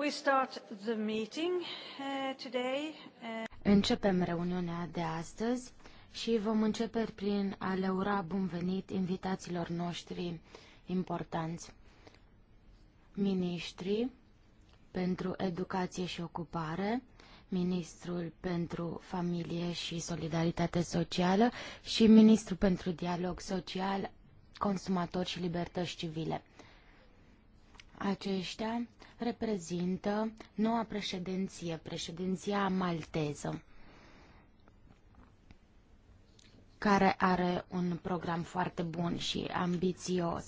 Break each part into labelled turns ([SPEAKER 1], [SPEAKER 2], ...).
[SPEAKER 1] We start the meeting uh, today. Uh,
[SPEAKER 2] Începem reuniunea de astăzi și vom începe prin a le ura bun venit invitaților noștri importanți. Ministrii pentru educație și ocupare, ministrul pentru familie și solidaritate socială și ministrul pentru dialog social, consumator și libertăți civile. Aceștia reprezintă noua președinție, președinția malteză, care are un program foarte bun și ambițios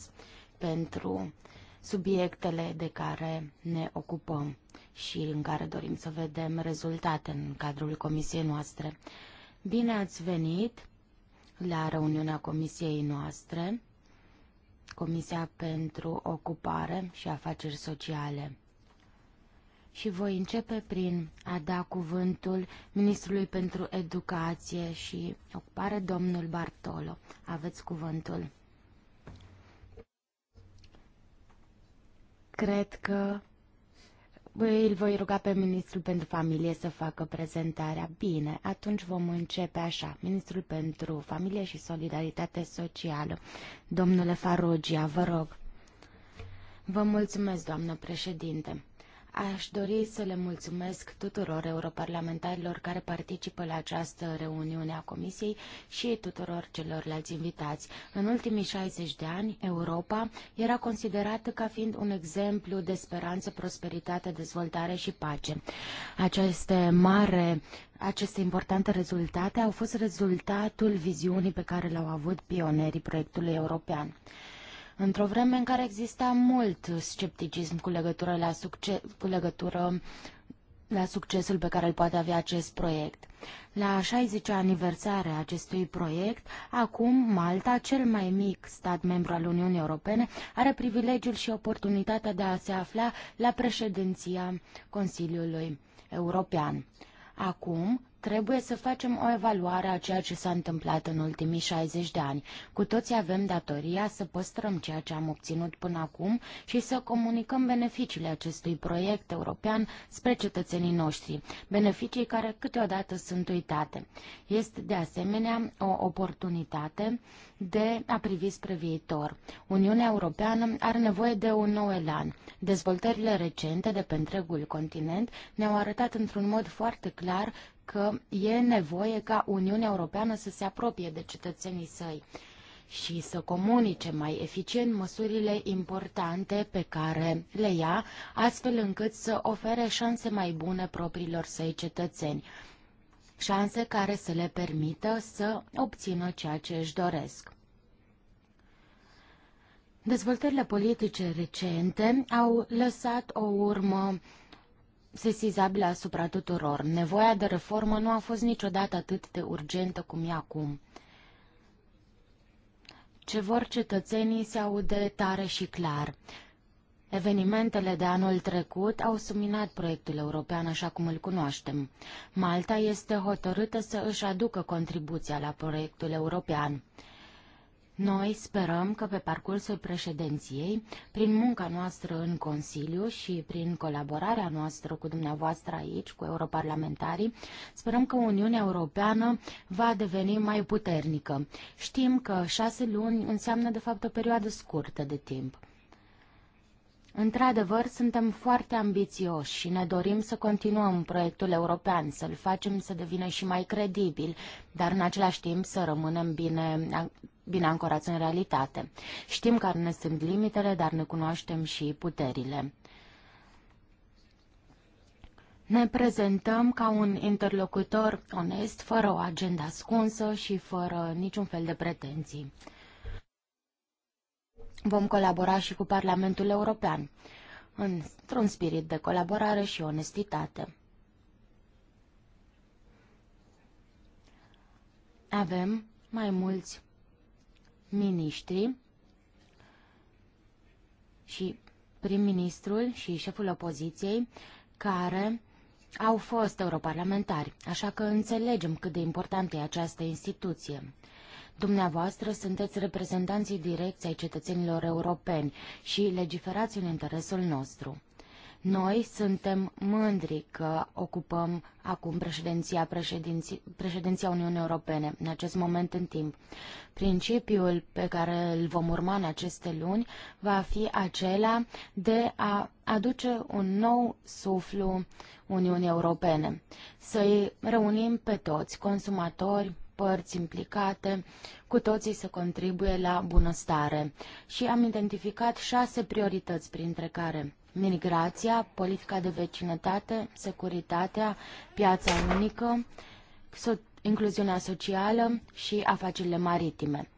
[SPEAKER 2] pentru subiectele de care ne ocupăm și în care dorim să vedem rezultate în cadrul comisiei noastre. Bine ați venit la reuniunea comisiei noastre. Comisia pentru Ocupare și Afaceri Sociale. Și voi începe prin a da cuvântul Ministrului pentru Educație și Ocupare, domnul Bartolo. Aveți cuvântul. Cred că îl voi ruga pe Ministrul pentru Familie să facă prezentarea. Bine, atunci vom începe așa. Ministrul pentru Familie și Solidaritate Socială. Domnule Farogia, vă rog. Vă mulțumesc, doamnă președinte. Aș dori să le mulțumesc tuturor europarlamentarilor care participă la această reuniune a Comisiei și tuturor celorlalți invitați. În ultimii 60 de ani, Europa era considerată ca fiind un exemplu de speranță, prosperitate, dezvoltare și pace. Aceste mare aceste importante rezultate au fost rezultatul viziunii pe care le-au avut pionerii proiectului european într-o vreme în care exista mult scepticism cu legătură la, succe- cu legătură la succesul pe care îl poate avea acest proiect. La 60-a aniversare a acestui proiect, acum Malta, cel mai mic stat membru al Uniunii Europene, are privilegiul și oportunitatea de a se afla la președinția Consiliului European. Acum, Trebuie să facem o evaluare a ceea ce s-a întâmplat în ultimii 60 de ani. Cu toții avem datoria să păstrăm ceea ce am obținut până acum și să comunicăm beneficiile acestui proiect european spre cetățenii noștri, beneficii care câteodată sunt uitate. Este de asemenea o oportunitate de a privi spre viitor. Uniunea Europeană are nevoie de un nou elan. Dezvoltările recente de pe întregul continent ne-au arătat într-un mod foarte clar că e nevoie ca Uniunea Europeană să se apropie de cetățenii săi și să comunice mai eficient măsurile importante pe care le ia, astfel încât să ofere șanse mai bune propriilor săi cetățeni, șanse care să le permită să obțină ceea ce își doresc. Dezvoltările politice recente au lăsat o urmă sesizabilă asupra tuturor. Nevoia de reformă nu a fost niciodată atât de urgentă cum e acum. Ce vor cetățenii se aude tare și clar. Evenimentele de anul trecut au suminat proiectul european așa cum îl cunoaștem. Malta este hotărâtă să își aducă contribuția la proiectul european. Noi sperăm că pe parcursul președinției, prin munca noastră în Consiliu și prin colaborarea noastră cu dumneavoastră aici, cu europarlamentarii, sperăm că Uniunea Europeană va deveni mai puternică. Știm că șase luni înseamnă de fapt o perioadă scurtă de timp. Într-adevăr, suntem foarte ambițioși și ne dorim să continuăm proiectul european, să-l facem să devină și mai credibil, dar în același timp să rămânem bine, bine ancorați în realitate. Știm care ne sunt limitele, dar ne cunoaștem și puterile. Ne prezentăm ca un interlocutor onest, fără o agenda ascunsă și fără niciun fel de pretenții. Vom colabora și cu Parlamentul European, într-un spirit de colaborare și onestitate. Avem mai mulți miniștri și prim-ministrul și șeful opoziției care au fost europarlamentari, așa că înțelegem cât de importantă e această instituție. Dumneavoastră sunteți reprezentanții direcției cetățenilor europeni și legiferați în interesul nostru. Noi suntem mândri că ocupăm acum președinția, președinția Uniunii Europene în acest moment în timp. Principiul pe care îl vom urma în aceste luni va fi acela de a aduce un nou suflu Uniunii Europene, să-i reunim pe toți, consumatori, părți implicate, cu toții să contribuie la bunăstare. Și am identificat șase priorități, printre care migrația, politica de vecinătate, securitatea, piața unică, incluziunea socială și afacerile maritime.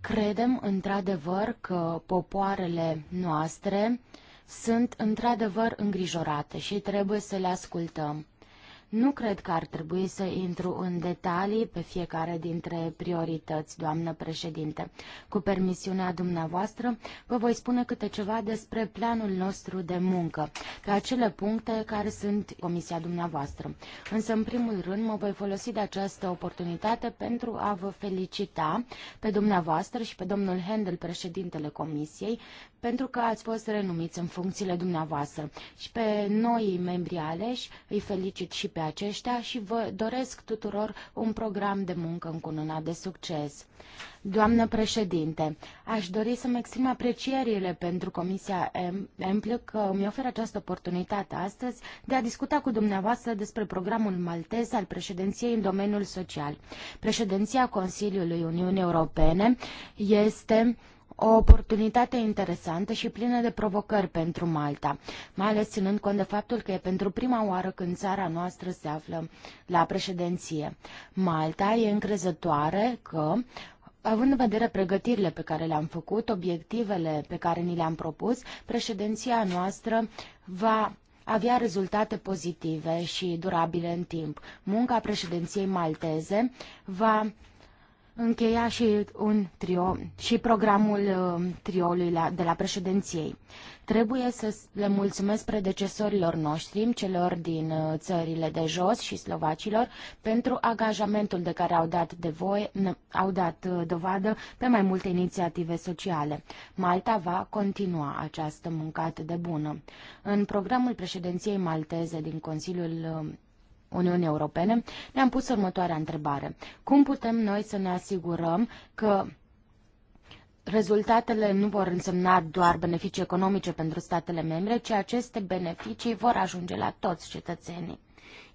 [SPEAKER 2] Credem într-adevăr că popoarele noastre sunt într-adevăr îngrijorate și trebuie să le ascultăm. Nu cred că ar trebui să intru în detalii pe fiecare dintre priorități, doamnă președinte. Cu permisiunea dumneavoastră, vă voi spune câte ceva despre planul nostru de muncă, pe acele puncte care sunt comisia dumneavoastră. Însă, în primul rând, mă voi folosi de această oportunitate pentru a vă felicita pe dumneavoastră și pe domnul Handel, președintele comisiei, pentru că ați fost renumiți în funcțiile dumneavoastră. Și pe noi membri aleși îi felicit și pe aceștia și vă doresc tuturor un program de muncă încununat de succes. Doamnă președinte, aș dori să-mi exprim aprecierile pentru Comisia Emplă că îmi oferă această oportunitate astăzi de a discuta cu dumneavoastră despre programul maltez al președinției în domeniul social. Președinția Consiliului Uniunii Europene este o oportunitate interesantă și plină de provocări pentru Malta, mai ales ținând cont de faptul că e pentru prima oară când țara noastră se află la președinție. Malta e încrezătoare că Având în vedere pregătirile pe care le-am făcut, obiectivele pe care ni le-am propus, președinția noastră va avea rezultate pozitive și durabile în timp. Munca președinției malteze va încheia și un trio și programul uh, triolului la, de la președinției. Trebuie să le mulțumesc predecesorilor noștri, celor din uh, țările de jos și slovacilor, pentru angajamentul de care au dat, de voi au dat uh, dovadă pe mai multe inițiative sociale. Malta va continua această muncă atât de bună. În programul președinției malteze din Consiliul Uniunii Europene, ne-am pus următoarea întrebare. Cum putem noi să ne asigurăm că rezultatele nu vor însemna doar beneficii economice pentru statele membre, ci aceste beneficii vor ajunge la toți cetățenii?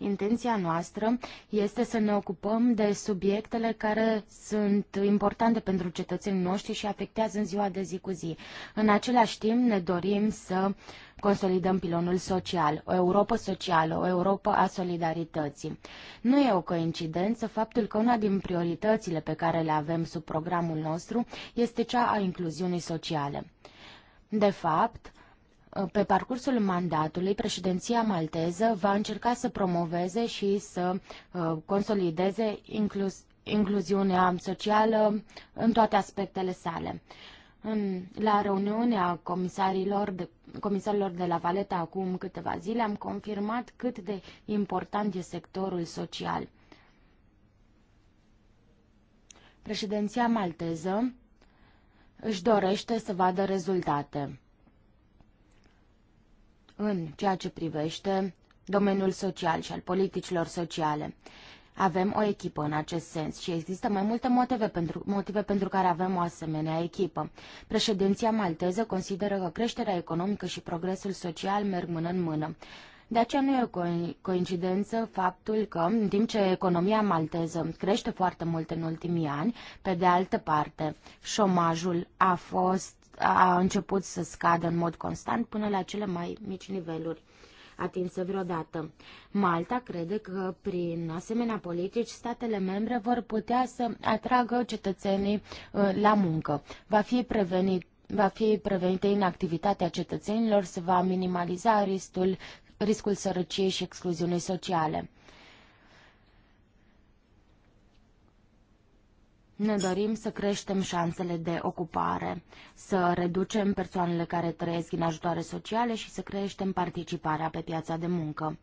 [SPEAKER 2] Intenția noastră este să ne ocupăm de subiectele care sunt importante pentru cetățenii noștri și afectează în ziua de zi cu zi. În același timp ne dorim să consolidăm pilonul social, o Europa socială, o Europa a solidarității. Nu e o coincidență faptul că una din prioritățile pe care le avem sub programul nostru este cea a incluziunii sociale. De fapt, pe parcursul mandatului, președinția malteză va încerca să promoveze și să uh, consolideze inclus, incluziunea socială în toate aspectele sale. la reuniunea comisarilor de, comisarilor de la Valeta acum câteva zile am confirmat cât de important e sectorul social. Președinția malteză își dorește să vadă rezultate în ceea ce privește domeniul social și al politicilor sociale. Avem o echipă în acest sens și există mai multe motive pentru, motive pentru care avem o asemenea echipă. Președinția malteză consideră că creșterea economică și progresul social merg mână în mână. De aceea nu e o coincidență faptul că, în timp ce economia malteză crește foarte mult în ultimii ani, pe de altă parte, șomajul a fost a început să scadă în mod constant până la cele mai mici niveluri atinsă vreodată. Malta crede că prin asemenea politici statele membre vor putea să atragă cetățenii uh, la muncă. Va fi prevenit va fi prevenită inactivitatea cetățenilor, se va minimaliza riscul, riscul sărăciei și excluziunii sociale. Ne dorim să creștem șansele de ocupare, să reducem persoanele care trăiesc în ajutoare sociale și să creștem participarea pe piața de muncă.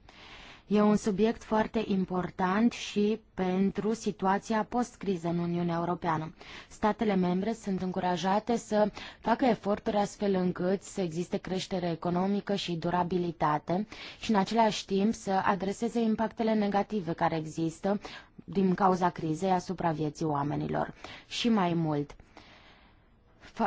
[SPEAKER 2] E un subiect foarte important și pentru situația post-criză în Uniunea Europeană. Statele membre sunt încurajate să facă eforturi astfel încât să existe creștere economică și durabilitate și în același timp să adreseze impactele negative care există din cauza crizei asupra vieții oamenilor. Și mai mult,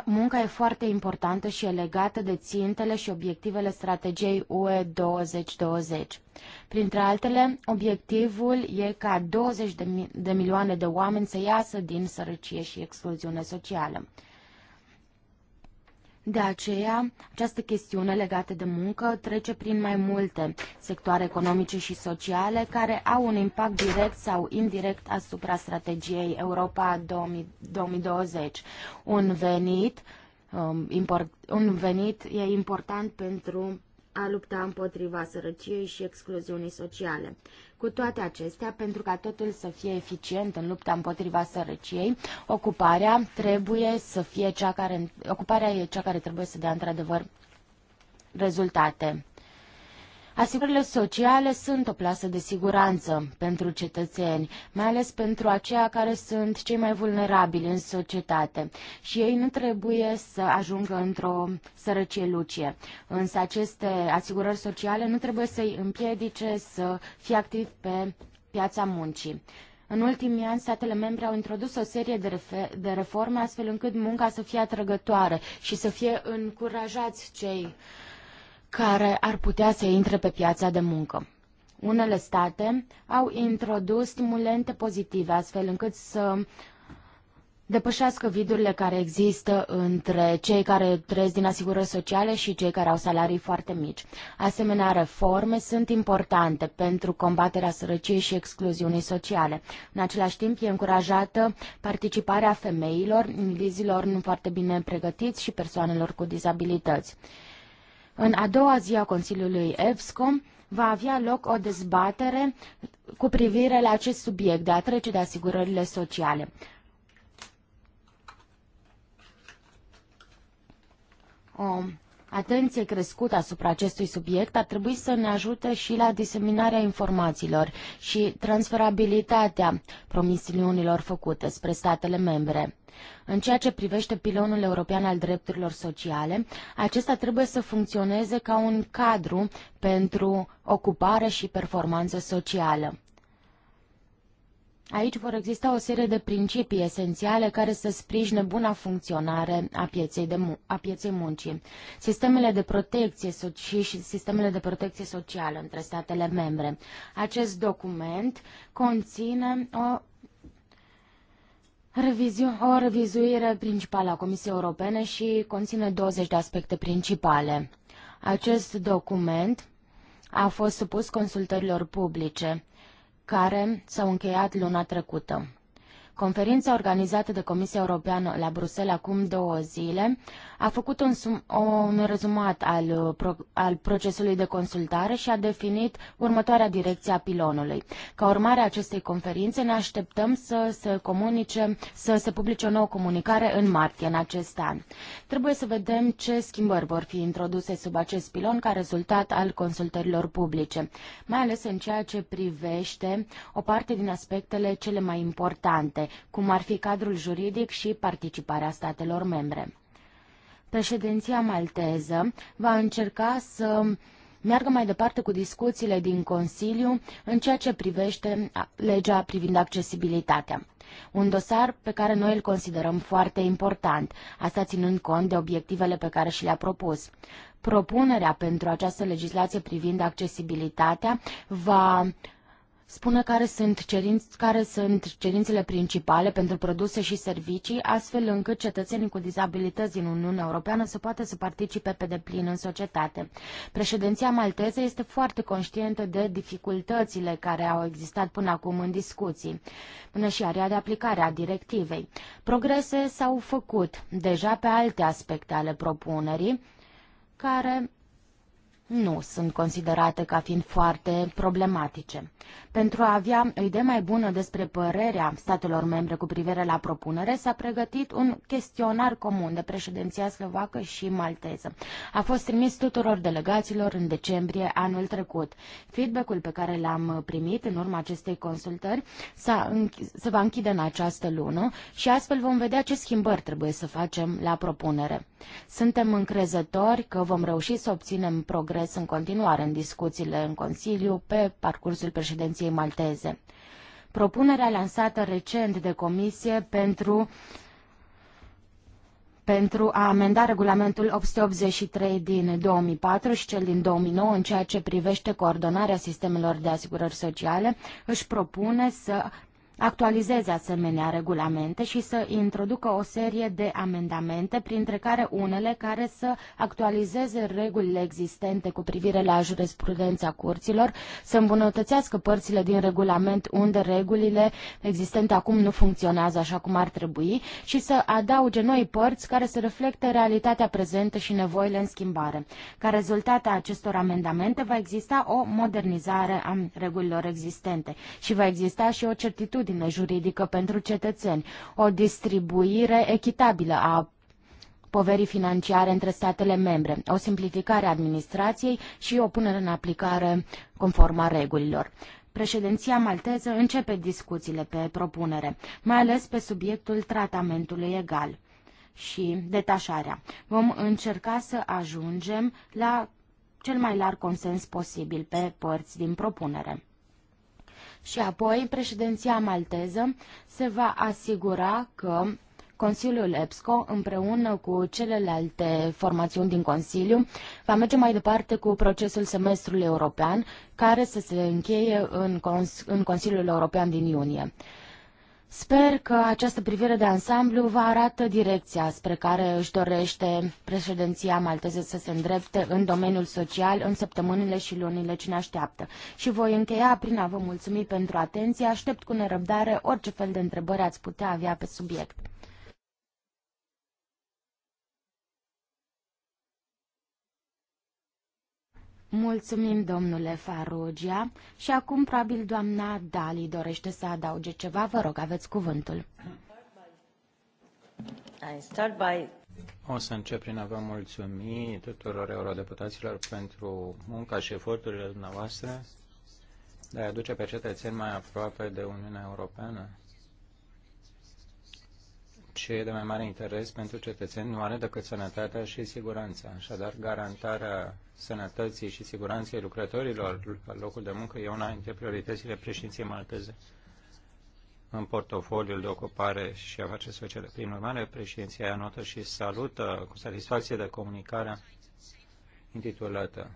[SPEAKER 2] munca e foarte importantă și e legată de țintele și obiectivele strategiei UE 2020. Printre altele, obiectivul e ca 20 de, mi- de milioane de oameni să iasă din sărăcie și excluziune socială. De aceea, această chestiune legată de muncă trece prin mai multe sectoare economice și sociale care au un impact direct sau indirect asupra strategiei Europa 2020. Un venit, um, import, un venit e important pentru a lupta împotriva sărăciei și excluziunii sociale. Cu toate acestea, pentru ca totul să fie eficient în lupta împotriva sărăciei, ocuparea trebuie să fie cea care, ocuparea e cea care trebuie să dea într-adevăr rezultate. Asigurările sociale sunt o plasă de siguranță pentru cetățeni, mai ales pentru aceia care sunt cei mai vulnerabili în societate și ei nu trebuie să ajungă într-o sărăcie lucie. Însă aceste asigurări sociale nu trebuie să-i împiedice să fie activ pe piața muncii. În ultimii ani, statele membre au introdus o serie de, de reforme astfel încât munca să fie atrăgătoare și să fie încurajați cei uh, care ar putea să intre pe piața de muncă. Unele state au introdus stimulente pozitive, astfel încât să depășească vidurile care există între cei care trăiesc din asigurări sociale și cei care au salarii foarte mici. Asemenea, reforme sunt importante pentru combaterea sărăciei și excluziunii sociale. În același timp, e încurajată participarea femeilor, invizilor nu foarte bine pregătiți și persoanelor cu dizabilități. În a doua zi a Consiliului EBSCOM va avea loc o dezbatere cu privire la acest subiect de a trece de asigurările sociale. O atenție crescută asupra acestui subiect ar trebui să ne ajute și la diseminarea informațiilor și transferabilitatea promisiunilor făcute spre statele membre. În ceea ce privește pilonul european al drepturilor sociale, acesta trebuie să funcționeze ca un cadru pentru ocupare și performanță socială. Aici vor exista o serie de principii esențiale care să sprijine buna funcționare a pieței, de mu- a pieței muncii, sistemele de protecție so- și, sistemele de protecție socială între statele membre. Acest document conține o Reviziu, o revizuire principală a Comisiei Europene și conține 20 de aspecte principale. Acest document a fost supus consultărilor publice care s-au încheiat luna trecută. Conferința organizată de Comisia Europeană la Bruxelles acum două zile a făcut un, sum, un rezumat al, al procesului de consultare și a definit următoarea direcție a pilonului. Ca urmare a acestei conferințe ne așteptăm să se comunice, să se publice o nouă comunicare în martie în acest an. Trebuie să vedem ce schimbări vor fi introduse sub acest pilon ca rezultat al consultărilor publice, mai ales în ceea ce privește o parte din aspectele cele mai importante cum ar fi cadrul juridic și participarea statelor membre. Președinția malteză va încerca să meargă mai departe cu discuțiile din Consiliu în ceea ce privește legea privind accesibilitatea. Un dosar pe care noi îl considerăm foarte important, asta ținând cont de obiectivele pe care și le-a propus. Propunerea pentru această legislație privind accesibilitatea va spune care sunt, cerinț, care sunt cerințele principale pentru produse și servicii, astfel încât cetățenii cu dizabilități din Uniunea Europeană să poată să participe pe deplin în societate. Președinția malteză este foarte conștientă de dificultățile care au existat până acum în discuții, până și area de aplicare a directivei. Progrese s-au făcut deja pe alte aspecte ale propunerii, care nu sunt considerate ca fiind foarte problematice. Pentru a avea o idee mai bună despre părerea statelor membre cu privire la propunere, s-a pregătit un chestionar comun de președinția slovacă și malteză. A fost trimis tuturor delegaților în decembrie anul trecut. Feedback-ul pe care l-am primit în urma acestei consultări se va închide în această lună și astfel vom vedea ce schimbări trebuie să facem la propunere. Suntem încrezători că vom reuși să obținem progres în continuare în discuțiile în Consiliu pe parcursul președinției malteze. Propunerea lansată recent de Comisie pentru pentru a amenda regulamentul 883 din 2004 și cel din 2009 în ceea ce privește coordonarea sistemelor de asigurări sociale, își propune să actualizeze asemenea regulamente și să introducă o serie de amendamente, printre care unele care să actualizeze regulile existente cu privire la jurisprudența curților, să îmbunătățească părțile din regulament unde regulile existente acum nu funcționează așa cum ar trebui și să adauge noi părți care să reflecte realitatea prezentă și nevoile în schimbare. Ca rezultat a acestor amendamente va exista o modernizare a regulilor existente și va exista și o certitudine certitudine juridică pentru cetățeni, o distribuire echitabilă a poverii financiare între statele membre, o simplificare a administrației și o punere în aplicare conformă a regulilor. Președinția malteză începe discuțiile pe propunere, mai ales pe subiectul tratamentului egal și detașarea. Vom încerca să ajungem la cel mai larg consens posibil pe părți din propunere. Și apoi președinția malteză se va asigura că Consiliul EPSCO, împreună cu celelalte formațiuni din Consiliu, va merge mai departe cu procesul semestrului european, care să se încheie în, Cons- în Consiliul European din iunie. Sper că această privire de ansamblu va arată direcția spre care își dorește președinția malteză să se îndrepte în domeniul social în săptămânile și lunile ce ne așteaptă. Și voi încheia prin a vă mulțumi pentru atenție. Aștept cu nerăbdare orice fel de întrebări ați putea avea pe subiect. Mulțumim, domnule Farugia. Și acum, probabil, doamna Dali dorește să adauge ceva. Vă rog, aveți cuvântul.
[SPEAKER 1] I start by...
[SPEAKER 3] O să încep prin a vă mulțumi tuturor eurodeputaților pentru munca și eforturile dumneavoastră de a aduce pe cetățeni mai aproape de Uniunea Europeană ce e de mai mare interes pentru cetățeni nu are decât sănătatea și siguranța. Așadar, garantarea sănătății și siguranței lucrătorilor la locul de muncă e una dintre prioritățile președinției malteze în portofoliul de ocupare și afaceri sociale. Prin urmare, președinția anotă și salută cu satisfacție de comunicarea intitulată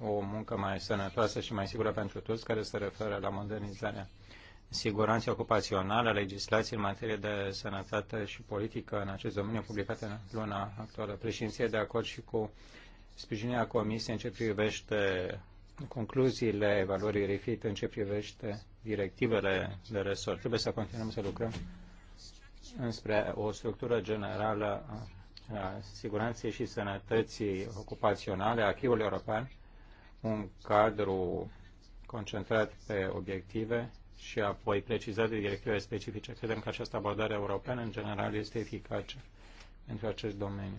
[SPEAKER 3] O muncă mai sănătoasă și mai sigură pentru toți, care se referă la modernizarea siguranței ocupaționale, legislații în materie de sănătate și politică în acest domeniu publicate în luna actuală. Președinția de acord și cu sprijinirea Comisiei în ce privește concluziile evaluării RIFIT, în ce privește directivele de resort. Trebuie să continuăm să lucrăm înspre o structură generală a siguranței și sănătății ocupaționale a Chiului European, un cadru concentrat pe obiective și apoi precizat de directive specifice. Credem că această abordare europeană, în general, este eficace pentru acest domeniu.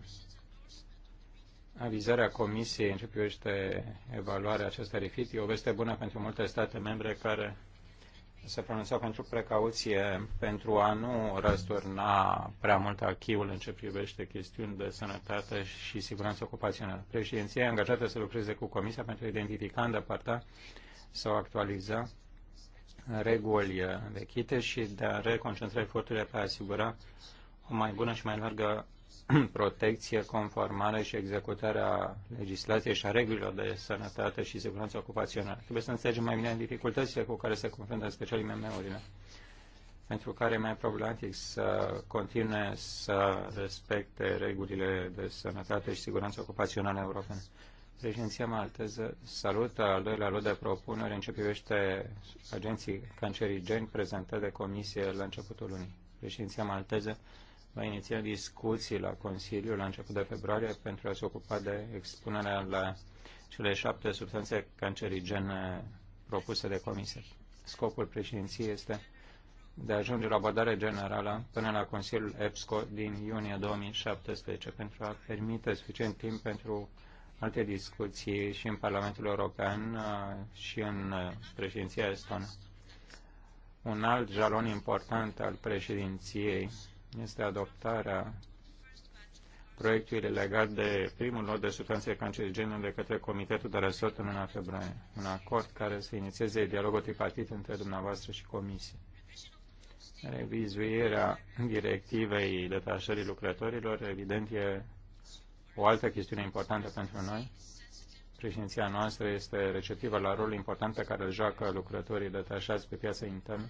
[SPEAKER 3] Avizarea Comisiei în ce privește evaluarea acestei refit e o veste bună pentru multe state membre care se pronunțau pentru precauție pentru a nu răsturna prea mult achiul în ce privește chestiuni de sănătate și siguranță ocupațională. Președinția e angajată să lucreze cu Comisia pentru a identifica, îndepărta sau actualiza reguli vechite și de a reconcentra eforturile pe a asigura o mai bună și mai largă protecție, conformare și executarea legislației și a regulilor de sănătate și siguranță ocupațională. Trebuie să înțelegem mai bine dificultățile cu care se confruntă în special IMM-urile, pentru care e mai problematic să continue să respecte regulile de sănătate și siguranță ocupațională europene. Președinția malteză salută al doilea lot de propuneri în ce privește agenții cancerigeni prezentate de comisie la începutul lunii. Președinția malteză va iniția discuții la Consiliu la început de februarie pentru a se ocupa de expunerea la cele șapte substanțe cancerigene propuse de comisie. Scopul președinției este de a ajunge la abordare generală până la Consiliul EPSCO din iunie 2017 pentru a permite suficient timp pentru alte discuții și în Parlamentul European uh, și în uh, președinția estonă. Un alt jalon important al președinției este adoptarea proiectului legat de primul lot de substanțe cancerigene de către Comitetul de Resort în luna februarie, un acord care să inițieze dialogul tripartit între dumneavoastră și Comisie. Revizuirea directivei detașării lucrătorilor, evident, e o altă chestiune importantă pentru noi, președinția noastră este receptivă la rolul important pe care îl joacă lucrătorii detașați pe piața internă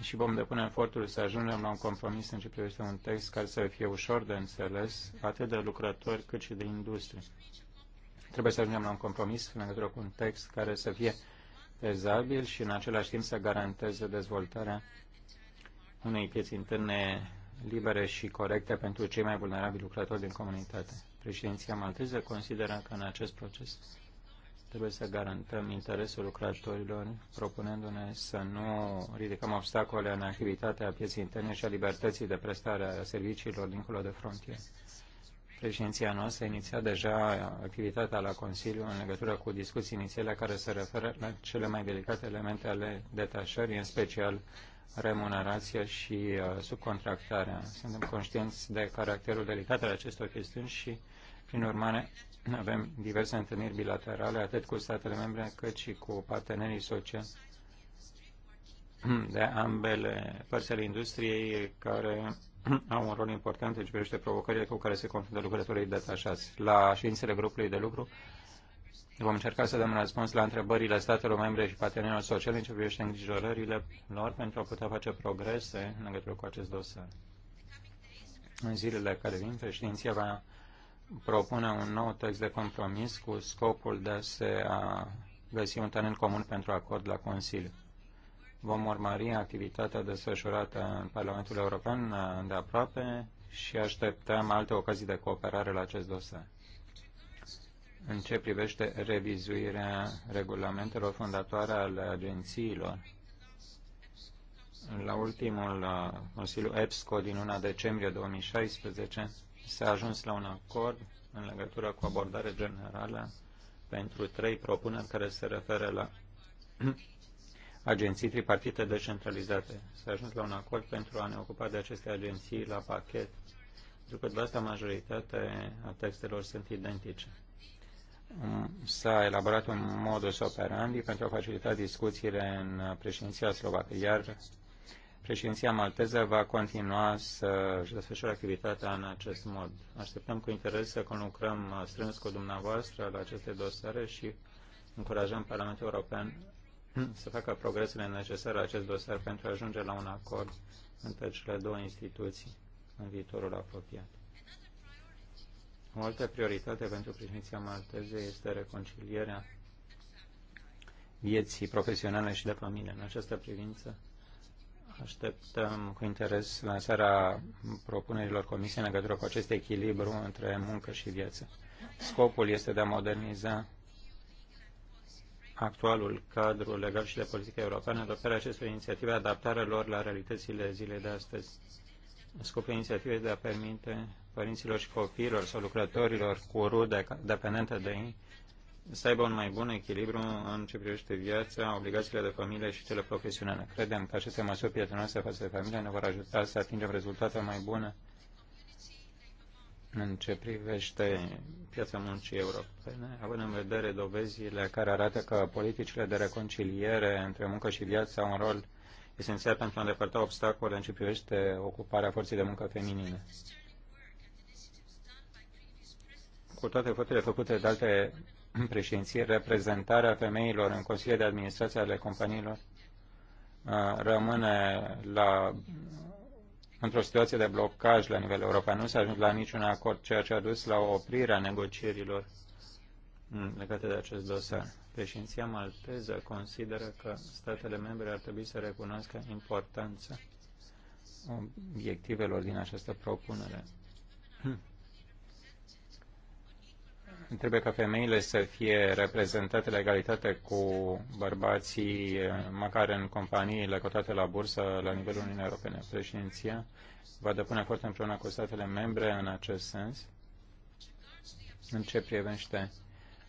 [SPEAKER 3] și vom depune efortul să ajungem la un compromis în ce privește un text care să fie ușor de înțeles, atât de lucrători cât și de industrie. Trebuie să ajungem la un compromis în legătură cu un text care să fie fezabil și în același timp să garanteze dezvoltarea unei pieți interne libere și corecte pentru cei mai vulnerabili lucrători din comunitate. Președinția malteză consideră că în acest proces trebuie să garantăm interesul lucrătorilor, propunându-ne să nu ridicăm obstacole în activitatea pieței interne și a libertății de prestare a serviciilor dincolo de frontieră. Președinția noastră a inițiat deja activitatea la Consiliu în legătură cu discuții inițiale care se referă la cele mai delicate elemente ale detașării, în special remunerația și uh, subcontractarea. Suntem conștienți de caracterul delicat al acestor chestiuni și, prin urmare, avem diverse întâlniri bilaterale, atât cu statele membre, cât și cu partenerii sociali de ambele părți ale industriei care au un rol important în ce privește provocările cu care se confruntă lucrătorii detașați. La ședințele grupului de lucru Vom încerca să dăm un răspuns la întrebările statelor membre și partenerilor sociali în ce privește îngrijorările lor pentru a putea face progrese în legătură cu acest dosar. În zilele care vin, președinția va propune un nou text de compromis cu scopul de a se a găsi un teren comun pentru acord la Consiliu. Vom urmări activitatea desfășurată în Parlamentul European de aproape și așteptăm alte ocazii de cooperare la acest dosar în ce privește revizuirea regulamentelor fondatoare ale agențiilor. La ultimul uh, Consiliu EPSCO din 1 decembrie 2016 s-a ajuns la un acord în legătură cu abordare generală pentru trei propuneri care se referă la agenții tripartite decentralizate. S-a ajuns la un acord pentru a ne ocupa de aceste agenții la pachet. După asta, majoritatea a textelor sunt identice s-a elaborat un modus operandi pentru a facilita discuțiile în președinția slovacă, iar președinția malteză va continua să își desfășoare activitatea în acest mod. Așteptăm cu interes să conlucrăm strâns cu dumneavoastră la aceste dosare și încurajăm Parlamentul European să facă progresele necesare la acest dosar pentru a ajunge la un acord între cele două instituții în viitorul apropiat. O altă prioritate pentru președinția malteză este reconcilierea vieții profesionale și de familie. În această privință așteptăm cu interes lansarea propunerilor comisiei în legătură cu acest echilibru între muncă și viață. Scopul este de a moderniza actualul cadru legal și de politică europeană, adoptarea acestor inițiative, adaptarea lor la realitățile zilei de astăzi. Scopul inițiativei de a permite părinților și copiilor sau lucrătorilor cu rude dependente de ei să aibă un mai bun echilibru în ce privește viața, obligațiile de familie și cele profesionale. Credem că aceste măsuri prietenoase față de familie ne vor ajuta să atingem rezultate mai bune în ce privește piața muncii europene, având în vedere dovezile care arată că politicile de reconciliere între muncă și viață au un rol esențial pentru a îndepărta obstacole în ce privește ocuparea forței de muncă feminine cu toate eforturile făcute de alte președinții, reprezentarea femeilor în Consiliul de Administrație ale companiilor uh, rămâne la, într-o situație de blocaj la nivel european. Nu s-a ajuns la niciun acord, ceea ce a dus la oprirea negocierilor legate de acest dosar. Președinția malteză consideră că statele membre ar trebui să recunoască importanța obiectivelor din această propunere. Trebuie ca femeile să fie reprezentate la egalitate cu bărbații, măcar în companiile cotate la bursă la nivelul Uniunii Europene. Președinția va depune foarte împreună cu statele membre în acest sens. În ce privește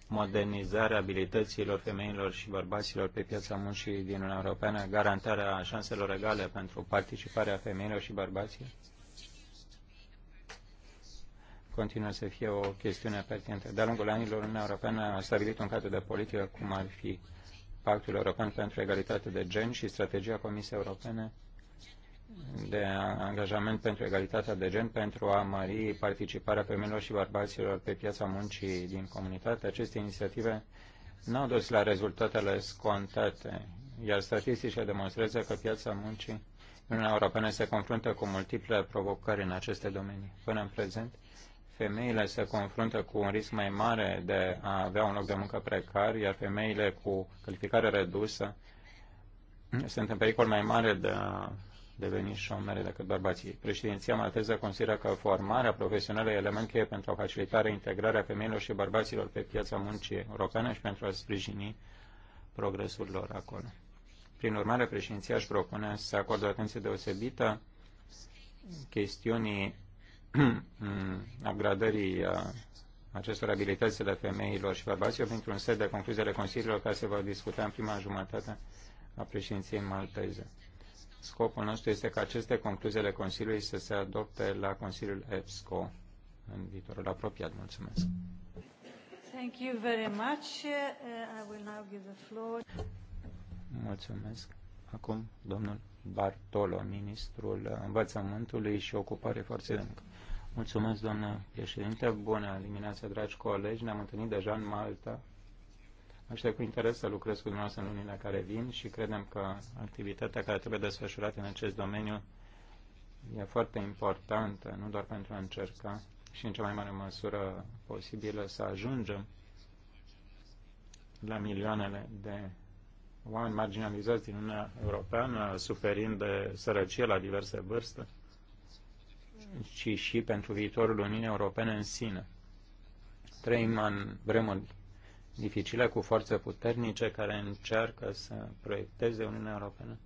[SPEAKER 3] modernizarea abilităților femeilor și bărbaților pe piața muncii din Uniunea Europeană, garantarea șanselor egale pentru participarea femeilor și bărbaților, continuă să fie o chestiune pertinentă. De-a lungul anilor, Uniunea Europeană a stabilit un cadru de politică, cum ar fi Pactul European pentru Egalitate de Gen și strategia Comisiei Europene de angajament pentru egalitatea de gen pentru a mări participarea femeilor și bărbaților pe piața muncii din comunitate. Aceste inițiative n-au dus la rezultatele scontate, iar statisticile demonstrează că piața muncii Uniunea Europeană se confruntă cu multiple provocări în aceste domenii. Până în prezent, femeile se confruntă cu un risc mai mare de a avea un loc de muncă precar, iar femeile cu calificare redusă sunt în pericol mai mare de a deveni șomere decât bărbații. Președinția malteză consideră că formarea profesională e element cheie pentru a facilita integrarea femeilor și bărbaților pe piața muncii europeană și pentru a sprijini progresul lor acolo. Prin urmare, președinția își propune să acorde o atenție deosebită chestiunii upgradării uh, acestor abilități ale femeilor și bărbaților printr-un set de concluzii ale Consiliilor care se vor discuta în prima jumătate a președinției malteze. Scopul nostru este ca aceste concluzii ale Consiliului să se adopte la Consiliul EPSCO în viitorul apropiat. Mulțumesc!
[SPEAKER 1] Thank you very much. Uh, I will now give the floor.
[SPEAKER 3] Mulțumesc. Acum, domnul Bartolo, ministrul învățământului și ocupare forței de muncă. Mulțumesc, doamnă președinte. Bună dimineața, dragi colegi. Ne-am întâlnit deja în Malta. Aștept cu interes să lucrez cu dumneavoastră în lunile care vin și credem că activitatea care trebuie desfășurată în acest domeniu e foarte importantă, nu doar pentru a încerca și în cea mai mare măsură posibilă să ajungem la milioanele de oameni marginalizați din Uniunea Europeană, suferind de sărăcie la diverse vârste, ci și pentru viitorul Uniunii Europene în sine. Trăim în vremuri dificile cu forțe puternice care încearcă să proiecteze Uniunea Europeană,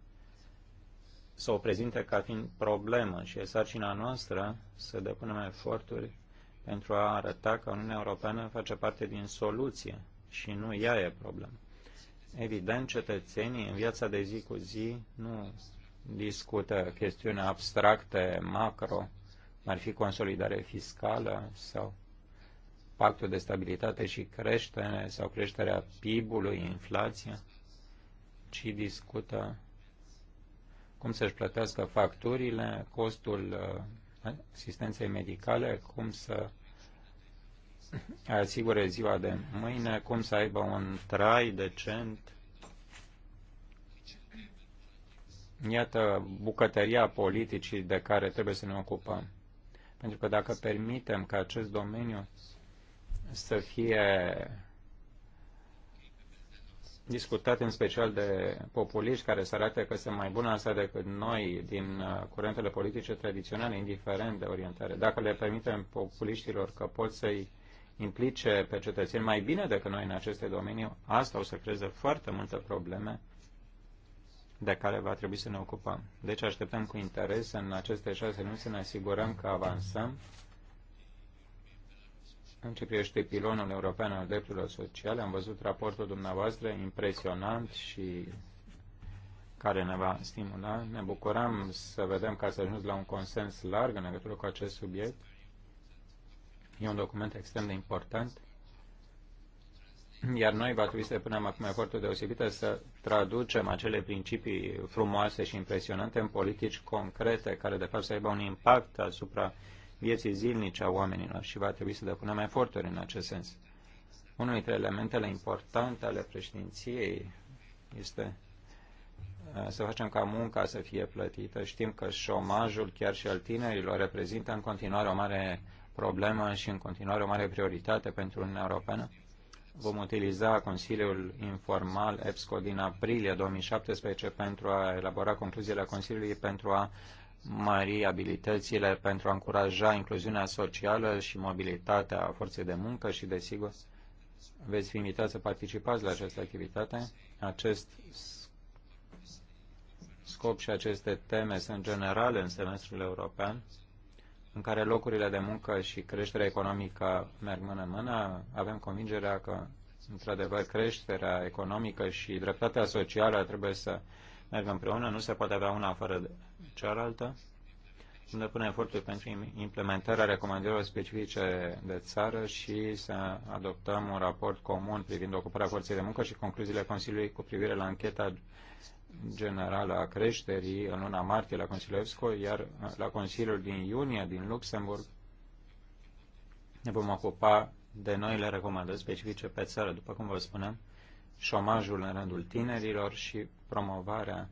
[SPEAKER 3] să o prezinte ca fiind problemă și e sarcina noastră să depunem eforturi pentru a arăta că Uniunea Europeană face parte din soluție și nu ea e problemă. Evident, cetățenii în viața de zi cu zi nu discută chestiuni abstracte, macro, ar fi consolidare fiscală sau pactul de stabilitate și creștere sau creșterea PIB-ului, inflația, ci discută cum să-și plătească facturile, costul uh, asistenței medicale, cum să asigure ziua de mâine, cum să aibă un trai decent. Iată bucătăria politicii de care trebuie să ne ocupăm. Pentru că dacă permitem ca acest domeniu să fie discutat în special de populiști care să arate că sunt mai bune asta decât noi din uh, curentele politice tradiționale, indiferent de orientare. Dacă le permitem populiștilor că pot să-i implice pe cetățeni mai bine decât noi în aceste domenii, asta o să creeze foarte multe probleme de care va trebui să ne ocupăm. Deci așteptăm cu interes în aceste șase luni să ne asigurăm că avansăm în ce privește pilonul european al drepturilor sociale. Am văzut raportul dumneavoastră impresionant și care ne va stimula. Ne bucurăm să vedem că ați ajuns la un consens larg în legătură cu acest subiect. E un document extrem de important iar noi va trebui să depunem acum efortul deosebită să traducem acele principii frumoase și impresionante în politici concrete care de fapt să aibă un impact asupra vieții zilnice a oamenilor și va trebui să depunem eforturi în acest sens. Unul dintre elementele importante ale președinției este uh, să facem ca munca să fie plătită. Știm că șomajul chiar și al tinerilor reprezintă în continuare o mare problemă și în continuare o mare prioritate pentru Uniunea Europeană vom utiliza Consiliul Informal EPSCO din aprilie 2017 pentru a elabora concluziile Consiliului pentru a mări abilitățile, pentru a încuraja incluziunea socială și mobilitatea forței de muncă și, desigur, veți fi invitați să participați la această activitate. Acest scop și aceste teme sunt generale în semestrul european în care locurile de muncă și creșterea economică merg mână în mână, avem convingerea că, într-adevăr, creșterea economică și dreptatea socială trebuie să mergă împreună, nu se poate avea una fără cealaltă. Să depune eforturi pentru implementarea recomandărilor specifice de țară și să adoptăm un raport comun privind ocuparea forței de muncă și concluziile Consiliului cu privire la ancheta generală a creșterii în luna martie la Consiliul EFSCO, iar la Consiliul din iunie din Luxemburg ne vom ocupa de noile recomandări specifice pe țară, după cum vă spunem, șomajul în rândul tinerilor și promovarea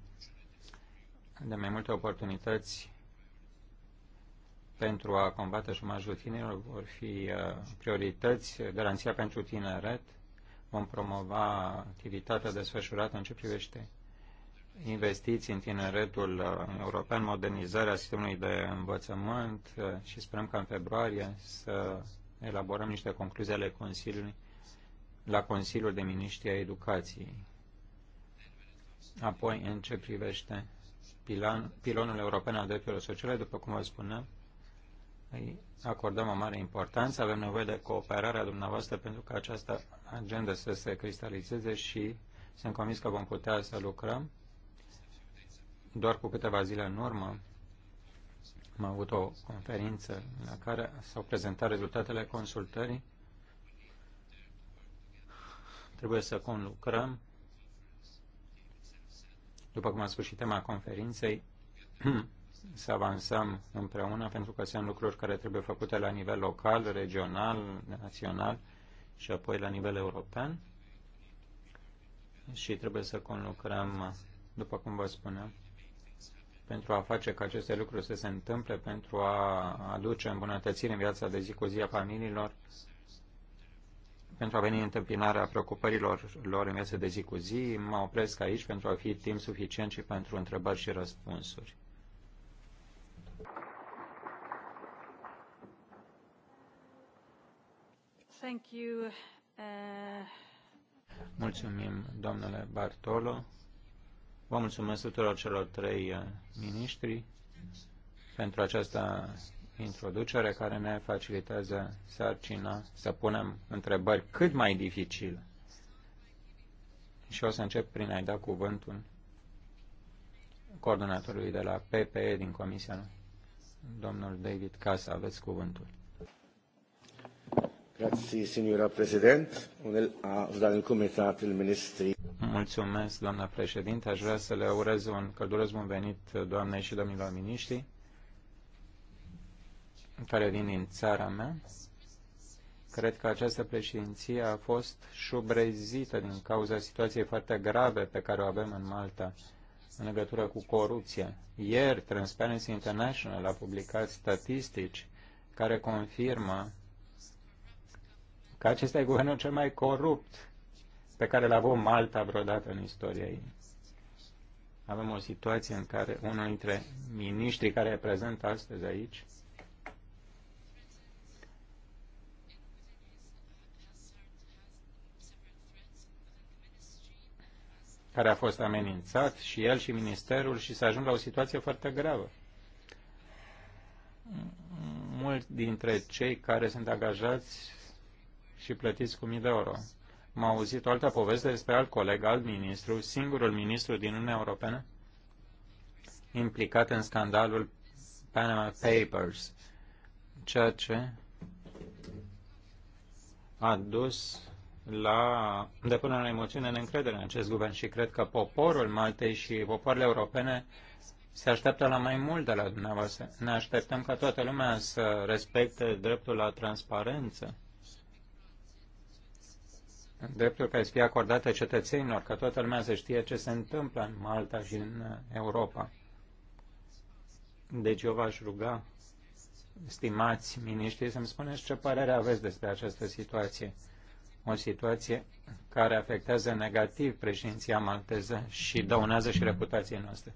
[SPEAKER 3] de mai multe oportunități pentru a combate șomajul tinerilor vor fi uh, priorități, garanția pentru tineret, vom promova activitatea desfășurată în ce privește investiții în tineretul uh, european, modernizarea sistemului de învățământ uh, și sperăm ca în februarie să elaborăm niște concluzii ale Consiliului la Consiliul de Miniștri a Educației. Apoi, în ce privește pilon, pilonul european al drepturilor sociale, după cum vă spunem, îi acordăm o mare importanță. Avem nevoie de cooperarea dumneavoastră pentru ca această agendă să se cristalizeze și sunt convins că vom putea să lucrăm doar cu câteva zile în urmă am avut o conferință la care s-au prezentat rezultatele consultării. Trebuie să conlucrăm. După cum am spus și tema conferinței, să avansăm împreună pentru că sunt lucruri care trebuie făcute la nivel local, regional, național și apoi la nivel european și trebuie să conlucrăm, după cum vă spuneam, pentru a face ca aceste lucruri să se întâmple, pentru a aduce îmbunătățiri în viața de zi cu zi a familiilor, pentru a veni în întâmpinarea preocupărilor lor în viața de zi cu zi. Mă opresc aici pentru a fi timp suficient și pentru întrebări și răspunsuri.
[SPEAKER 1] Thank you. Uh...
[SPEAKER 3] Mulțumim, domnule Bartolo. Vă mulțumesc tuturor celor trei uh, miniștri pentru această introducere care ne facilitează sarcina să punem întrebări cât mai dificile. Și o să încep prin a-i da cuvântul coordonatorului de la PPE din Comisia, domnul David Casa. Aveți cuvântul.
[SPEAKER 4] Grazie, signora Presidente. Unel a dato il comitato il
[SPEAKER 3] Mulțumesc, doamna președinte. Aș vrea să le urez un călduros bun venit doamnei și domnilor miniștri care vin din țara mea. Cred că această președinție a fost șubrezită din cauza situației foarte grave pe care o avem în Malta în legătură cu corupția. Ieri, Transparency International a publicat statistici care confirmă că acesta e guvernul cel mai corupt pe care le-a avut Malta vreodată în istoria ei. Avem o situație în care unul dintre miniștrii care e prezent astăzi aici care a fost amenințat și el și ministerul și s-a ajung la o situație foarte gravă. Mulți dintre cei care sunt angajați și plătiți cu mii de euro m au auzit o altă poveste despre alt coleg, alt ministru, singurul ministru din Uniunea Europeană implicat în scandalul Panama Papers, ceea ce a dus la depunerea unei moțiune de încredere în acest guvern și cred că poporul Maltei și popoarele europene se așteaptă la mai mult de la dumneavoastră. Ne așteptăm ca toată lumea să respecte dreptul la transparență drepturi care să fie acordate cetățenilor, ca toată lumea să știe ce se întâmplă în Malta și în uh, Europa. Deci eu v-aș ruga, stimați miniștri, să-mi spuneți ce părere aveți despre această situație. O situație care afectează negativ președinția malteză și dăunează și reputației noastre.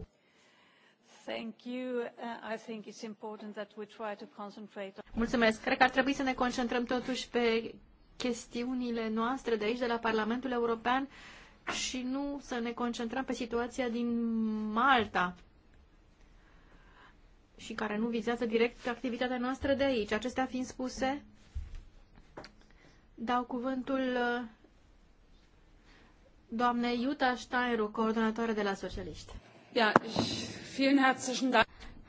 [SPEAKER 5] Mulțumesc. Cred că ar trebui să ne concentrăm totuși pe chestiunile noastre de aici, de la Parlamentul European, și nu să ne concentrăm pe situația din Malta și care nu vizează direct activitatea noastră de aici. Acestea fiind spuse, dau cuvântul uh, doamnei Iuta Steinru, coordonatoare de la Socialiști.
[SPEAKER 2] Ja, vielen herzlichen Dank.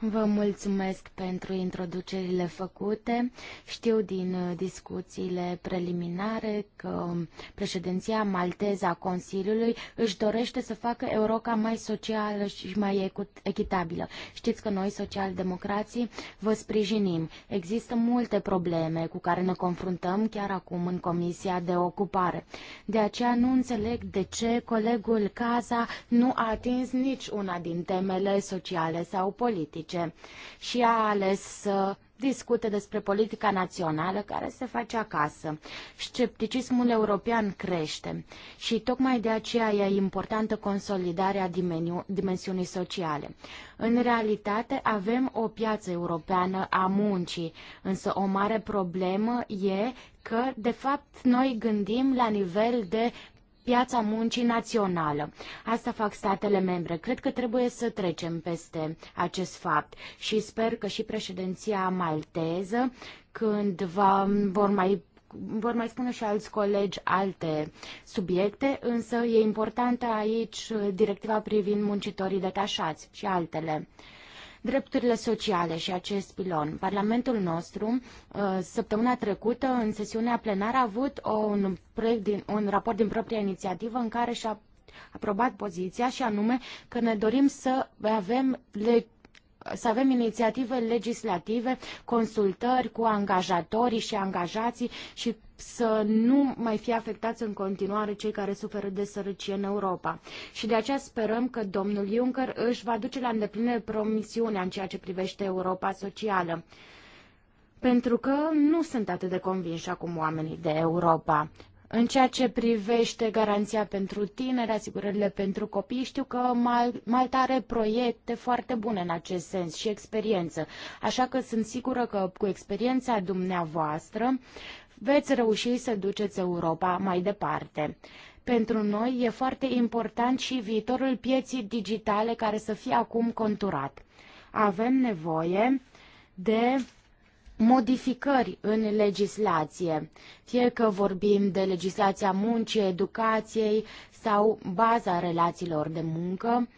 [SPEAKER 2] Vă mulțumesc pentru introducerile făcute. Știu din uh, discuțiile preliminare că președinția malteză a Consiliului își dorește să facă Europa mai socială și mai echitabilă. Știți că noi, socialdemocrații, vă sprijinim. Există multe probleme cu care ne confruntăm chiar acum în Comisia de Ocupare. De aceea nu înțeleg de ce colegul Caza nu a atins nici una din temele sociale sau politice politice și a ales să discute despre politica națională care se face acasă. Scepticismul european crește și tocmai de aceea e importantă consolidarea dimensiunii sociale. În realitate avem o piață europeană a muncii, însă o mare problemă e că, de fapt, noi gândim la nivel de piața muncii națională. Asta fac statele membre. Cred că trebuie să trecem peste acest fapt și sper că și președinția malteză, când va, vor mai vor mai spune și alți colegi alte subiecte, însă e importantă aici directiva privind muncitorii detașați și altele drepturile sociale și acest pilon. Parlamentul nostru, uh, săptămâna trecută, în sesiunea plenară, a avut un, proiect din, un raport din propria inițiativă în care și-a aprobat poziția și anume că ne dorim să avem le- să avem inițiative legislative, consultări cu angajatorii și angajații și să nu mai fie afectați în continuare cei care suferă de sărăcie în Europa. Și de aceea sperăm că domnul Juncker își va duce la îndeplinire promisiunea în ceea ce privește Europa socială pentru că nu sunt atât de convinși acum oamenii de Europa. În ceea ce privește garanția pentru tineri, asigurările pentru copii, știu că Malta are proiecte foarte bune în acest sens și experiență. Așa că sunt sigură că cu experiența dumneavoastră veți reuși să duceți Europa mai departe. Pentru noi e foarte important și viitorul pieții digitale care să fie acum conturat. Avem nevoie de modificări în legislație, fie că vorbim de legislația muncii, educației sau baza relațiilor de muncă,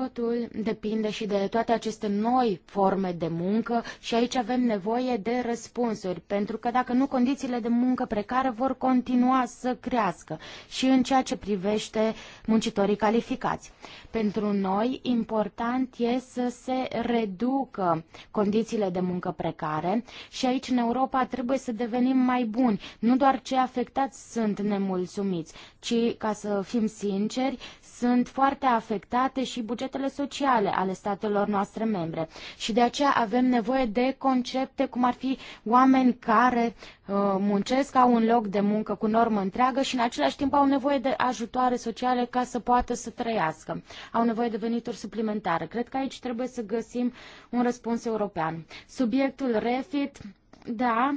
[SPEAKER 2] Totul depinde și de toate aceste noi forme de muncă și aici avem nevoie de răspunsuri, pentru că dacă nu, condițiile de muncă precare vor continua să crească și în ceea ce privește muncitorii calificați. Pentru noi, important e să se reducă condițiile de muncă precare și aici în Europa trebuie să devenim mai buni. Nu doar cei afectați sunt nemulțumiți, ci, ca să fim sinceri, sunt foarte afectate și bugetele bugetele sociale ale statelor noastre membre. Și de aceea avem nevoie de concepte cum ar fi oameni care uh, muncesc, au un loc de muncă cu normă întreagă și în același timp au nevoie de ajutoare sociale ca să poată să trăiască. Au nevoie de venituri suplimentare. Cred că aici trebuie să găsim un răspuns european. Subiectul refit, da,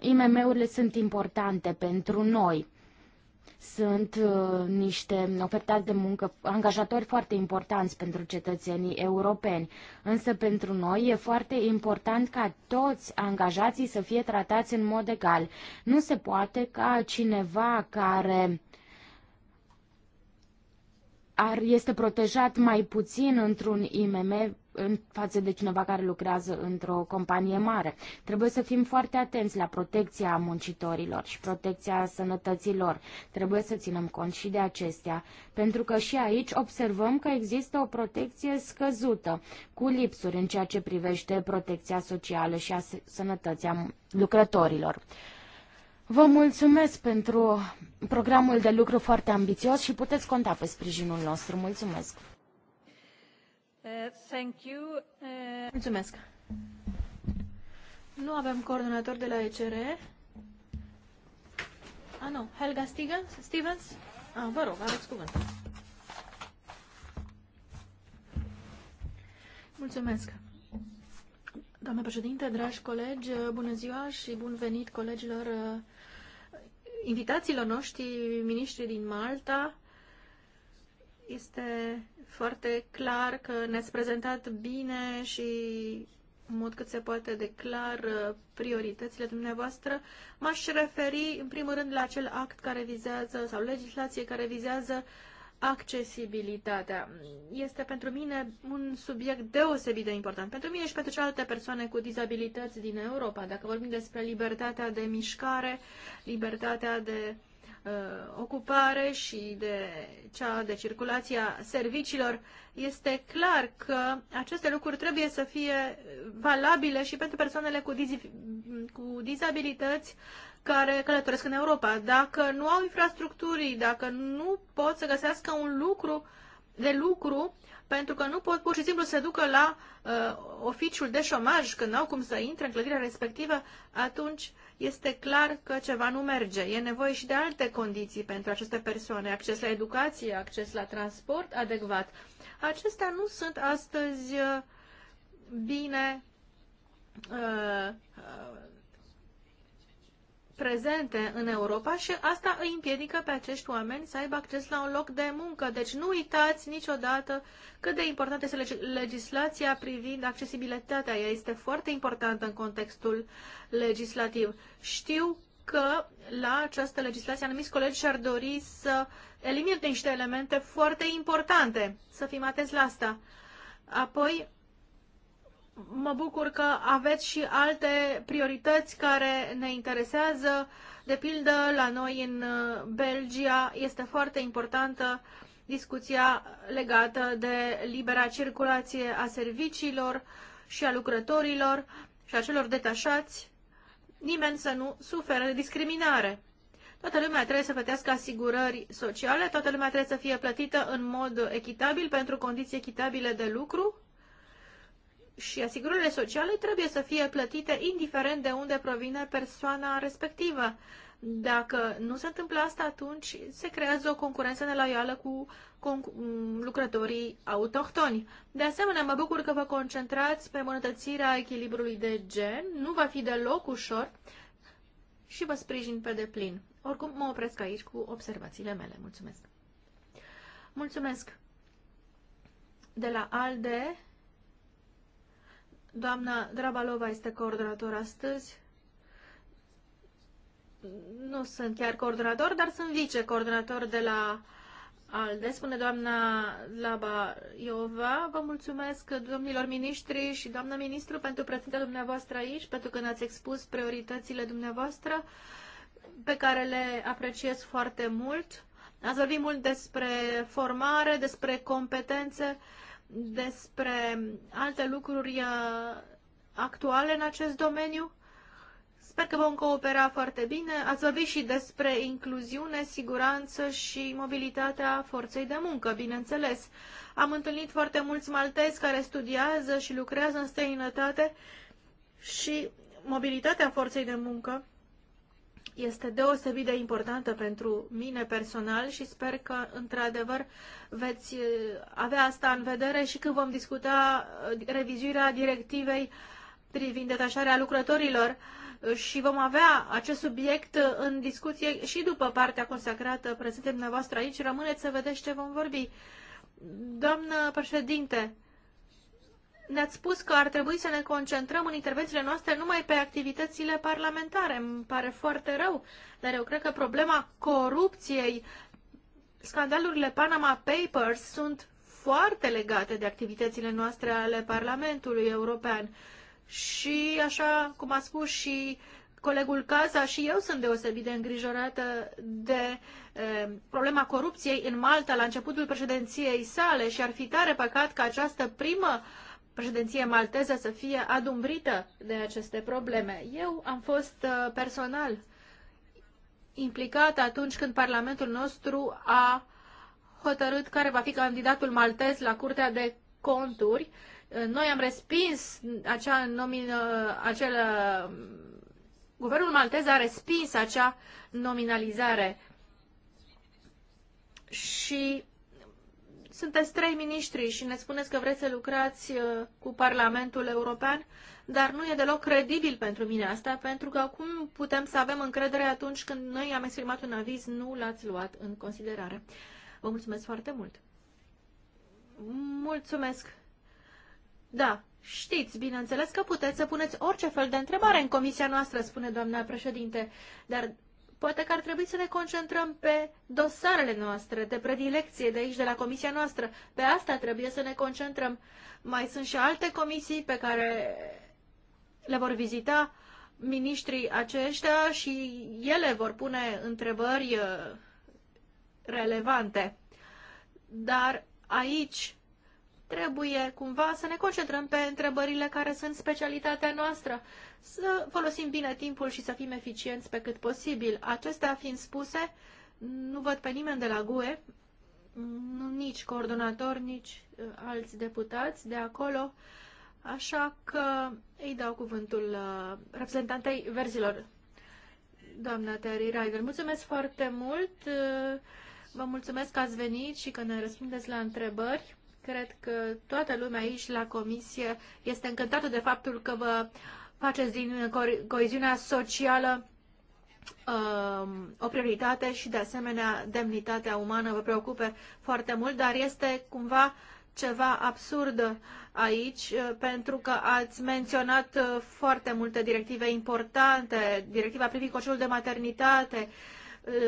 [SPEAKER 2] IMM-urile sunt importante pentru noi sunt uh, niște ofertați de muncă, angajatori foarte importanți pentru cetățenii europeni. Însă pentru noi e foarte important ca toți angajații să fie tratați în mod egal. Nu se poate ca cineva care ar, este protejat mai puțin într-un IMM în față de cineva care lucrează într-o companie mare. Trebuie să fim foarte atenți la protecția muncitorilor și protecția sănătăților. Trebuie să ținem cont și de acestea, pentru că și aici observăm că există o protecție scăzută, cu lipsuri în ceea ce privește protecția socială și a sănătății lucrătorilor. Vă mulțumesc pentru programul de lucru foarte ambițios și puteți conta pe sprijinul nostru. Mulțumesc!
[SPEAKER 5] Uh, uh, Mulțumesc. Nu avem coordonator de la ECR. Ah, nu. Helga Stevens? Stevens? Ah, vă rog, aveți cuvânt. Mulțumesc. Doamna președinte, dragi colegi, bună ziua și bun venit colegilor invitațiilor noștri, miniștri din Malta. Este foarte clar că ne-ați prezentat bine și în mod cât se poate de clar uh, prioritățile dumneavoastră. M-aș referi în primul rând la acel act care vizează sau legislație care vizează accesibilitatea. Este pentru mine un subiect deosebit de important. Pentru mine și pentru celelalte persoane cu dizabilități din Europa. Dacă vorbim despre libertatea de mișcare, libertatea de Uh, ocupare și de cea de circulația serviciilor, este clar că aceste lucruri trebuie să fie valabile și pentru persoanele cu, diz- cu dizabilități care călătoresc în Europa. Dacă nu au infrastructurii, dacă nu pot să găsească un lucru de lucru, pentru că nu pot pur și simplu să ducă la uh, oficiul de șomaj când au cum să intre în clădirea respectivă, atunci este clar că ceva nu merge. E nevoie și de alte condiții pentru aceste persoane, acces la educație, acces la transport adecvat. Acestea nu sunt astăzi uh, bine uh, uh, prezente în Europa și asta îi împiedică pe acești oameni să aibă acces la un loc de muncă. Deci nu uitați niciodată cât de importantă este legislația privind accesibilitatea. Ea este foarte importantă în contextul legislativ. Știu că la această legislație anumiți colegi și-ar dori să elimine niște elemente foarte importante. Să fim atenți la asta. Apoi, mă bucur că aveți și alte priorități care ne interesează. De pildă, la noi în uh, Belgia este foarte importantă discuția legată de libera circulație a serviciilor și a lucrătorilor și a celor detașați, nimeni să nu suferă de discriminare. Toată lumea trebuie să plătească asigurări sociale, toată lumea trebuie să fie plătită în mod echitabil pentru condiții echitabile de lucru și asigurările sociale trebuie să fie plătite indiferent de unde provine persoana respectivă. Dacă nu se întâmplă asta, atunci se creează o concurență neloială cu lucrătorii autohtoni. De asemenea, mă bucur că vă concentrați pe îmbunătățirea echilibrului de gen. Nu va fi deloc ușor și vă sprijin pe deplin. Oricum, mă opresc aici cu observațiile mele. Mulțumesc! Mulțumesc! De la ALDE, Doamna Drabalova este coordonator astăzi. Nu sunt chiar coordonator, dar sunt vice-coordonator de la ALDE. Spune doamna Laba Iova, vă mulțumesc domnilor miniștri și doamna ministru pentru prezența dumneavoastră aici, pentru că ne-ați expus prioritățile dumneavoastră pe care le apreciez foarte mult. Ați vorbit mult despre formare, despre competențe despre alte lucruri uh, actuale în acest domeniu. Sper că vom coopera foarte bine. Ați vorbit și despre incluziune, siguranță și mobilitatea forței de muncă, bineînțeles. Am întâlnit foarte mulți maltezi care studiază și lucrează în străinătate și mobilitatea forței de muncă este deosebit de importantă pentru mine personal și sper că, într-adevăr, veți eh, avea asta în vedere și când vom discuta eh, revizuirea directivei privind detașarea lucrătorilor eh, și vom avea acest subiect în discuție și după partea consacrată prezentă dumneavoastră aici. Rămâneți să vedeți ce vom vorbi. Doamnă președinte, ne-ați spus că ar trebui să ne concentrăm în intervențiile noastre numai pe activitățile parlamentare. Îmi pare foarte rău, dar eu cred că problema corupției, scandalurile Panama Papers sunt foarte legate de activitățile noastre ale Parlamentului European. Și așa cum a spus și colegul Caza, și eu sunt deosebit de îngrijorată de e, problema corupției în Malta la începutul președinției sale și ar fi tare păcat că această primă președinție malteză să fie adumbrită de aceste probleme. Eu am fost uh, personal implicat atunci când Parlamentul nostru a hotărât care va fi candidatul maltez la Curtea de Conturi. Uh, noi am respins acea nomină, acel, uh, guvernul maltez a respins acea nominalizare și sunteți trei miniștri și ne spuneți că vreți să lucrați uh, cu Parlamentul European, dar nu e deloc credibil pentru mine asta, pentru că cum putem să avem încredere atunci când noi am exprimat un aviz, nu l-ați luat în considerare. Vă mulțumesc foarte mult! Mulțumesc! Da, știți, bineînțeles că puteți să puneți orice fel de întrebare în comisia noastră, spune doamna președinte, dar Poate că ar trebui să ne concentrăm pe dosarele noastre, de predilecție de aici, de la comisia noastră. Pe asta trebuie să ne concentrăm. Mai sunt și alte comisii pe care le vor vizita miniștrii aceștia și ele vor pune întrebări uh, relevante. Dar aici trebuie cumva să ne concentrăm pe întrebările care sunt specialitatea noastră, să folosim bine timpul și să fim eficienți pe cât posibil. Acestea fiind spuse, nu văd pe nimeni de la GUE, nici coordonator, nici uh, alți deputați de acolo, așa că îi dau cuvântul uh, reprezentantei verzilor, doamna Terry Ryder, Mulțumesc foarte mult, uh, vă mulțumesc că ați venit și că ne răspundeți la întrebări. Cred că toată lumea aici la comisie este încântată de faptul că vă faceți din coeziunea socială um, o prioritate și de asemenea demnitatea umană vă preocupe foarte mult, dar este cumva ceva absurd aici, uh, pentru că ați menționat uh, foarte multe directive importante, directiva privind concediul de maternitate,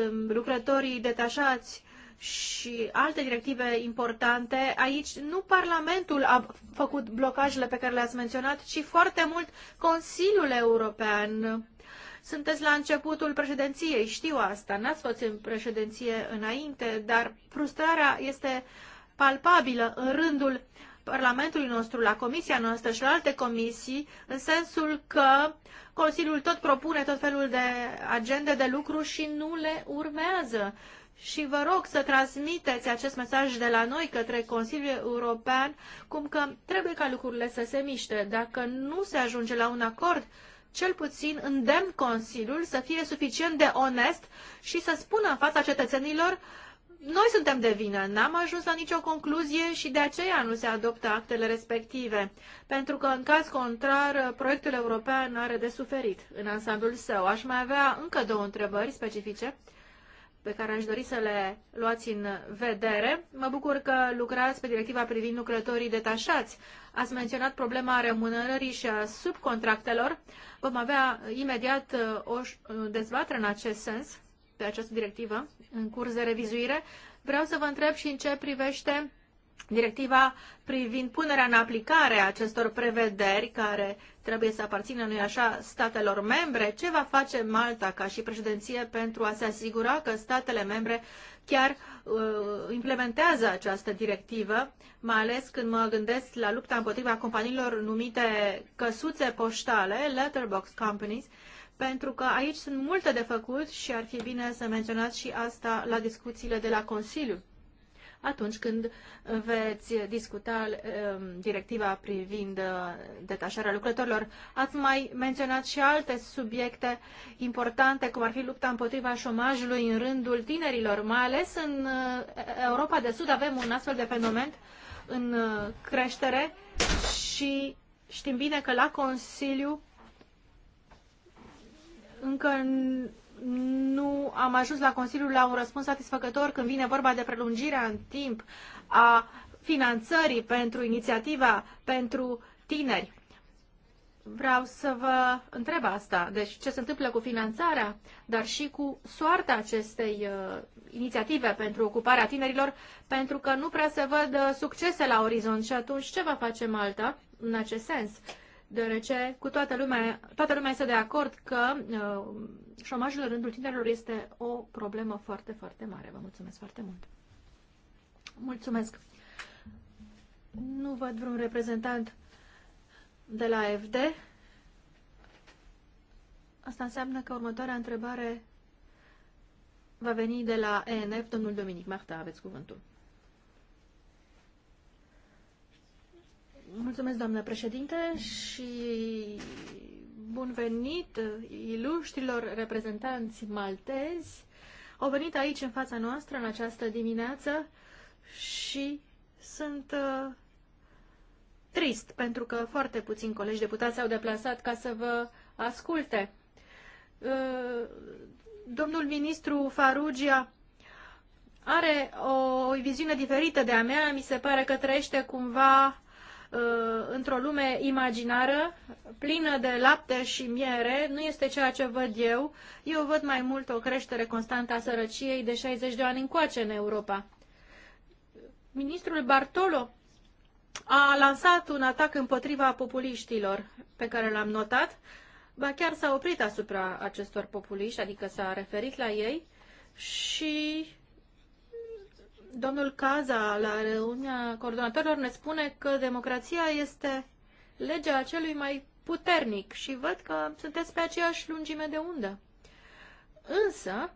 [SPEAKER 5] um, lucrătorii detașați, și alte directive importante, aici nu Parlamentul a făcut blocajele pe care le-ați menționat, ci foarte mult Consiliul European. Sunteți la începutul președinției, știu asta, n-ați fost în președinție înainte, dar frustrarea este palpabilă în rândul Parlamentului nostru, la comisia noastră și la alte comisii, în sensul că Consiliul tot propune tot felul de agende de lucru și nu le urmează și vă rog să transmiteți acest mesaj de la noi către Consiliul European, cum că trebuie ca lucrurile să se miște. Dacă nu se ajunge la un acord, cel puțin îndemn Consiliul să fie suficient de onest și să spună în fața cetățenilor noi suntem de vină, n-am ajuns la nicio concluzie și de aceea nu se adoptă actele respective, pentru că în caz contrar proiectul european are de suferit în ansamblul său. Aș mai avea încă două întrebări specifice pe care aș dori să le luați în vedere. Mă bucur că lucrați pe directiva privind lucrătorii detașați. Ați menționat problema remunerării și a subcontractelor. Vom avea imediat uh, o uh, dezbatere în acest sens, pe această directivă, în curs de revizuire. Vreau să vă întreb și în ce privește Directiva privind punerea în aplicare a acestor prevederi care trebuie să aparțină, nu așa, statelor membre, ce va face Malta ca și președinție pentru a se asigura că statele membre chiar uh, implementează această directivă, mai ales când mă gândesc la lupta împotriva companiilor numite căsuțe poștale, letterbox companies, pentru că aici sunt multe de făcut și ar fi bine să menționați și asta la discuțiile de la Consiliu atunci când veți discuta uh, directiva privind uh, detașarea lucrătorilor. Ați mai menționat și alte subiecte importante, cum ar fi lupta împotriva șomajului în rândul tinerilor, mai ales în uh, Europa de Sud avem un astfel de fenomen în creștere și știm bine că la Consiliu încă nu am ajuns la Consiliu la un răspuns satisfăcător când vine vorba de prelungirea în timp a finanțării pentru inițiativa pentru tineri. Vreau să vă întreb asta. Deci ce se întâmplă cu finanțarea, dar și cu soarta acestei uh, inițiative pentru ocuparea tinerilor, pentru că nu prea se văd uh, succese la orizont și atunci ce va face Malta în acest sens? Uh, deoarece cu toată lumea, toată lumea este de acord că uh, șomajul în rândul tinerilor este o problemă foarte, foarte mare. Vă mulțumesc foarte mult! Mulțumesc! Nu văd vreun reprezentant de la FD. Asta înseamnă că următoarea întrebare va veni de la ENF. Domnul Dominic Marta, aveți cuvântul. Mulțumesc, doamnă președinte, și bun venit iluștrilor reprezentanți maltezi. Au venit aici în fața noastră în această dimineață și sunt uh, trist pentru că foarte puțini colegi deputați s au deplasat ca să vă asculte. Uh, domnul ministru Farugia are o viziune diferită de a mea, mi se pare că trăiește cumva Uh, într-o lume imaginară, plină de lapte și miere, nu este ceea ce văd eu. Eu văd mai mult o creștere constantă a sărăciei de 60 de ani încoace în Europa. Ministrul Bartolo a lansat un atac împotriva populiștilor pe care l-am notat, ba chiar s-a oprit asupra acestor populiști, adică s-a referit la ei și Domnul Caza, la reuniunea coordonatorilor, ne spune că democrația este legea celui mai puternic și văd că sunteți pe aceeași lungime de undă. Însă,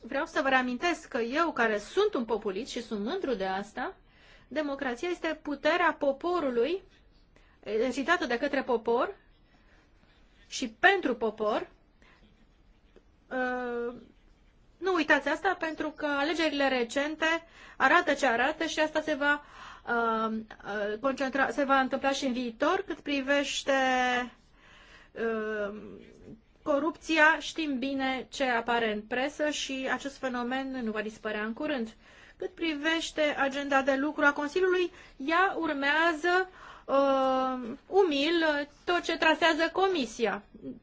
[SPEAKER 5] vreau să vă reamintesc că eu, care sunt un populist și sunt mândru de asta, democrația este puterea poporului, exercitată de către popor și pentru popor, uh, nu uitați asta pentru că alegerile recente arată ce arată și asta se va, uh, uh, concentra, se va întâmpla și în viitor cât privește uh, corupția. Știm bine ce apare în presă și acest fenomen nu va dispărea în curând. Cât privește agenda de lucru a Consiliului, ea urmează uh, umil tot ce trasează Comisia.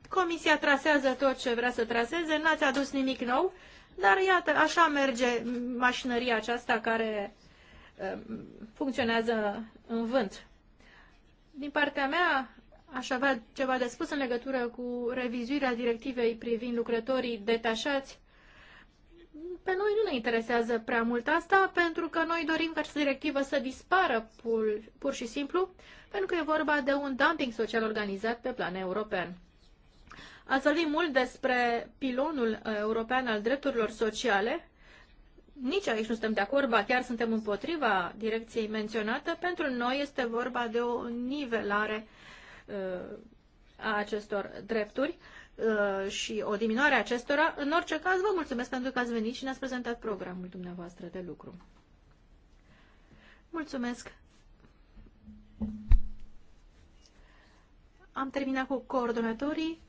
[SPEAKER 5] Comisia trasează tot ce vrea să traseze, n-ați adus nimic nou dar iată, așa merge mașinăria aceasta care um, funcționează în vânt. Din partea mea, aș avea ceva de spus în legătură cu revizuirea directivei privind lucrătorii detașați. Pe noi nu ne interesează prea mult asta, pentru că noi dorim ca această directivă să dispară pur, pur și simplu, pentru că e vorba de un dumping social organizat pe plan european. Ați vorbit mult despre pilonul uh, european al drepturilor sociale. Nici aici nu suntem de acord, ba chiar suntem împotriva direcției menționată. Pentru noi este vorba de o nivelare uh, a acestor drepturi uh, și o diminuare a acestora. În orice caz, vă mulțumesc pentru că ați venit și ne-ați prezentat programul dumneavoastră de lucru. Mulțumesc! Am terminat cu coordonatorii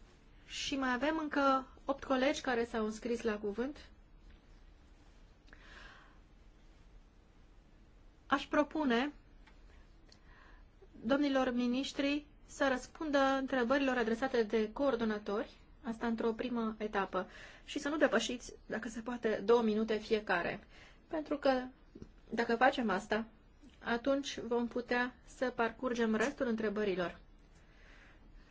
[SPEAKER 5] și mai avem încă 8 colegi care s-au înscris la cuvânt. Aș propune domnilor miniștri să răspundă întrebărilor adresate de coordonatori, asta într-o primă etapă, și să nu depășiți, dacă se poate, două minute fiecare. Pentru că, dacă facem asta, atunci vom putea să parcurgem restul întrebărilor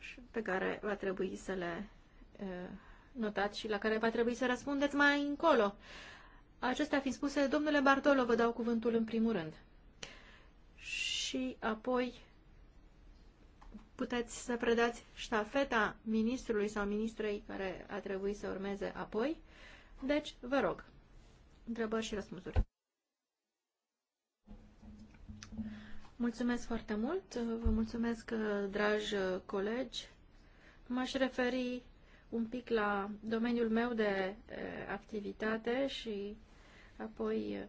[SPEAKER 5] și pe care va trebui să le notați și la care va trebui să răspundeți mai încolo. Acestea fiind spuse, domnule Bartolo, vă dau cuvântul în primul rând. Și apoi puteți să predați ștafeta ministrului sau ministrei care a trebuit să urmeze apoi. Deci, vă rog, întrebări și răspunsuri. Mulțumesc foarte mult, vă mulțumesc, uh, dragi uh, colegi. M-aș referi un pic la domeniul meu de uh, activitate și apoi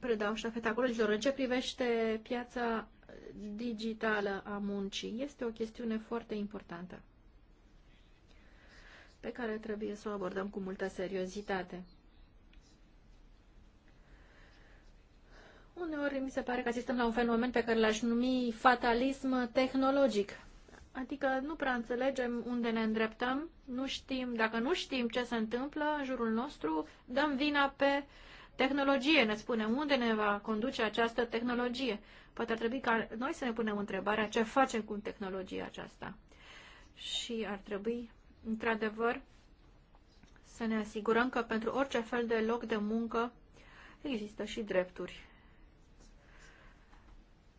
[SPEAKER 5] predau ștafeta colegilor. În ce privește piața digitală a muncii, este o chestiune foarte importantă pe care trebuie să o abordăm cu multă seriozitate. Uneori mi se pare că asistăm la un fenomen pe care l-aș numi fatalism tehnologic. Adică nu prea înțelegem unde ne îndreptăm, nu știm, dacă nu știm ce se întâmplă în jurul nostru, dăm vina pe tehnologie, ne spune unde ne va conduce această tehnologie. Poate ar trebui ca noi să ne punem întrebarea ce facem cu tehnologia aceasta. Și ar trebui, într-adevăr, să ne asigurăm că pentru orice fel de loc de muncă există și drepturi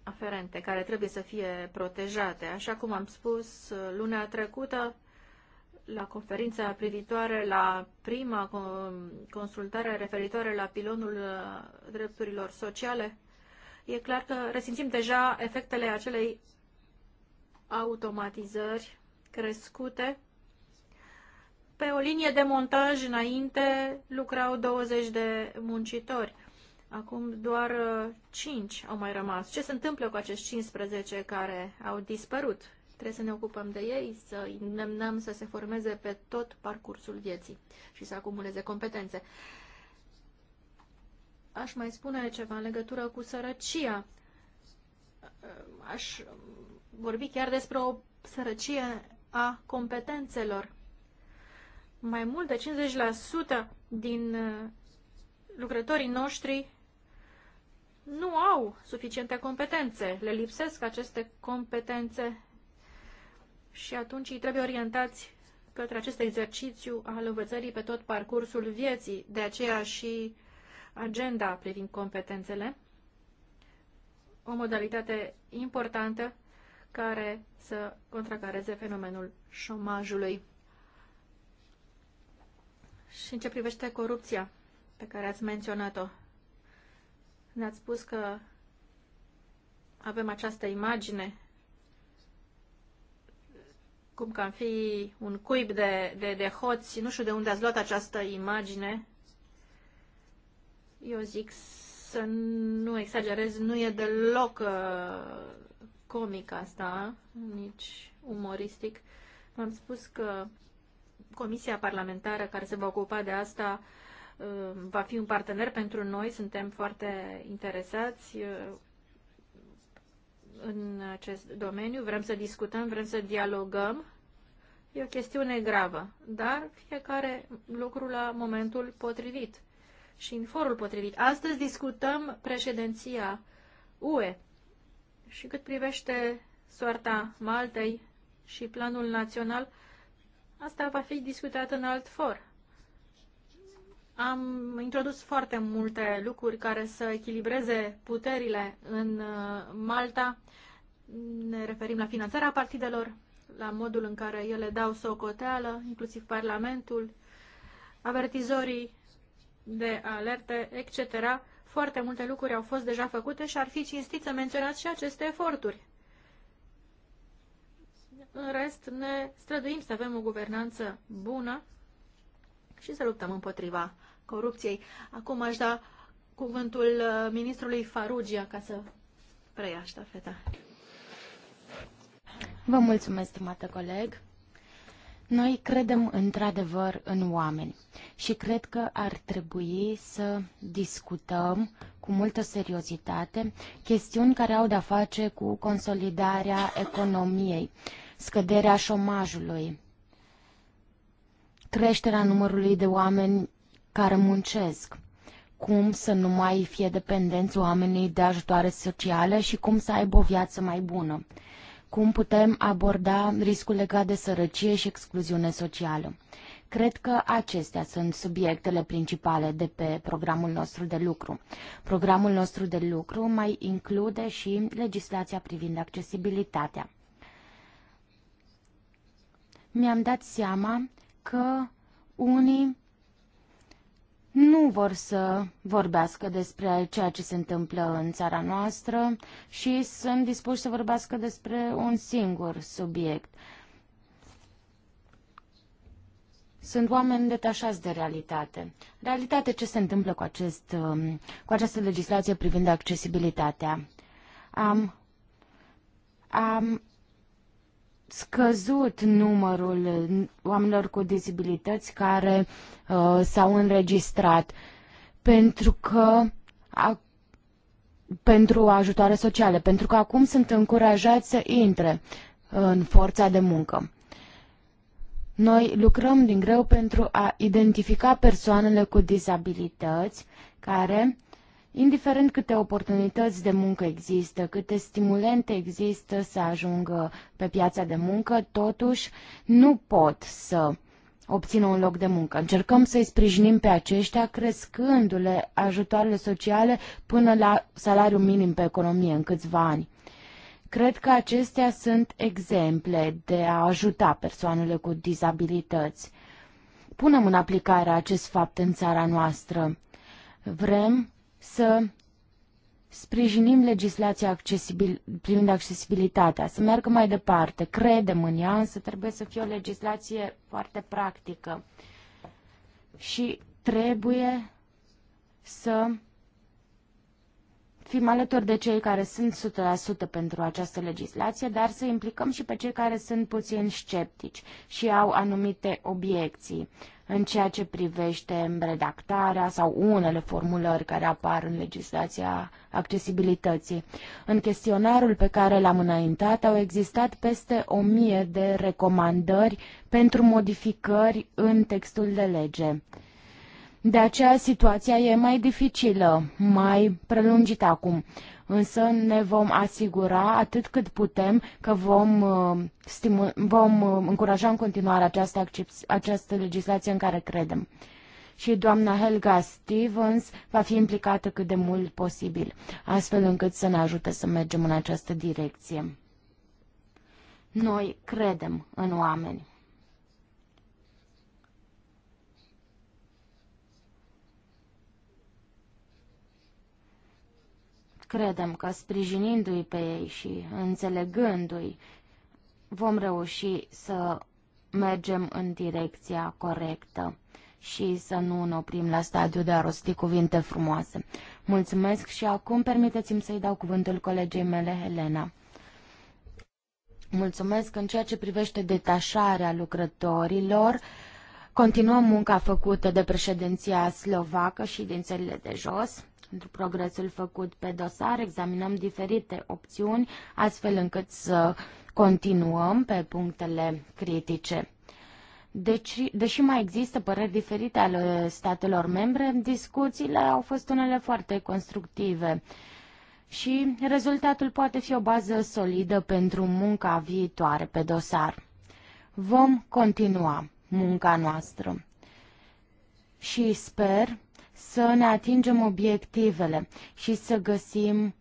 [SPEAKER 5] aferente care trebuie să fie protejate. Așa cum am spus luna trecută, la conferința privitoare la prima consultare referitoare la pilonul uh, drepturilor sociale, e clar că resimțim deja efectele acelei automatizări crescute. Pe o linie de montaj înainte lucrau 20 de muncitori. Acum doar uh, cinci au mai rămas. Ce se întâmplă cu acești 15 care au dispărut? Trebuie să ne ocupăm de ei, să îi îndemnăm să se formeze pe tot parcursul vieții și să acumuleze competențe. Aș mai spune ceva în legătură cu sărăcia. Aș vorbi chiar despre o sărăcie a competențelor. Mai mult de 50% din uh, lucrătorii noștri nu au suficiente competențe, le lipsesc aceste competențe și atunci îi trebuie orientați către acest exercițiu al învățării pe tot parcursul vieții, de aceea și agenda privind competențele, o modalitate importantă care să contracareze fenomenul șomajului. Și în ce privește corupția pe care ați menționat-o, ne-ați spus că avem această imagine cum că am fi un cuib de, de, de hoți, nu știu de unde ați luat această imagine. Eu zic să nu exagerez, nu e deloc uh, comic asta, nici umoristic. V-am spus că Comisia Parlamentară care se va ocupa de asta uh, Uh, va fi un partener pentru noi, suntem foarte interesați uh, în acest domeniu, vrem să discutăm, vrem să dialogăm. E o chestiune gravă, dar fiecare lucru la momentul potrivit și în forul potrivit. Astăzi discutăm președinția UE și cât privește soarta Maltei și planul național, asta va fi discutat în alt for. Am introdus foarte multe lucruri care să echilibreze puterile în uh, Malta. Ne referim la finanțarea partidelor, la modul în care ele dau socoteală, inclusiv Parlamentul, avertizorii de alerte, etc. Foarte multe lucruri au fost deja făcute și ar fi cinstit să menționați și aceste eforturi. În rest, ne străduim să avem o guvernanță bună și să luptăm împotriva corupției. Acum aș da cuvântul uh, ministrului Farugia ca să preia ștafeta.
[SPEAKER 2] Vă mulțumesc, stimată coleg. Noi credem într-adevăr în oameni și cred că ar trebui să discutăm cu multă seriozitate chestiuni care au de-a face cu consolidarea economiei, scăderea șomajului, creșterea numărului de oameni care muncesc, cum să nu mai fie dependenți oamenii de ajutoare sociale și cum să aibă o viață mai bună, cum putem aborda riscul legat de sărăcie și excluziune socială. Cred că acestea sunt subiectele principale de pe programul nostru de lucru. Programul nostru de lucru mai include și legislația privind accesibilitatea. Mi-am dat seama că unii nu vor să vorbească despre ceea ce se întâmplă în țara noastră și sunt dispuși să vorbească despre un singur subiect. Sunt oameni detașați de realitate. Realitate ce se întâmplă cu, acest, um, cu această legislație privind accesibilitatea. Am, am scăzut numărul oamenilor cu dizabilități care uh, s-au înregistrat, pentru că a, pentru ajutoare sociale, pentru că acum sunt încurajați să intre în forța de muncă. Noi lucrăm din greu pentru a identifica persoanele cu dizabilități care indiferent câte oportunități de muncă există, câte stimulente există să ajungă pe piața de muncă, totuși nu pot să obțină un loc de muncă. Încercăm să-i sprijinim pe aceștia crescându-le ajutoarele sociale până la salariul minim pe economie în câțiva ani. Cred că acestea sunt exemple de a ajuta persoanele cu dizabilități. Punem în aplicare acest fapt în țara noastră. Vrem să sprijinim legislația accesibil, privind accesibilitatea, să meargă mai departe. Credem în ea, însă trebuie să fie o legislație foarte practică. Și trebuie să fim alături de cei care sunt 100% pentru această legislație, dar să implicăm și pe cei care sunt puțin sceptici și au anumite obiecții în ceea ce privește redactarea sau unele formulări care apar în legislația accesibilității. În chestionarul pe care l-am înaintat au existat peste o mie de recomandări pentru modificări în textul de lege. De aceea situația e mai dificilă, mai prelungită acum însă ne vom asigura atât cât putem că vom, uh, stimu- vom uh, încuraja în continuare această, această legislație în care credem. Și doamna Helga Stevens va fi implicată cât de mult posibil, astfel încât să ne ajute să mergem în această direcție. Noi credem în oameni. Credem că sprijinindu-i pe ei și înțelegându-i, vom reuși să mergem în direcția corectă și să nu ne oprim la stadiu de a rosti cuvinte frumoase. Mulțumesc și acum permiteți-mi să-i dau cuvântul colegei mele, Helena. Mulțumesc în ceea ce privește detașarea lucrătorilor. Continuăm munca făcută de președinția slovacă și din țările de jos pentru progresul făcut pe dosar. Examinăm diferite opțiuni, astfel încât să continuăm pe punctele critice. Deci, deși mai există păreri diferite ale statelor membre, discuțiile au fost unele foarte constructive și rezultatul poate fi o bază solidă pentru munca viitoare pe dosar. Vom continua munca noastră și sper să ne atingem obiectivele și să găsim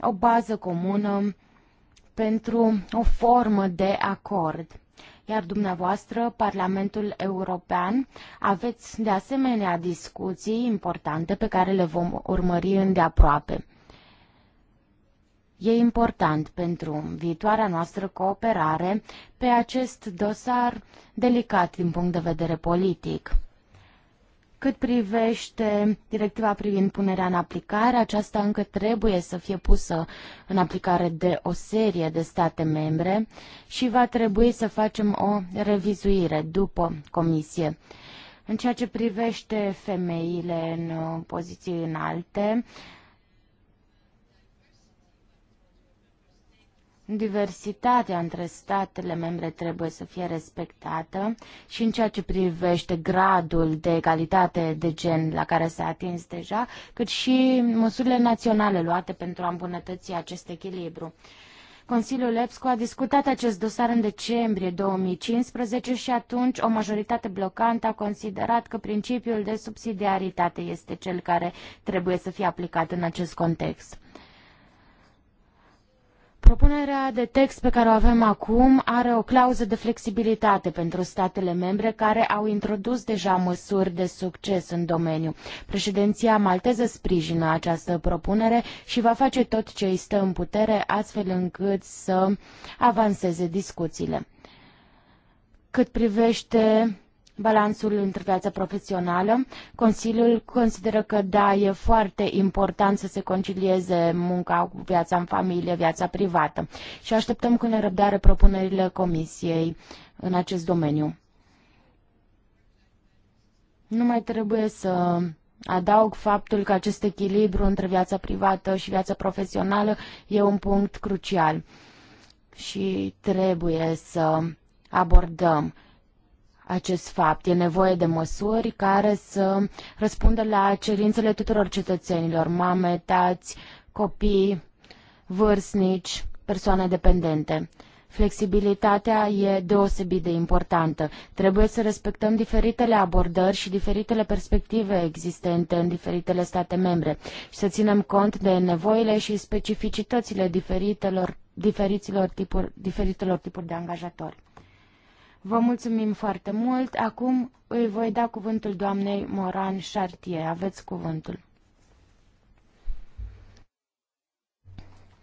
[SPEAKER 2] o bază comună pentru o formă de acord. Iar dumneavoastră, Parlamentul European, aveți de asemenea discuții importante pe care le vom urmări îndeaproape. E important pentru viitoarea noastră cooperare pe acest dosar delicat din punct de vedere politic. Cât privește directiva privind punerea în aplicare, aceasta încă trebuie să fie pusă în aplicare de o serie de state membre și va trebui să facem o revizuire după comisie. În ceea ce privește femeile în poziții înalte, Diversitatea între statele membre trebuie să fie respectată și în ceea ce privește gradul de egalitate de gen la care s-a atins deja, cât și măsurile naționale luate pentru a îmbunătăți acest echilibru. Consiliul EPSCO a discutat acest dosar în decembrie 2015 și atunci o majoritate blocantă a considerat că principiul de subsidiaritate este cel care trebuie să fie aplicat în acest context. Propunerea de text pe care o avem acum are o clauză de flexibilitate pentru statele membre care au introdus deja măsuri de succes în domeniu. Președinția malteză sprijină această propunere și va face tot ce îi stă în putere astfel încât să avanseze discuțiile. Cât privește balansul între viața profesională. Consiliul consideră că da, e foarte important să se concilieze munca cu viața în familie, viața privată și așteptăm cu nerăbdare propunerile Comisiei în acest domeniu. Nu mai trebuie să Adaug faptul că acest echilibru între viața privată și viața profesională e un punct crucial și trebuie să abordăm acest fapt. E nevoie de măsuri care să răspundă la cerințele tuturor cetățenilor, mame, tați, copii, vârstnici, persoane dependente. Flexibilitatea e deosebit de importantă. Trebuie să respectăm diferitele abordări și diferitele perspective existente în diferitele state membre și să ținem cont de nevoile și specificitățile diferitelor, diferiților tipuri, diferitelor tipuri de angajatori. Vă mulțumim foarte mult. Acum îi voi da cuvântul doamnei Moran Chartier. Aveți cuvântul.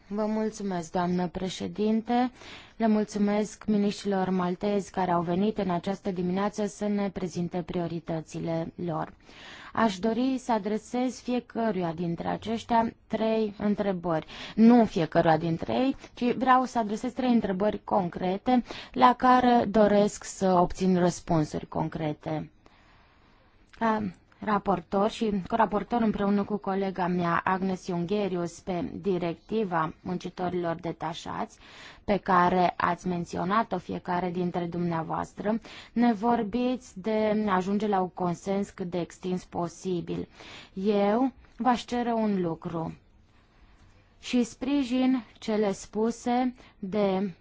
[SPEAKER 2] Vă mulțumesc, doamnă președinte. Le mulțumesc miniștrilor maltezi care au venit în această dimineață să ne prezinte prioritățile lor. Aș dori să adresez fiecăruia dintre aceștia trei întrebări. Nu fiecăruia dintre ei, ci vreau să adresez trei întrebări concrete la care doresc să obțin răspunsuri concrete raportor și coraportor împreună cu colega mea Agnes Iungherius pe directiva muncitorilor detașați pe care ați menționat-o fiecare dintre dumneavoastră, ne vorbiți de ajunge la un consens cât de extins posibil. Eu v-aș cere un lucru și sprijin cele spuse de,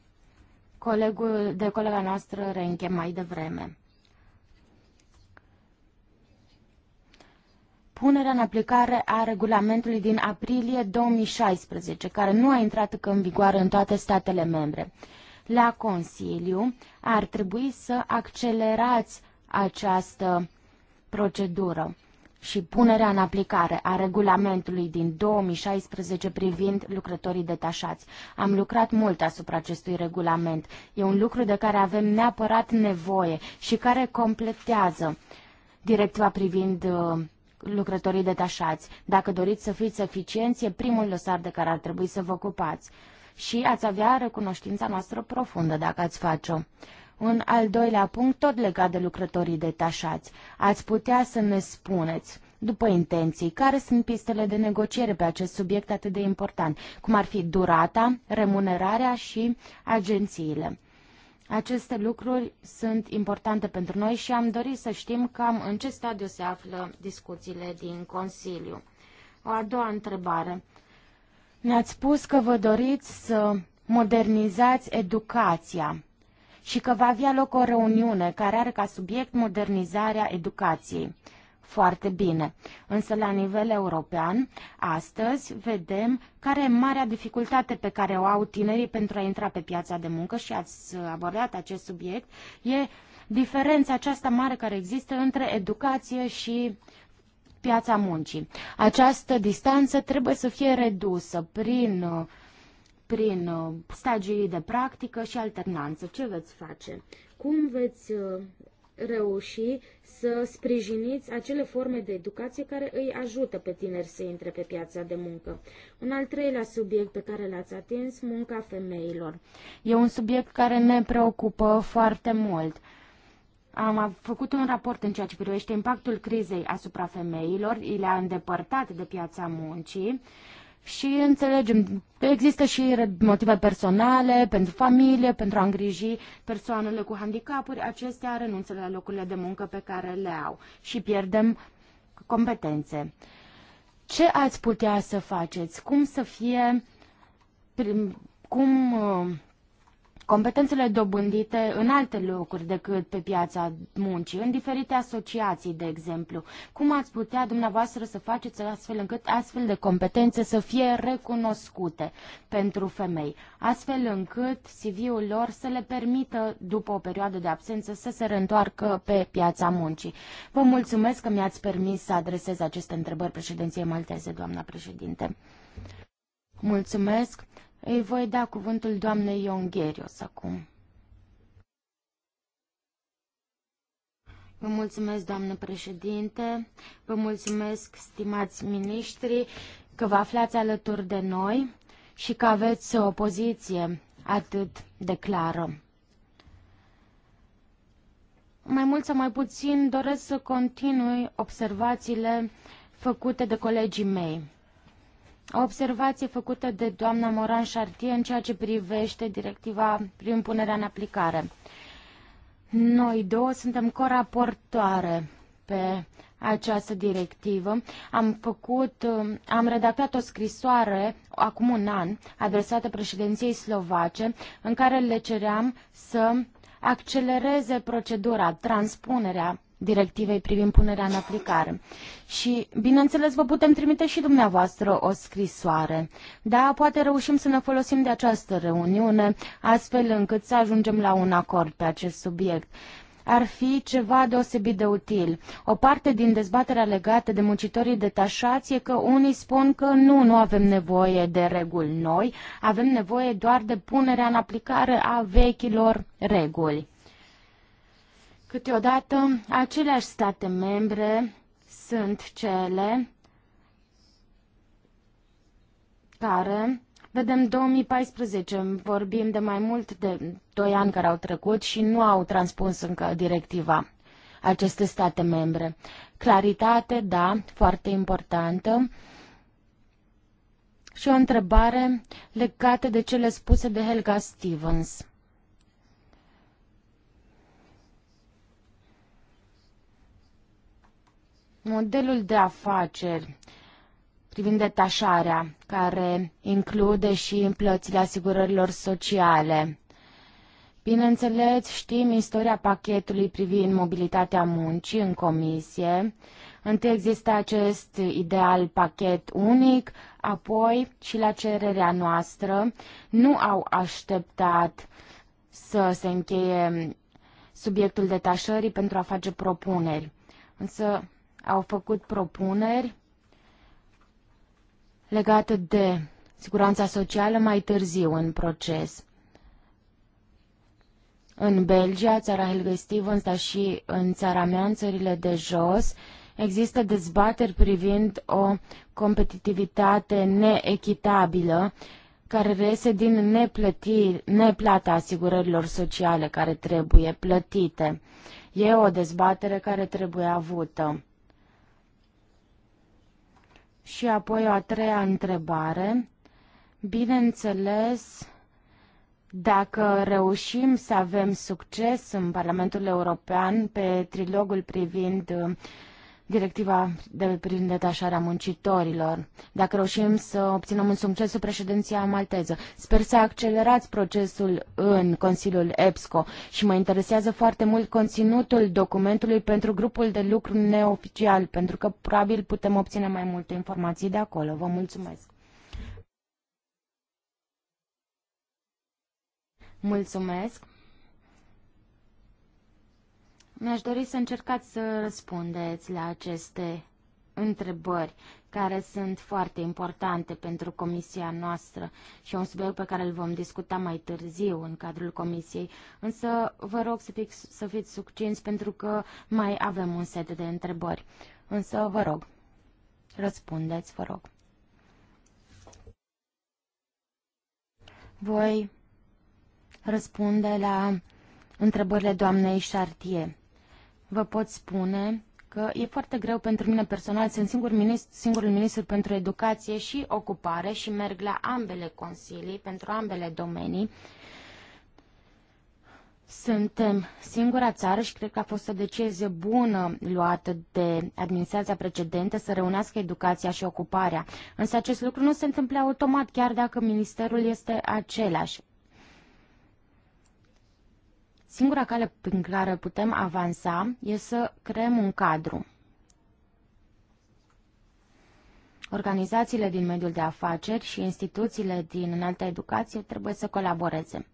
[SPEAKER 2] colegul, de colega noastră Renche mai devreme. punerea în aplicare a regulamentului din aprilie 2016, care nu a intrat încă în vigoare în toate statele membre. La Consiliu ar trebui să accelerați această procedură și punerea în aplicare a regulamentului din 2016 privind lucrătorii detașați. Am lucrat mult asupra acestui regulament. E un lucru de care avem neapărat nevoie și care completează directiva privind uh, lucrătorii detașați. Dacă doriți să fiți eficienți, e primul dosar de care ar trebui să vă ocupați și ați avea recunoștința noastră profundă dacă ați face-o. Un al doilea punct, tot legat de lucrătorii detașați. Ați putea să ne spuneți, după intenții, care sunt pistele de negociere pe acest subiect atât de important, cum ar fi durata, remunerarea și agențiile. Aceste lucruri sunt importante pentru noi și am dorit să știm cam în ce stadiu se află discuțiile din Consiliu. O a doua întrebare. Ne-ați spus că vă doriți să modernizați educația și că va avea loc o reuniune care are ca subiect modernizarea educației foarte bine. Însă la nivel european, astăzi vedem care e marea dificultate pe care o au tinerii pentru a intra pe piața de muncă și ați abordat acest subiect, e diferența aceasta mare care există între educație și piața muncii. Această distanță trebuie să fie redusă prin, prin stagii de practică și alternanță. Ce veți face? Cum veți reuși să sprijiniți acele forme de educație care îi ajută pe tineri să intre pe piața de muncă. Un al treilea subiect pe care l-ați atins, munca femeilor. E un subiect care ne preocupă foarte mult. Am făcut un raport în ceea ce privește impactul crizei asupra femeilor, le-a îndepărtat de piața muncii și înțelegem, există și motive personale, pentru familie, pentru a îngriji persoanele cu handicapuri, acestea renunță la locurile de muncă pe care le au și pierdem competențe. Ce ați putea să faceți? Cum să fie, cum uh, competențele dobândite în alte locuri decât pe piața muncii, în diferite asociații, de exemplu. Cum ați putea dumneavoastră să faceți astfel încât astfel de competențe să fie recunoscute pentru femei, astfel încât CV-ul lor să le permită, după o perioadă de absență, să se reîntoarcă pe piața muncii? Vă mulțumesc că mi-ați permis să adresez aceste întrebări președinției malteze, doamna președinte. Mulțumesc. Îi voi da cuvântul doamnei Iongherios acum. Vă mulțumesc, doamnă președinte, vă mulțumesc, stimați miniștri, că vă aflați alături de noi și că aveți o poziție atât de clară. Mai mult sau mai puțin doresc să continui observațiile făcute de colegii mei. O observație făcută de doamna Moran Chartier în ceea ce privește directiva prin punerea în aplicare. Noi două suntem coraportoare pe această directivă. Am făcut, am redactat o scrisoare acum un an adresată președinției slovace în care le ceream să accelereze procedura, transpunerea directivei privind punerea în aplicare. Și, bineînțeles, vă putem trimite și dumneavoastră o scrisoare. Da, poate reușim să ne folosim de această reuniune, astfel încât să ajungem la un acord pe acest subiect ar fi ceva deosebit de util. O parte din dezbaterea legată de muncitorii detașați e că unii spun că nu, nu avem nevoie de reguli noi, avem nevoie doar de punerea în aplicare a vechilor reguli. Câteodată, aceleași state membre sunt cele care, vedem 2014, vorbim de mai mult de 2 ani care au trecut și nu au transpus încă directiva aceste state membre. Claritate, da, foarte importantă. Și o întrebare legată de cele spuse de Helga Stevens. modelul de afaceri privind detașarea, care include și plățile asigurărilor sociale. Bineînțeles, știm istoria pachetului privind mobilitatea muncii în comisie. Întâi există acest ideal pachet unic, apoi și la cererea noastră nu au așteptat să se încheie subiectul detașării pentru a face propuneri. Însă au făcut propuneri legate de siguranța socială mai târziu în proces. În Belgia, țara Helge Stevens, dar și în țara mea, în țările de jos, există dezbateri privind o competitivitate neechitabilă care reiese din neplăti, neplata asigurărilor sociale care trebuie plătite. E o dezbatere care trebuie avută. Și apoi o a treia întrebare. Bineînțeles, dacă reușim să avem succes în Parlamentul European pe trilogul privind directiva de prin detașarea muncitorilor. Dacă reușim să obținem un succes sub președinția malteză, sper să accelerați procesul în Consiliul EPSCO și mă interesează foarte mult conținutul documentului pentru grupul de lucru neoficial, pentru că probabil putem obține mai multe informații de acolo. Vă mulțumesc! Mulțumesc! Mi-aș dori să încercați să răspundeți la aceste întrebări care sunt foarte importante pentru comisia noastră și un subiect pe care îl vom discuta mai târziu în cadrul comisiei. Însă vă rog să, fix, să fiți succinți pentru că mai avem un set de întrebări. Însă vă rog, răspundeți, vă rog. Voi răspunde la întrebările doamnei Chartier vă pot spune că e foarte greu pentru mine personal, sunt singur ministru, singurul ministru pentru educație și ocupare și merg la ambele consilii, pentru ambele domenii. Suntem singura țară și cred că a fost o decizie bună luată de administrația precedentă să reunească educația și ocuparea. Însă acest lucru nu se întâmplă automat chiar dacă ministerul este același Singura cale prin care putem avansa e să creăm un cadru. Organizațiile din mediul de afaceri și instituțiile din înaltă educație trebuie să colaboreze.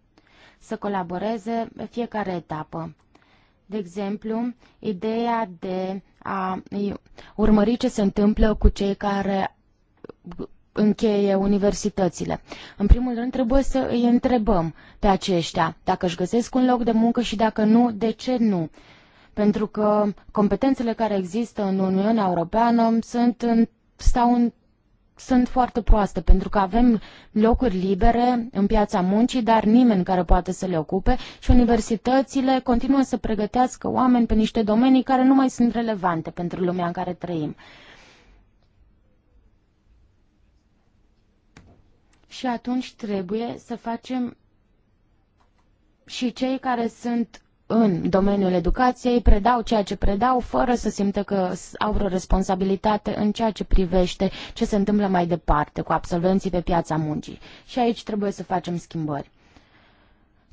[SPEAKER 2] Să colaboreze pe fiecare etapă. De exemplu, ideea de a urmări ce se întâmplă cu cei care încheie universitățile. În primul rând trebuie să îi întrebăm pe aceștia dacă își găsesc un loc de muncă și dacă nu, de ce nu. Pentru că competențele care există în Uniunea Europeană sunt, în, stau în, sunt foarte proaste, pentru că avem locuri libere în piața muncii, dar nimeni care poate să le ocupe și universitățile continuă să pregătească oameni pe niște domenii care nu mai sunt relevante pentru lumea în care trăim. și atunci trebuie să facem și cei care sunt în domeniul educației predau ceea ce predau fără să simtă că au vreo responsabilitate în ceea ce privește ce se întâmplă mai departe cu absolvenții pe piața muncii. Și aici trebuie să facem schimbări.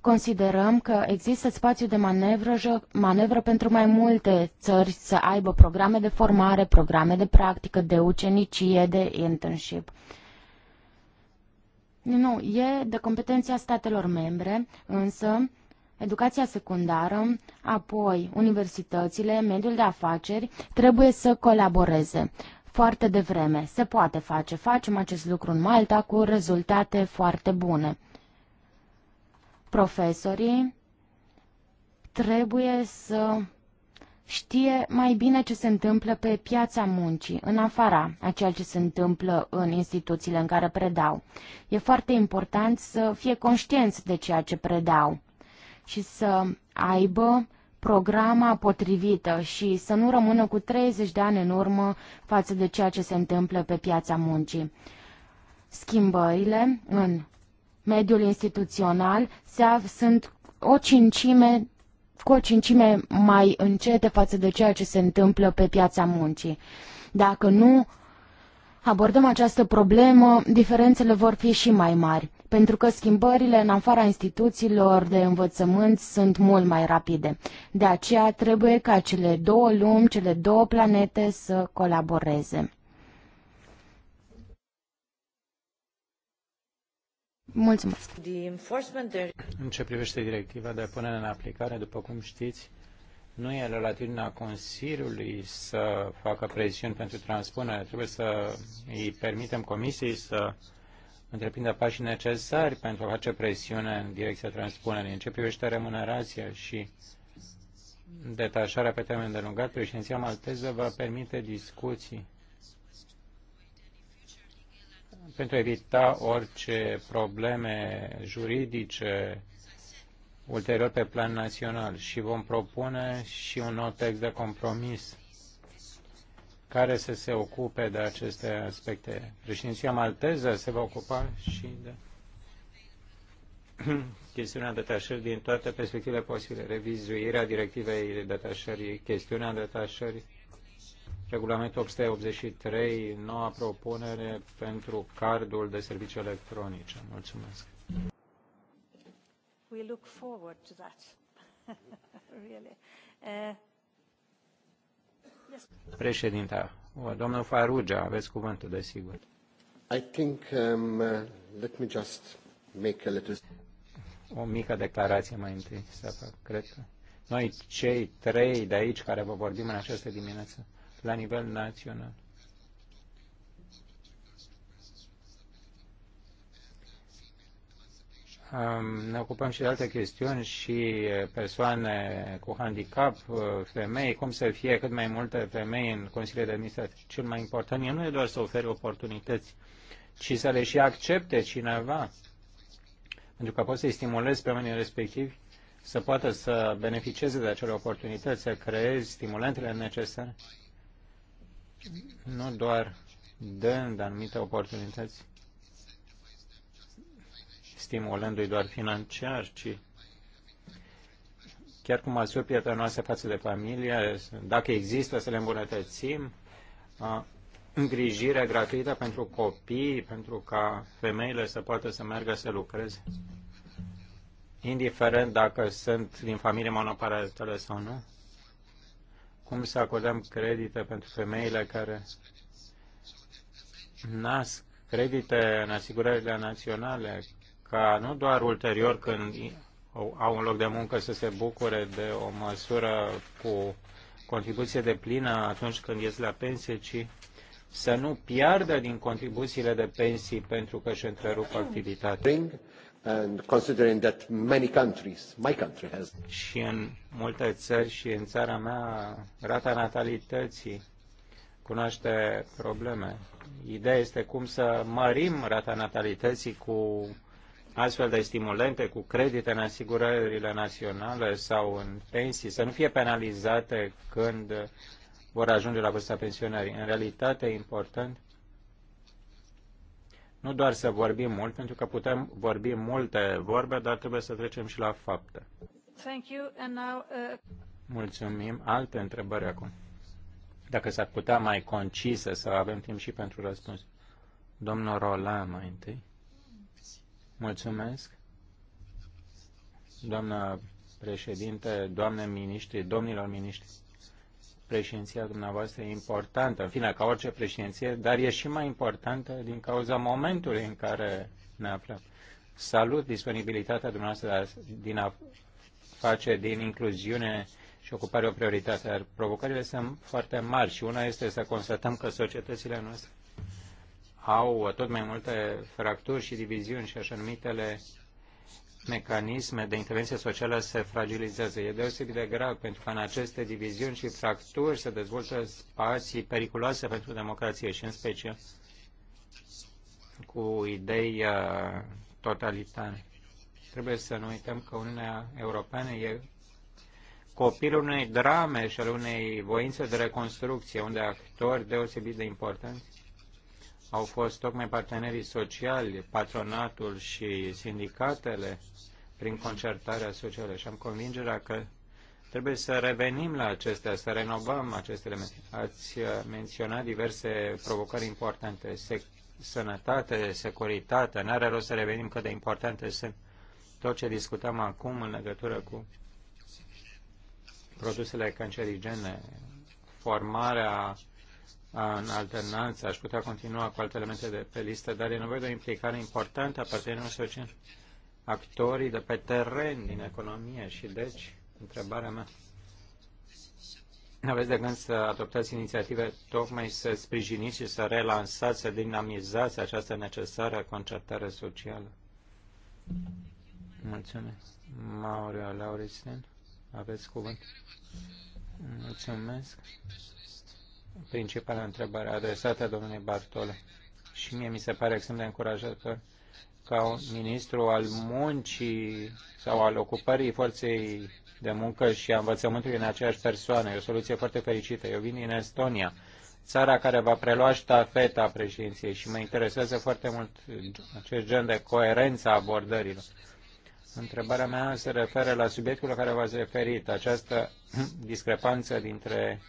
[SPEAKER 2] Considerăm că există spațiu de manevră, manevră pentru mai multe țări să aibă programe de formare, programe de practică, de ucenicie, de internship. Nu, e de competenția statelor membre, însă educația secundară, apoi universitățile, mediul de afaceri trebuie să colaboreze foarte devreme. Se poate face. Facem acest lucru în Malta cu rezultate foarte bune. Profesorii trebuie să știe mai bine ce se întâmplă pe piața muncii, în afara a ceea ce se întâmplă în instituțiile în care predau. E foarte important să fie conștienți de ceea ce predau și să aibă programa potrivită și să nu rămână cu 30 de ani în urmă față de ceea ce se întâmplă pe piața muncii. Schimbările în mediul instituțional se sunt o cincime cu o cincime mai încete față de ceea ce se întâmplă pe piața muncii. Dacă nu abordăm această problemă, diferențele vor fi și mai mari, pentru că schimbările în afara instituțiilor de învățământ sunt mult mai rapide. De aceea trebuie ca cele două lumi, cele două planete să colaboreze.
[SPEAKER 3] În ce privește directiva de punere în aplicare, după cum știți, nu e la latitudinea Consiliului să facă presiuni pentru transpunere. Trebuie să îi permitem Comisiei să întreprindă pașii necesari pentru a face presiune în direcția transpunerii. În ce privește remunerația și detașarea pe termen delungat, președinția malteză va permite discuții pentru a evita orice probleme juridice ulterior pe plan național și vom propune și un nou text de compromis care să se ocupe de aceste aspecte. Președinția malteză se va ocupa și de chestiunea detașării din toate perspectivele posibile. Revizuirea directivei detașării, chestiunea detașării regulamentul 883, noua propunere pentru cardul de servicii electronice. Mulțumesc.
[SPEAKER 1] We look forward to that. really. Uh, yes.
[SPEAKER 3] Președinta, domnul Farugea, aveți cuvântul, desigur. I think, um, uh, let me just make a little... O mică declarație mai întâi să fac, cred că. Noi cei trei de aici care vă vorbim în această dimineață la nivel național. ne ocupăm și de alte chestiuni și persoane cu handicap, femei, cum să fie cât mai multe femei în Consiliul de Administrație. Cel mai important e nu e doar să oferi oportunități, ci să le și accepte cineva. Pentru că poți să-i stimulezi pe oamenii respectivi să poată să beneficieze de acele oportunități, să creezi stimulentele necesare nu doar dând anumite oportunități, stimulându-i doar financiar, ci chiar cum măsuri prietenoase față de familie, dacă există, să le îmbunătățim, îngrijirea gratuită pentru copii, pentru ca femeile să poată să meargă să lucreze, indiferent dacă sunt din familie monoparentală sau nu cum să acordăm credite pentru femeile care nasc credite în asigurările naționale, ca nu doar ulterior când au un loc de muncă să se bucure de o măsură cu contribuție de plină atunci când ies la pensie, ci să nu piardă din contribuțiile de pensii pentru că își întrerup activitatea and considering that many countries, my country has. Și în multe țări și în țara mea, rata natalității cunoaște probleme. Ideea este cum să mărim rata natalității cu astfel de stimulente, cu credite în asigurările naționale sau în pensii, să nu fie penalizate când vor ajunge la vârsta pensionării. În realitate, e important nu doar să vorbim mult, pentru că putem vorbi multe vorbe, dar trebuie să trecem și la fapte.
[SPEAKER 1] Thank you. And now, uh...
[SPEAKER 3] Mulțumim. Alte întrebări acum. Dacă s-ar putea mai concise să avem timp și pentru răspuns. Domnul Roland mai întâi. Mulțumesc. Doamna președinte, doamne miniștri, domnilor miniștri președinția dumneavoastră e importantă, în fine, ca orice președinție, dar e și mai importantă din cauza momentului în care ne aflăm. Salut disponibilitatea dumneavoastră din a face din incluziune și ocupare o prioritate, dar provocările sunt foarte mari și una este să constatăm că societățile noastre au tot mai multe fracturi și diviziuni și așa numitele mecanisme de intervenție socială se fragilizează. E deosebit de grav pentru că în aceste diviziuni și fracturi se dezvoltă spații periculoase pentru democrație și în special cu idei uh, totalitare. Trebuie să nu uităm că Uniunea Europeană e copilul unei drame și al unei voințe de reconstrucție, unde actori deosebit de importanți au fost tocmai partenerii sociali, patronatul și sindicatele prin concertarea socială și am convingerea că trebuie să revenim la acestea, să renovăm aceste elemente. Ați uh, menționat diverse provocări importante, sec- sănătate, securitate, n-are rost să revenim cât de importante sunt tot ce discutăm acum în legătură cu produsele cancerigene, formarea în alternanță, aș putea continua cu alte elemente de pe listă, dar e nevoie de o implicare importantă a partenerilor sociali, deci actorii de pe teren din economie și deci, întrebarea mea, aveți de gând să adoptați inițiative tocmai să sprijiniți și să relansați, să dinamizați această necesară concertare socială? Mulțumesc. Maurea Lauristin, aveți cuvânt. Mulțumesc principala întrebare adresată domnului Bartole. Și mie mi se pare extrem de încurajator ca un ministru al muncii sau al ocupării forței de muncă și a învățământului în aceeași persoană. E o soluție foarte fericită. Eu vin din Estonia, țara care va prelua ștafeta președinției și mă interesează foarte mult acest gen de coerență a abordărilor. Întrebarea mea se referă la subiectul la care v-ați referit, această discrepanță dintre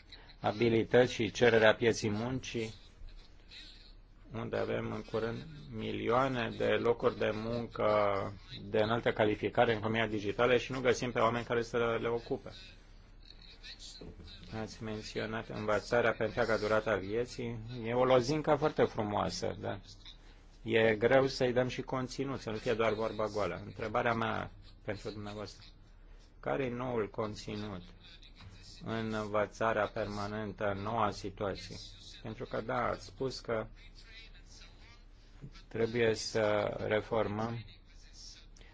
[SPEAKER 3] abilități și cererea pieții muncii, unde avem în curând milioane de locuri de muncă de înaltă calificare în economia digitală și nu găsim pe oameni care să le ocupe. Ați menționat învățarea pe întreaga durata vieții. E o lozincă foarte frumoasă, dar e greu să-i dăm și conținut, să nu fie doar vorba goală. Întrebarea mea pentru dumneavoastră. Care e noul conținut în învățarea permanentă în noua situație. Pentru că, da, ați spus că trebuie să reformăm,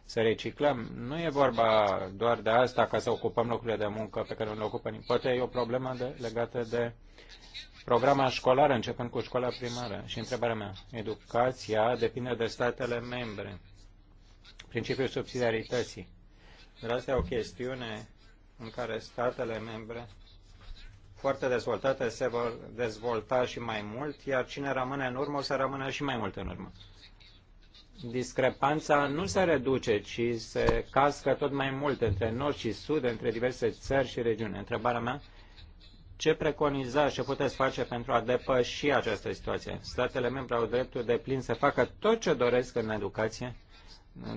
[SPEAKER 3] să reciclăm. Nu e vorba doar de asta ca să ocupăm locurile de muncă pe care nu le ocupăm. Poate e o problemă de, legată de programa școlară, începând cu școala primară. Și întrebarea mea, educația depinde de statele membre. Principiul subsidiarității. Dar asta e o chestiune în care statele membre foarte dezvoltate se vor dezvolta și mai mult, iar cine rămâne în urmă o să rămână și mai mult în urmă. Discrepanța nu se reduce, ci se cască tot mai mult între nord și sud, între diverse țări și regiuni. Întrebarea mea, ce preconizați, ce puteți face pentru a depăși această situație? Statele membre au dreptul de plin să facă tot ce doresc în educație,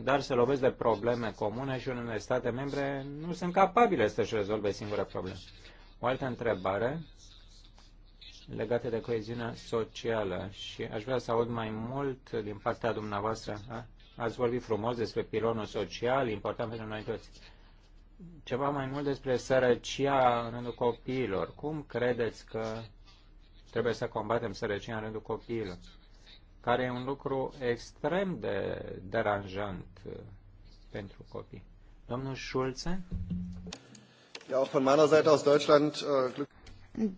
[SPEAKER 3] dar se lovesc de probleme comune și unele state membre nu sunt capabile să-și rezolve singure probleme. O altă întrebare legată de coeziunea socială și aș vrea să aud mai mult din partea dumneavoastră. Ați vorbit frumos despre pilonul social, important pentru noi toți. Ceva mai mult despre sărăcia în rândul copiilor. Cum credeți că trebuie să combatem sărăcia în rândul copiilor? care e un lucru extrem de deranjant uh, pentru copii.
[SPEAKER 2] Domnul Schulze?
[SPEAKER 5] Ja, auch von meiner Seite aus Deutschland uh,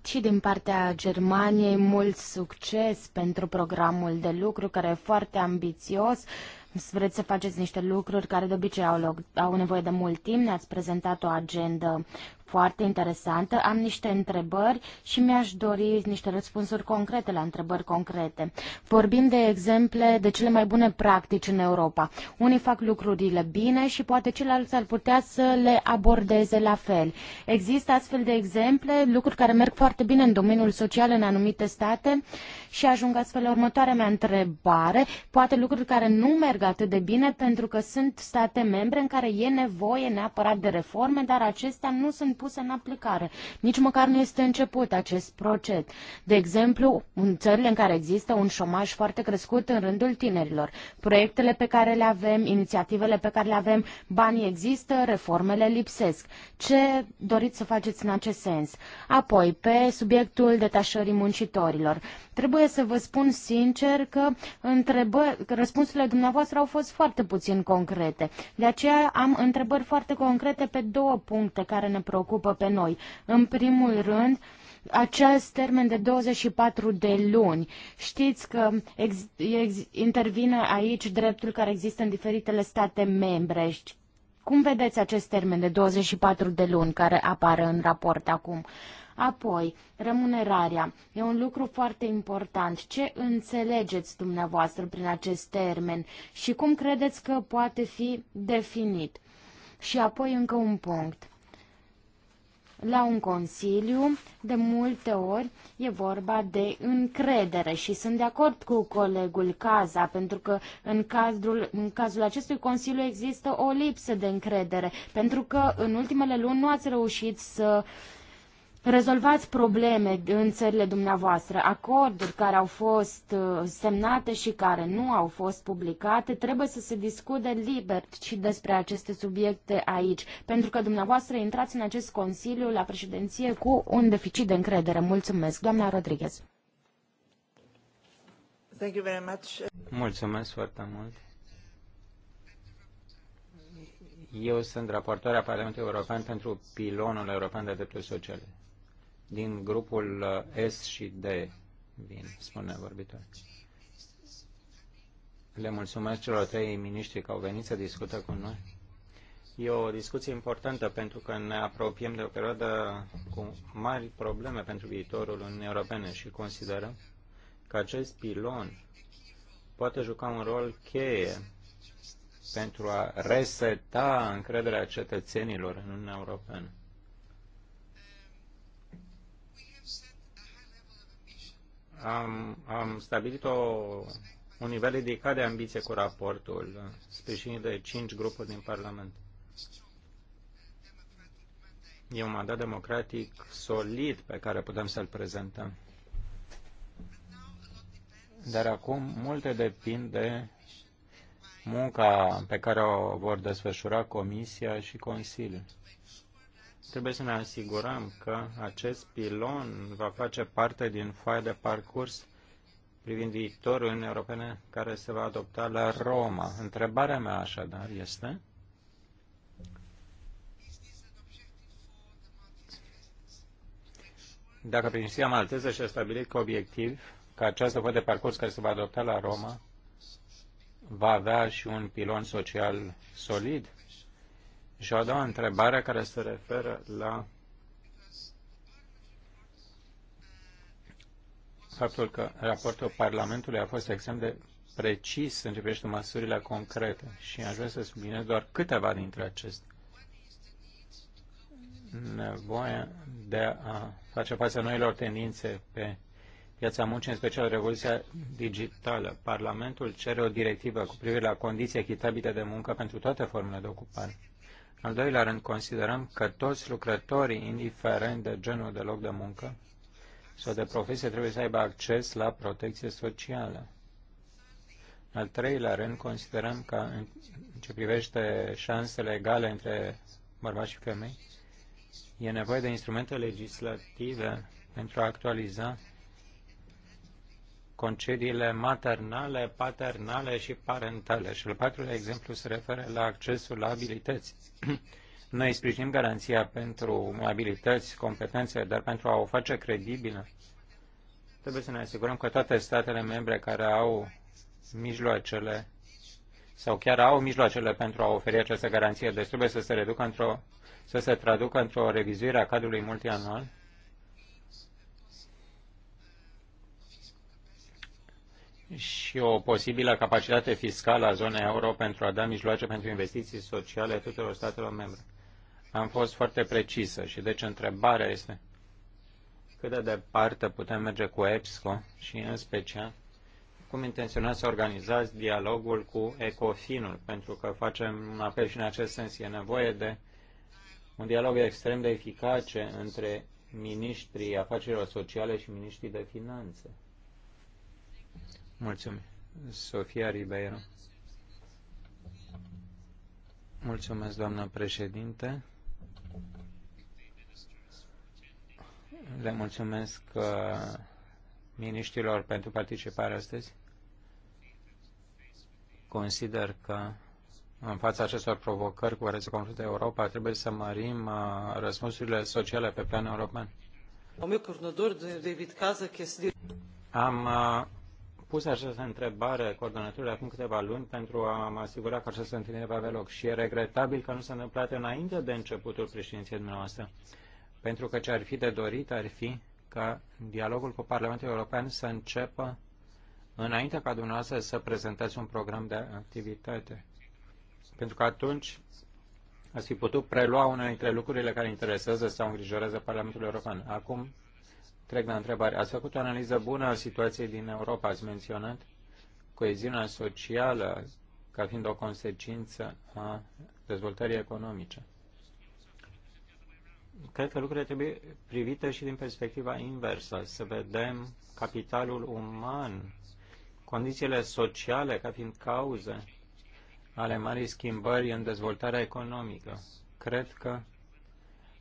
[SPEAKER 2] și din partea Germaniei mult succes pentru programul de lucru care e foarte ambițios. Vreți să faceți niște lucruri care de obicei au, loc, au nevoie de mult timp. Ne-ați prezentat o agendă foarte interesantă. Am niște întrebări și mi-aș dori niște răspunsuri concrete la întrebări concrete. Vorbim de exemple de cele mai bune practici în Europa. Unii fac lucrurile bine și poate ceilalți ar putea să le abordeze la fel. Există astfel de exemple, lucruri care merg foarte bine în domeniul social în anumite state și ajung astfel la următoarea mea întrebare. Poate lucruri care nu merg atât de bine pentru că sunt state membre în care e nevoie neapărat de reforme, dar acestea nu sunt puse în aplicare. Nici măcar nu este început acest proces. De exemplu, în țările în care există un șomaj foarte crescut în rândul tinerilor, proiectele pe care le avem, inițiativele pe care le avem, banii există, reformele lipsesc. Ce doriți să faceți în acest sens? Apoi, pe subiectul detașării muncitorilor. Trebuie să vă spun sincer că întrebă, că răspunsurile dumneavoastră au fost foarte puțin concrete. De aceea am întrebări foarte concrete pe două puncte care ne preocupă preocupă pe noi. În primul rând, acest termen de 24 de luni. Știți că ex, ex, intervine aici dreptul care există în diferitele state membre. Cum vedeți acest termen de 24 de luni care apare în raport acum? Apoi, remunerarea. E un lucru foarte important. Ce înțelegeți dumneavoastră prin acest termen și cum credeți că poate fi definit? Și apoi încă un punct. La un consiliu, de multe ori, e vorba de încredere și sunt de acord cu colegul Caza, pentru că în cazul, în cazul acestui consiliu există o lipsă de încredere, pentru că în ultimele luni nu ați reușit să uh, rezolvați probleme în țările dumneavoastră. Acorduri care au fost uh, semnate și care nu au fost publicate, trebuie să se discute liber și despre aceste subiecte aici, pentru că dumneavoastră intrați în acest Consiliu la președinție cu un deficit de încredere. Mulțumesc, doamna Rodriguez.
[SPEAKER 1] Thank you very much.
[SPEAKER 3] Mulțumesc foarte mult. Eu sunt raportoarea Parlamentului European pentru pilonul european de drepturi sociale din grupul uh, S și D vin, spune vorbitor. Le mulțumesc celor trei miniștri că au venit să discută cu noi. E o discuție importantă pentru că ne apropiem de o perioadă cu mari probleme pentru viitorul Uniunii Europene și considerăm că acest pilon poate juca un rol cheie pentru a reseta încrederea cetățenilor în Uniunea Europeană. am, am stabilit o, un nivel ridicat de ambiție cu raportul, sprijinit de cinci grupuri din Parlament. E un mandat democratic solid pe care putem să-l prezentăm. Dar acum multe depind de munca pe care o vor desfășura Comisia și Consiliul. Trebuie să ne asigurăm că acest pilon va face parte din foaia de parcurs privind viitorul Uniunii Europene care se va adopta la Roma. Întrebarea mea așadar este dacă președinția malteză și-a stabilit ca obiectiv că această foaie de parcurs care se va adopta la Roma va avea și un pilon social solid și a doua întrebare care se referă la faptul că raportul Parlamentului a fost extrem de precis în ce privește măsurile concrete și aș vrea să subliniez doar câteva dintre acestea. Nevoia de a face față noilor tendințe pe piața muncii, în special revoluția digitală. Parlamentul cere o directivă cu privire la condiții echitabile de muncă pentru toate formele de ocupare al doilea rând, considerăm că toți lucrătorii, indiferent de genul de loc de muncă sau de profesie, trebuie să aibă acces la protecție socială. Al treilea rând, considerăm că în ce privește șansele egale între bărbați și femei, e nevoie de instrumente legislative pentru a actualiza concediile maternale, paternale și parentale. Și al patrulea exemplu se referă la accesul la abilități. Noi sprijinim garanția pentru abilități, competențe, dar pentru a o face credibilă, trebuie să ne asigurăm că toate statele membre care au mijloacele sau chiar au mijloacele pentru a oferi această garanție, deci trebuie să se reducă într-o, să se traducă într-o revizuire a cadrului multianual și o posibilă capacitate fiscală a zonei euro pentru a da mijloace pentru investiții sociale tuturor statelor membre. Am fost foarte precisă și deci întrebarea este cât de departe putem merge cu EPSCO și în special cum intenționați să organizați dialogul cu ECOFINul, pentru că facem un apel și în acest sens e nevoie de un dialog extrem de eficace între ministrii afacerilor sociale și ministrii de finanțe. Mulțumim. Sofia Ribeiro. Mulțumesc, doamnă președinte. Le mulțumesc uh, miniștilor pentru participare astăzi. Consider că în fața acestor provocări cu care se confruntă Europa, trebuie să mărim uh, răspunsurile sociale pe plan european.
[SPEAKER 1] Am uh,
[SPEAKER 3] pus această întrebare coordonatorului acum câteva luni pentru a mă asigura că această întâlnire va avea loc și e regretabil că nu s-a întâmplat înainte de începutul președinției dumneavoastră, pentru că ce ar fi de dorit ar fi ca dialogul cu Parlamentul European să înceapă înainte ca dumneavoastră să prezentați un program de activitate. Pentru că atunci ați fi putut prelua una dintre lucrurile care interesează sau îngrijorează Parlamentul European. Acum Trec la întrebare. Ați făcut o analiză bună a situației din Europa. Ați menționat coeziunea socială ca fiind o consecință a dezvoltării economice. Cred că lucrurile trebuie privite și din perspectiva inversă, să vedem capitalul uman, condițiile sociale ca fiind cauze ale marii schimbări în dezvoltarea economică. Cred că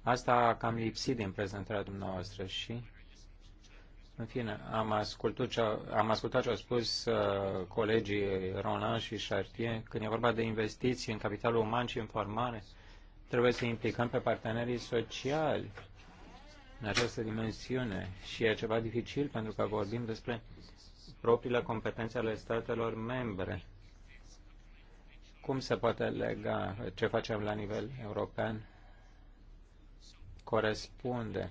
[SPEAKER 3] asta a cam lipsit din prezentarea dumneavoastră și în fine, am ascultat ce, am ascultat ce au spus uh, colegii Ronan și Chartier. Când e vorba de investiții în capitalul uman și în formare, trebuie să implicăm pe partenerii sociali în această dimensiune și e ceva dificil pentru că vorbim despre propriile competențe ale statelor membre. Cum se poate lega ce facem la nivel european? Corespunde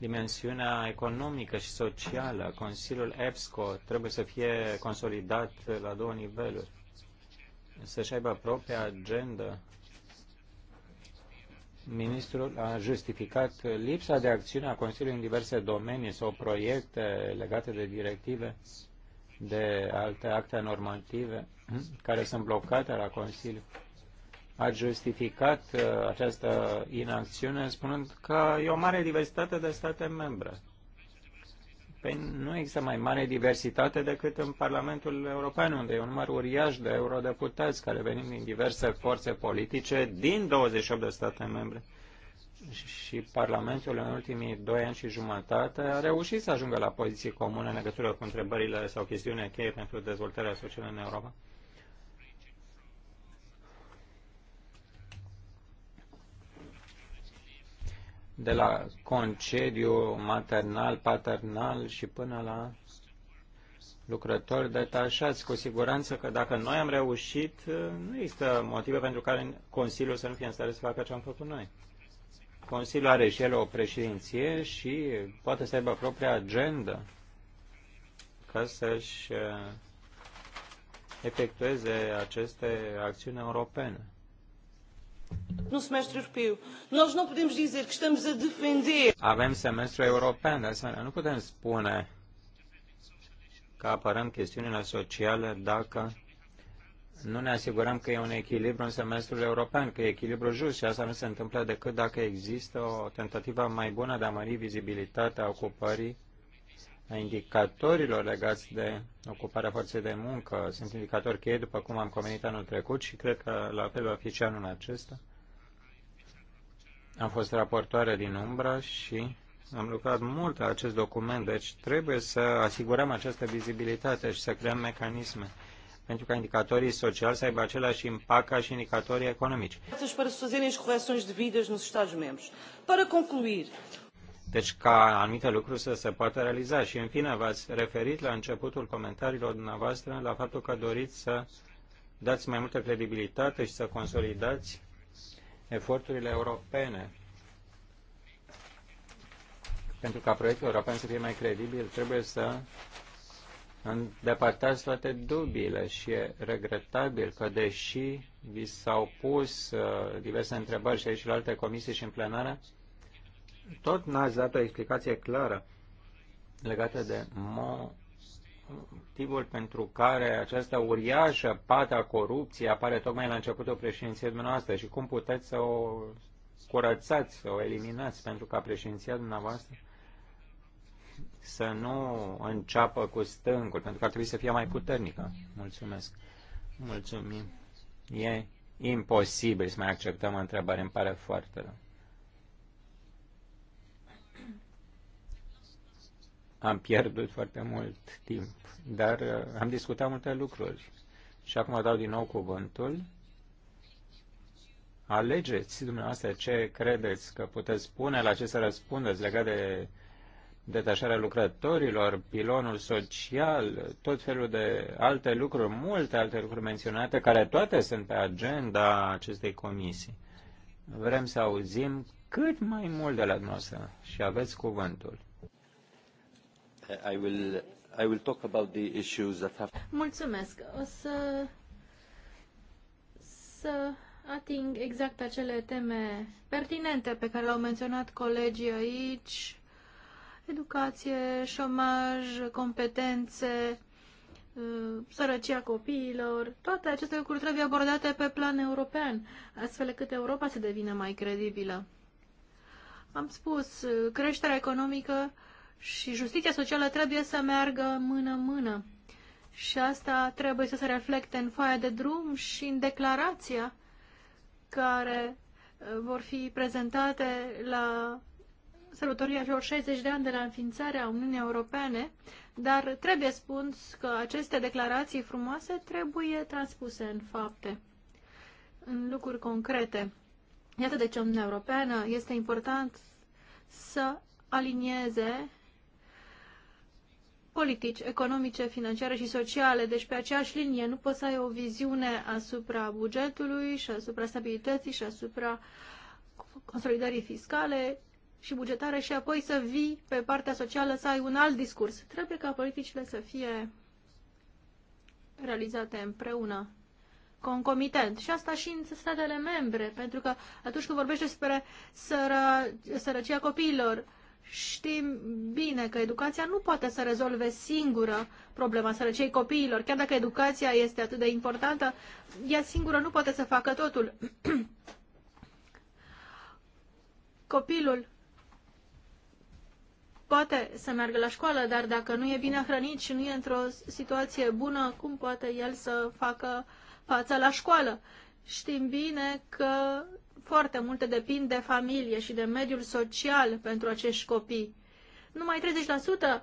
[SPEAKER 3] dimensiunea economică și socială. Consiliul EPSCO trebuie să fie consolidat la două niveluri. Să-și aibă propria agendă. Ministrul a justificat lipsa de acțiune a Consiliului în diverse domenii sau proiecte legate de directive, de alte acte normative care sunt blocate la Consiliu a justificat uh, această inacțiune spunând că e o mare diversitate de state membre. Păi nu există mai mare diversitate decât în Parlamentul European, unde e un număr uriaș de eurodeputați care venim din diverse forțe politice din 28 de state membre. Și Parlamentul în ultimii doi ani și jumătate a reușit să ajungă la poziții comune în legătură cu întrebările sau chestiunea cheie pentru dezvoltarea socială în Europa. de la concediu maternal, paternal și până la lucrători detașați. Cu siguranță că dacă noi am reușit, nu există motive pentru care Consiliul să nu fie în stare să facă ce am făcut noi. Consiliul are și el o președinție și poate să aibă propria agenda ca să-și uh, efectueze aceste acțiuni europene.
[SPEAKER 1] No semestre europeu. Nós não podemos dizer que estamos a defender.
[SPEAKER 3] Avem semestre european, de asemenea. Nu putem spune că apărăm chestiunile sociale dacă nu ne asigurăm că e un echilibru în semestrul european, că e echilibru just și asta nu se întâmplă decât dacă există o tentativă mai bună de a mări vizibilitatea ocupării a indicatorilor legați de ocuparea forței de muncă. Sunt indicatori cheie, după cum am convenit anul trecut și cred că la fel va fi și anul acesta. Am fost raportoare din umbră și am lucrat mult la acest document, deci trebuie să asigurăm această vizibilitate și să creăm mecanisme pentru ca indicatorii sociali să aibă același impact ca și indicatorii economici.
[SPEAKER 1] Para concluir,
[SPEAKER 3] deci ca anumite lucruri să se poată realiza. Și în fine v-ați referit la începutul comentariilor dumneavoastră la faptul că doriți să dați mai multă credibilitate și să consolidați eforturile europene. Pentru ca proiectul european să fie mai credibil, trebuie să îndepărtați toate dubiile și e regretabil că deși vi s-au pus uh, diverse întrebări și aici la alte comisii și în plenară, tot n-ați dat o explicație clară legată de motivul pentru care această uriașă pată a corupției apare tocmai la începutul președinției dumneavoastră și cum puteți să o curățați, să o eliminați pentru ca președinția dumneavoastră să nu înceapă cu stângul, pentru că ar trebui să fie mai puternică. Mulțumesc. Mulțumim. E imposibil să mai acceptăm întrebare, îmi pare foarte rău. am pierdut foarte mult timp, dar uh, am discutat multe lucruri. Și acum dau din nou cuvântul. Alegeți dumneavoastră ce credeți că puteți spune, la ce să răspundeți legat de detașarea lucrătorilor, pilonul social, tot felul de alte lucruri, multe alte lucruri menționate, care toate sunt pe agenda acestei comisii. Vrem să auzim cât mai mult de la dumneavoastră și aveți cuvântul. I will, I will talk about the issues that have...
[SPEAKER 5] Mulțumesc. O să, să ating exact acele teme pertinente pe care le-au menționat colegii aici. Educație, șomaj, competențe, uh, sărăcia copiilor, toate aceste lucruri trebuie abordate pe plan european, astfel încât Europa să devină mai credibilă. Am spus, uh, creșterea economică și justiția socială trebuie să meargă mână-mână. Și asta trebuie să se reflecte în foaia de drum și în declarația care uh, vor fi prezentate la sărbătoria celor 60 de ani de la înființarea Uniunii Europene, dar trebuie spus că aceste declarații frumoase trebuie transpuse în fapte, în lucruri concrete. Iată de ce Uniunea Europeană este important să alinieze politici, economice, financiare și sociale. Deci pe aceeași linie nu poți să ai o viziune asupra bugetului și asupra stabilității și asupra consolidării fiscale și bugetare și apoi să vii pe partea socială să ai un alt discurs. Trebuie ca politicile să fie realizate împreună, concomitent. Și asta și în statele membre, pentru că atunci când vorbești despre sără, sărăcia copiilor, Știm bine că educația nu poate să rezolve singură problema sărăciei copiilor. Chiar dacă educația este atât de importantă, ea singură nu poate să facă totul. Copilul poate să meargă la școală, dar dacă nu e bine hrănit și nu e într-o situație bună, cum poate el să facă fața la școală? Știm bine că foarte multe depind de familie și de mediul social pentru acești copii. Numai 30% uh,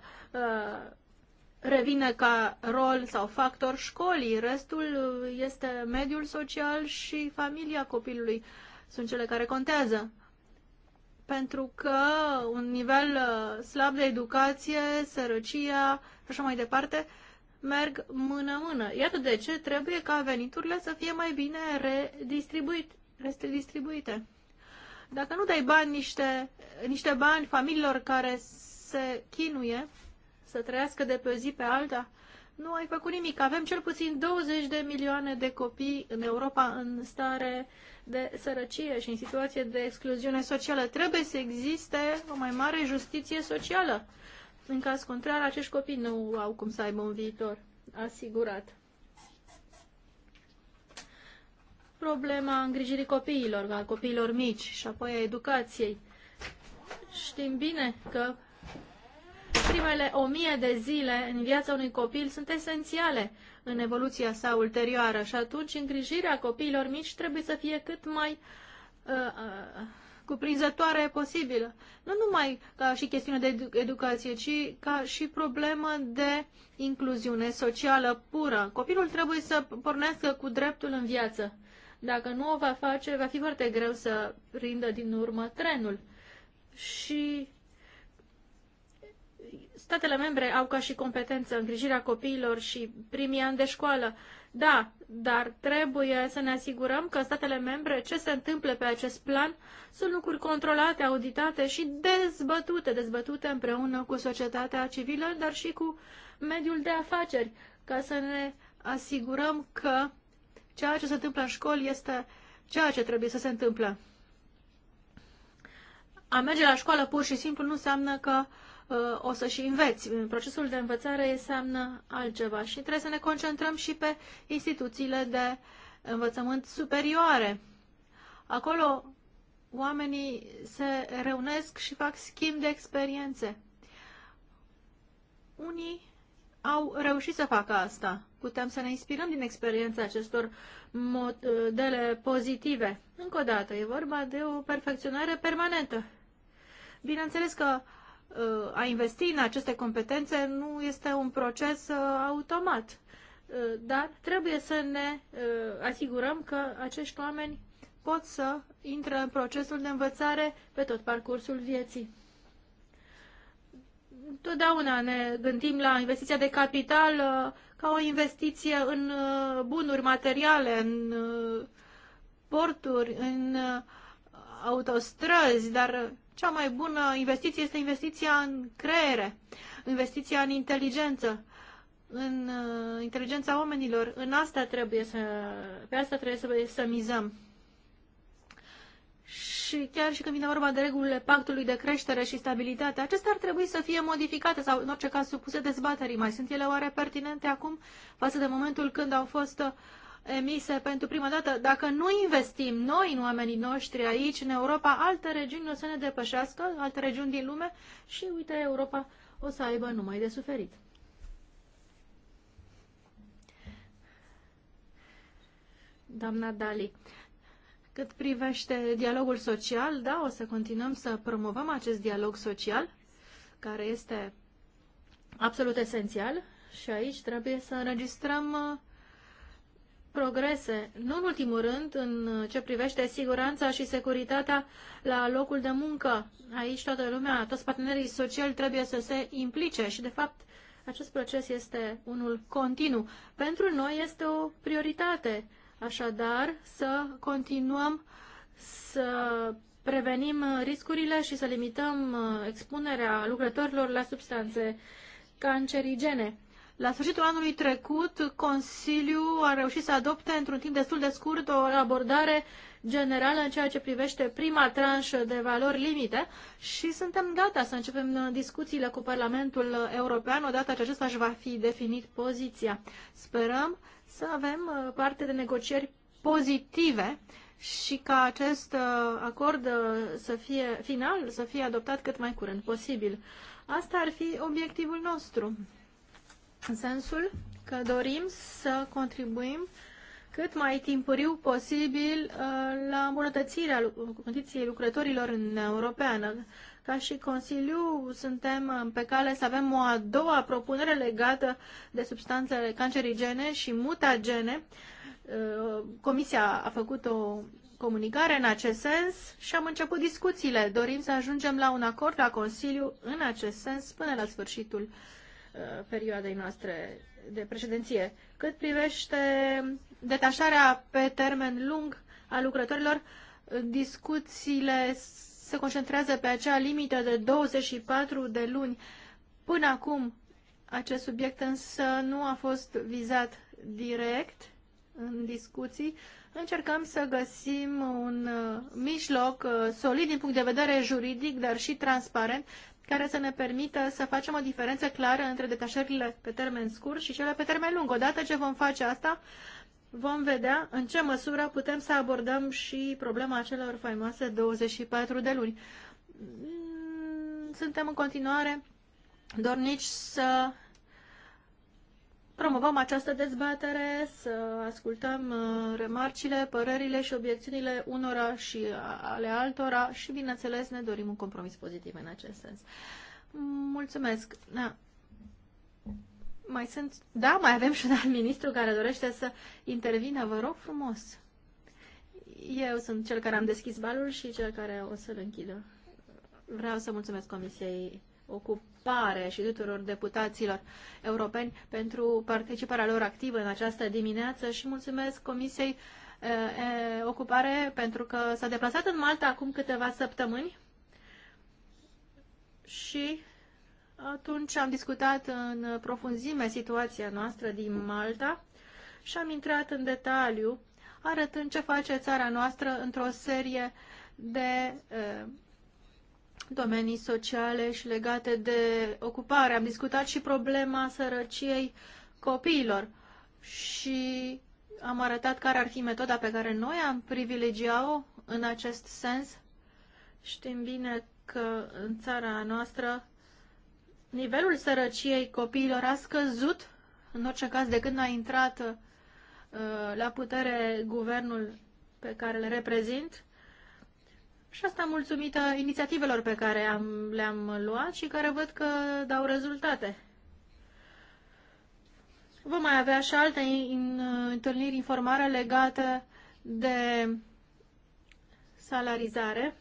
[SPEAKER 5] revine ca rol sau factor școlii, restul uh, este mediul social și familia copilului sunt cele care contează. Pentru că un nivel uh, slab de educație, sărăcia și așa mai departe merg mână-mână. Iată de ce trebuie ca veniturile să fie mai bine redistribuite este distribuite. Dacă nu dai bani, niște, niște bani familiilor care se chinuie să trăiască de pe o zi pe alta, nu ai făcut nimic. Avem cel puțin 20 de milioane de copii în Europa în stare de sărăcie și în situație de excluziune socială. Trebuie să existe o mai mare justiție socială. În caz contrar, acești copii nu au cum să aibă un viitor asigurat. problema îngrijirii copiilor, a copiilor mici și apoi a educației. Știm bine că primele o mie de zile în viața unui copil sunt esențiale în evoluția sa ulterioară și atunci îngrijirea copiilor mici trebuie să fie cât mai uh, uh, cuprinzătoare posibilă. Nu numai ca și chestiune de edu- educație, ci ca și problemă de incluziune socială pură. Copilul trebuie să pornească cu dreptul în viață. Dacă nu o va face, va fi foarte greu să prindă din urmă trenul. Și statele membre au ca și competență îngrijirea copiilor și primii ani de școală. Da, dar trebuie să ne asigurăm că statele membre, ce se întâmplă pe acest plan, sunt lucruri controlate, auditate și dezbătute, dezbătute împreună cu societatea civilă, dar și cu mediul de afaceri, ca să ne asigurăm că Ceea ce se întâmplă în școli este ceea ce trebuie să se întâmple. A merge la școală pur și simplu nu înseamnă că uh, o să și înveți. Procesul de învățare înseamnă altceva și trebuie să ne concentrăm și pe instituțiile de învățământ superioare. Acolo oamenii se reunesc și fac schimb de experiențe. Unii au reușit să facă asta putem să ne inspirăm din experiența acestor modele pozitive. Încă o dată, e vorba de o perfecționare permanentă. Bineînțeles că uh, a investi în aceste competențe nu este un proces uh, automat, uh, dar trebuie să ne asigurăm că acești oameni pot să intre în procesul de învățare pe tot parcursul vieții. Totdeauna ne gândim la investiția de capital ca o investiție în uh, bunuri materiale, în uh, porturi, în uh, autostrăzi, dar cea mai bună investiție este investiția în creere, investiția în inteligență, în inteligența oamenilor. În asta trebuie să, pe asta trebuie să, să mizăm și chiar și când vine vorba de regulile pactului de creștere și stabilitate, acestea ar trebui să fie modificate sau, în orice caz, supuse dezbaterii. Mai sunt ele oare pertinente acum față de momentul când au fost uh, emise pentru prima dată? Dacă nu investim noi în oamenii noștri aici, în Europa, alte regiuni o să ne depășească, alte regiuni din lume și, uite, Europa o să aibă numai de suferit. Doamna Dali. Cât privește dialogul social, da, o să continuăm să promovăm acest dialog social, care este absolut esențial și aici trebuie să înregistrăm uh, progrese, nu în ultimul rând în ce privește siguranța și securitatea la locul de muncă. Aici toată lumea, toți partenerii sociali trebuie să se implice și, de fapt, acest proces este unul continuu. Pentru noi este o prioritate Așadar, să continuăm să prevenim riscurile și să limităm uh, expunerea lucrătorilor la substanțe cancerigene. La sfârșitul anului trecut, Consiliul a reușit să adopte într-un timp destul de scurt o abordare generală în ceea ce privește prima tranșă de valori limite și suntem gata să începem discuțiile cu Parlamentul European odată ce acesta își va fi definit poziția. Sperăm să avem uh, parte de negocieri pozitive și ca acest uh, acord uh, să fie final, să fie adoptat cât mai curând posibil. Asta ar fi obiectivul nostru, în sensul că dorim să contribuim cât mai timpuriu posibil la îmbunătățirea condiției lucrătorilor în Europeană. Ca și Consiliu suntem uh, pe cale să avem o a doua propunere legată de substanțele cancerigene și mutagene. Uh, Comisia a făcut o comunicare în acest sens și am început discuțiile. Dorim să ajungem la un acord la Consiliu în acest sens până la sfârșitul uh, perioadei noastre de președinție. Cât privește detașarea pe termen lung a lucrătorilor, discuțiile se concentrează pe acea limită de 24 de luni. Până acum, acest subiect însă nu a fost vizat direct în discuții. Încercăm să găsim un uh, mijloc uh, solid din punct de vedere juridic, dar și transparent, care să ne permită să facem o diferență clară între detașările pe termen scurt și cele pe termen lung. Odată ce vom face asta, vom vedea în ce măsură putem să abordăm și problema acelor faimoase 24 de luni. Mm, suntem în continuare dornici să promovăm această dezbatere, să ascultăm uh, remarcile, părerile și obiecțiunile unora și ale altora și, bineînțeles, ne dorim un compromis pozitiv în acest sens. Mulțumesc! Da. Mai sunt, da, mai avem și un alt ministru care dorește să intervină, vă rog frumos. Eu sunt cel care am deschis balul și cel care o să-l închidă. Vreau să mulțumesc Comisiei Ocupare și tuturor deputaților europeni pentru participarea lor activă în această dimineață și mulțumesc Comisiei eh, eh, Ocupare pentru că s-a deplasat în Malta acum câteva săptămâni și atunci am discutat în profunzime situația noastră din Malta și am intrat în detaliu arătând ce face țara noastră într-o serie de domenii sociale și legate de ocupare. Am discutat și problema sărăciei copiilor și am arătat care ar fi metoda pe care noi am privilegiat-o în acest sens. Știm bine că în țara noastră nivelul sărăciei copiilor a scăzut, în orice caz, de când a intrat uh, la putere guvernul pe care îl reprezint. Și asta mulțumită inițiativelor pe care am, le-am luat și care văd că dau rezultate. Vom mai avea și alte in, întâlniri informare legate de salarizare.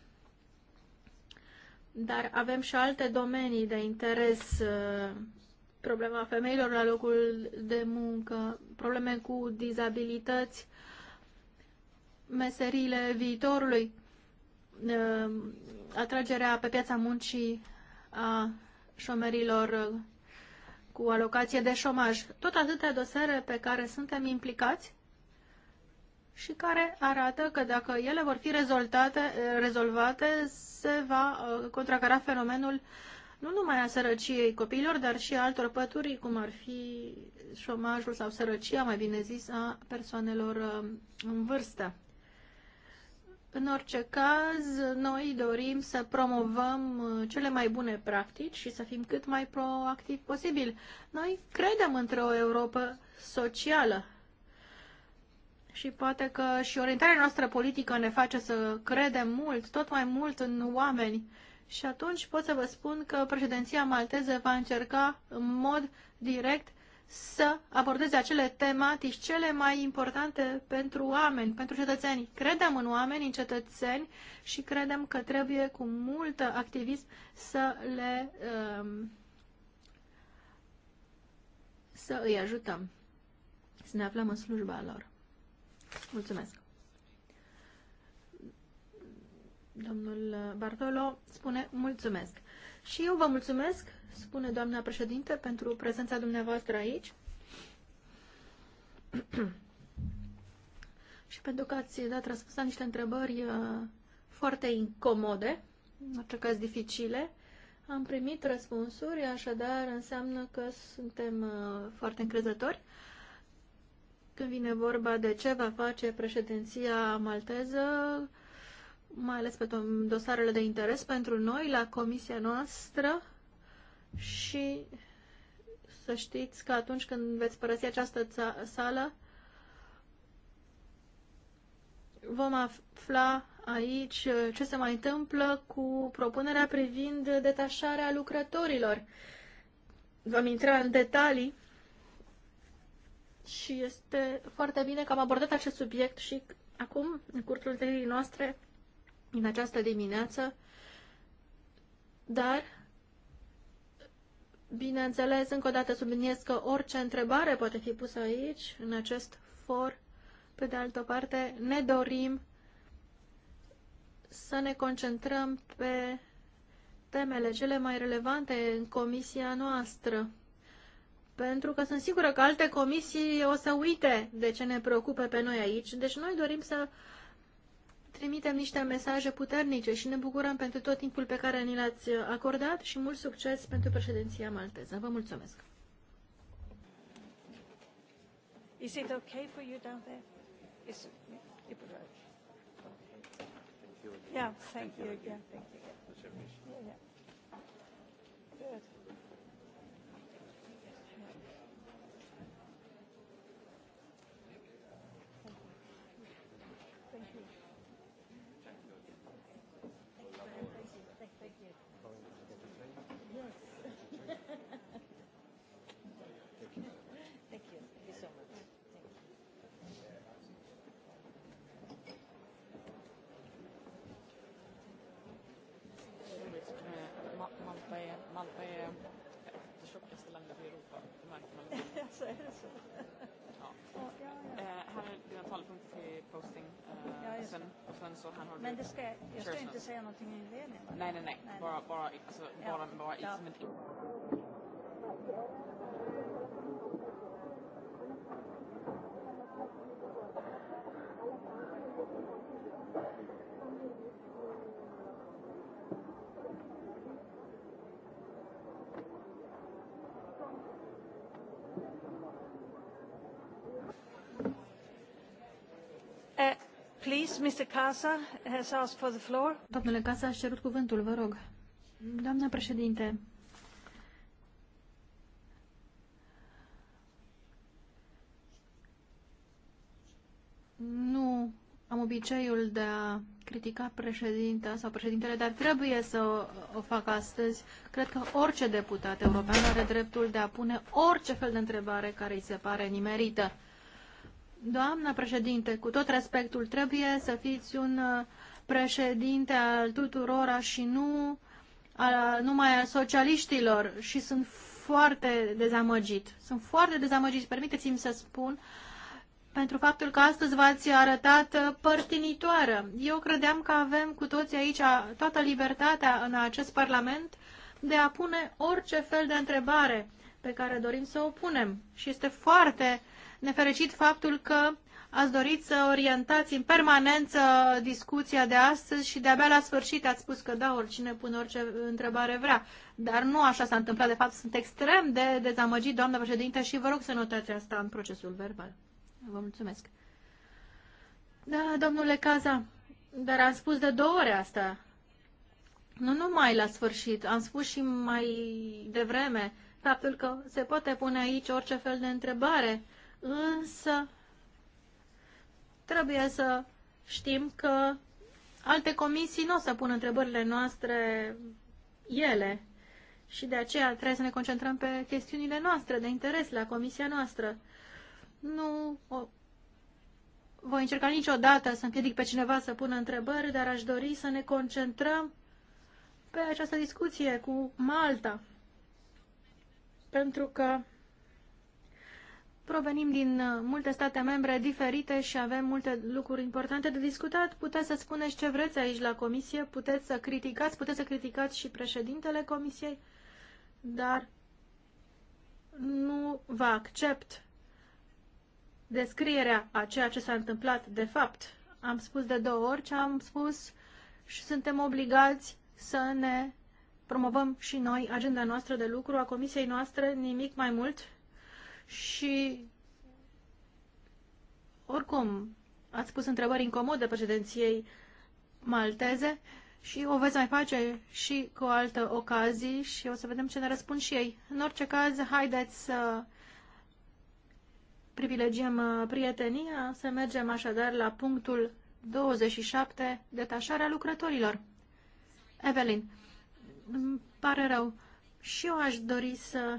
[SPEAKER 5] Dar avem și alte domenii de interes, uh, problema femeilor la locul de muncă, probleme cu dizabilități, meserile viitorului, uh, atragerea pe piața muncii a șomerilor uh, cu alocație de șomaj. Tot atâtea dosare pe care suntem implicați și care arată că dacă ele vor fi rezolvate, rezolvate se va uh, contracara fenomenul nu numai a sărăciei copiilor, dar și a altor pături, cum ar fi șomajul sau sărăcia, mai bine zis, a persoanelor uh, în vârstă. În orice caz, noi dorim să promovăm uh, cele mai bune practici și să fim cât mai proactivi posibil. Noi credem într-o Europa socială, și poate că și orientarea noastră politică ne face să credem mult, tot mai mult în oameni. Și atunci pot să vă spun că președinția malteză va încerca în mod direct să abordeze acele tematici cele mai importante pentru oameni, pentru cetățeni. Credem în oameni, în cetățeni și credem că trebuie cu mult activism să le um, să îi ajutăm, să ne aflăm în slujba lor. Mulțumesc. Domnul Bartolo spune mulțumesc. Și eu vă mulțumesc, spune doamna președinte, pentru prezența dumneavoastră aici și pentru că ați dat răspuns la niște întrebări uh, foarte incomode, în orice caz dificile. Am primit răspunsuri, așadar înseamnă că suntem uh, foarte încrezători când vine vorba de ce va face președinția malteză, mai ales pe dosarele de interes pentru noi, la comisia noastră și să știți că atunci când veți părăsi această sală, vom afla aici ce se mai întâmplă cu propunerea privind detașarea lucrătorilor. Vom intra în detalii și este foarte bine că am abordat acest subiect și acum, în cursul întâlnirii noastre, în această dimineață, dar, bineînțeles, încă o dată subliniez că orice întrebare poate fi pusă aici, în acest for. Pe de altă parte, ne dorim să ne concentrăm pe temele cele mai relevante în comisia noastră pentru că sunt sigură că alte comisii o să uite de ce ne preocupe pe noi aici. Deci noi dorim să trimitem niște mesaje puternice și ne bucurăm pentru tot timpul pe care ni l-ați acordat și mult succes pentru președinția malteză. Vă mulțumesc!
[SPEAKER 1] Is it okay for you down there? yeah, thank you again. Thank you. sen så han har Men det ska, jag ska inte säga någonting i inledningen. Nej, nej, nej. nej. Bara, bara, alltså, ja. bara, bara ja. som ett... Thank you. please, Mr. Casa has asked for the floor.
[SPEAKER 5] Domnule Casa, ați cerut cuvântul, vă rog. Doamna președinte, nu am obiceiul de a critica președinta sau președintele, dar trebuie să o fac astăzi. Cred că orice deputat european are dreptul de a pune orice fel de întrebare care îi se pare nimerită. Doamna președinte, cu tot respectul, trebuie să fiți un uh, președinte al tuturora și nu a, numai al socialiștilor și sunt foarte dezamăgit. Sunt foarte dezamăgit, permiteți-mi să spun, pentru faptul că astăzi v-ați arătat uh, părtinitoară. Eu credeam că avem cu toții aici toată libertatea în acest Parlament de a pune orice fel de întrebare pe care dorim să o punem. Și este foarte uh, nefericit faptul că ați dorit să orientați în permanență discuția de astăzi și de-abia la sfârșit ați spus că da, oricine pune orice întrebare vrea. Dar nu așa s-a întâmplat. De fapt, sunt extrem de dezamăgit, doamnă președinte, și vă rog să notați asta în procesul verbal. Vă mulțumesc. Da, domnule Caza, dar am spus de două ori asta. Nu numai la sfârșit, am spus și mai devreme faptul că se poate pune aici orice fel de întrebare însă trebuie să știm că alte comisii nu o să pună întrebările noastre ele și de aceea trebuie să ne concentrăm pe chestiunile noastre de interes la comisia noastră. Nu o... voi încerca niciodată să împiedic pe cineva să pună întrebări, dar aș dori să ne concentrăm pe această discuție cu Malta. Pentru că Provenim din uh, multe state membre diferite și avem multe lucruri importante de discutat. Puteți să spuneți ce vreți aici la comisie, puteți să criticați, puteți să criticați și președintele comisiei, dar nu vă accept descrierea a ceea ce s-a întâmplat de fapt. Am spus de două ori ce am spus și suntem obligați să ne promovăm și noi agenda noastră de lucru a comisiei noastre, nimic mai mult și oricum ați pus întrebări incomode președinției malteze și o veți mai face și cu o altă ocazie și o să vedem ce ne răspund și ei. În orice caz, haideți să privilegiem uh, prietenia, să mergem așadar la punctul 27, detașarea lucrătorilor. Evelyn, îmi pare rău. Și eu aș dori să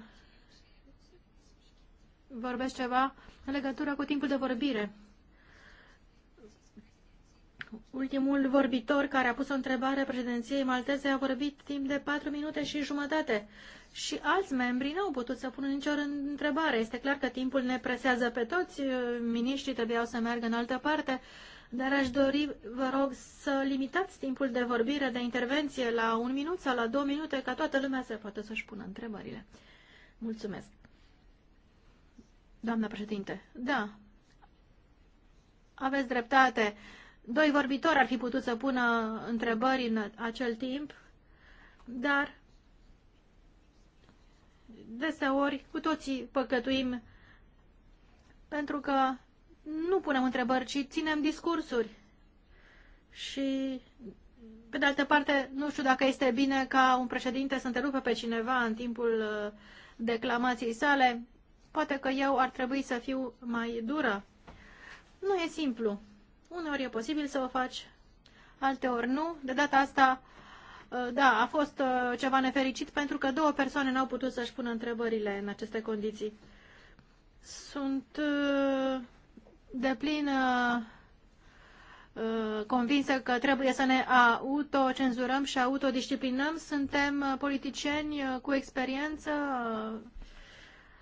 [SPEAKER 5] vorbesc ceva în legătură cu timpul de vorbire. Ultimul vorbitor care a pus o întrebare președinției malteze a vorbit timp de 4 minute și jumătate și alți membri n-au putut să pună nicio întrebare. Este clar că timpul ne presează pe toți, miniștrii trebuiau să meargă în altă parte, dar aș dori, vă rog, să limitați timpul de vorbire, de intervenție la un minut sau la două minute, ca toată lumea să poată să-și pună întrebările. Mulțumesc! Doamna președinte, da, aveți dreptate. Doi vorbitori ar fi putut să pună întrebări în acel timp, dar deseori cu toții păcătuim pentru că nu punem întrebări, ci ținem discursuri. Și, pe de altă parte, nu știu dacă este bine ca un președinte să întrerupe pe cineva în timpul uh, declamației sale. Poate că eu ar trebui să fiu mai dură. Nu e simplu. Uneori e posibil să o faci, alteori nu. De data asta, uh, da, a fost uh, ceva nefericit pentru că două persoane n-au putut să-și pună întrebările în aceste condiții. Sunt uh, de plin convinsă că trebuie să ne autocenzurăm și autodisciplinăm. Suntem politicieni cu experiență,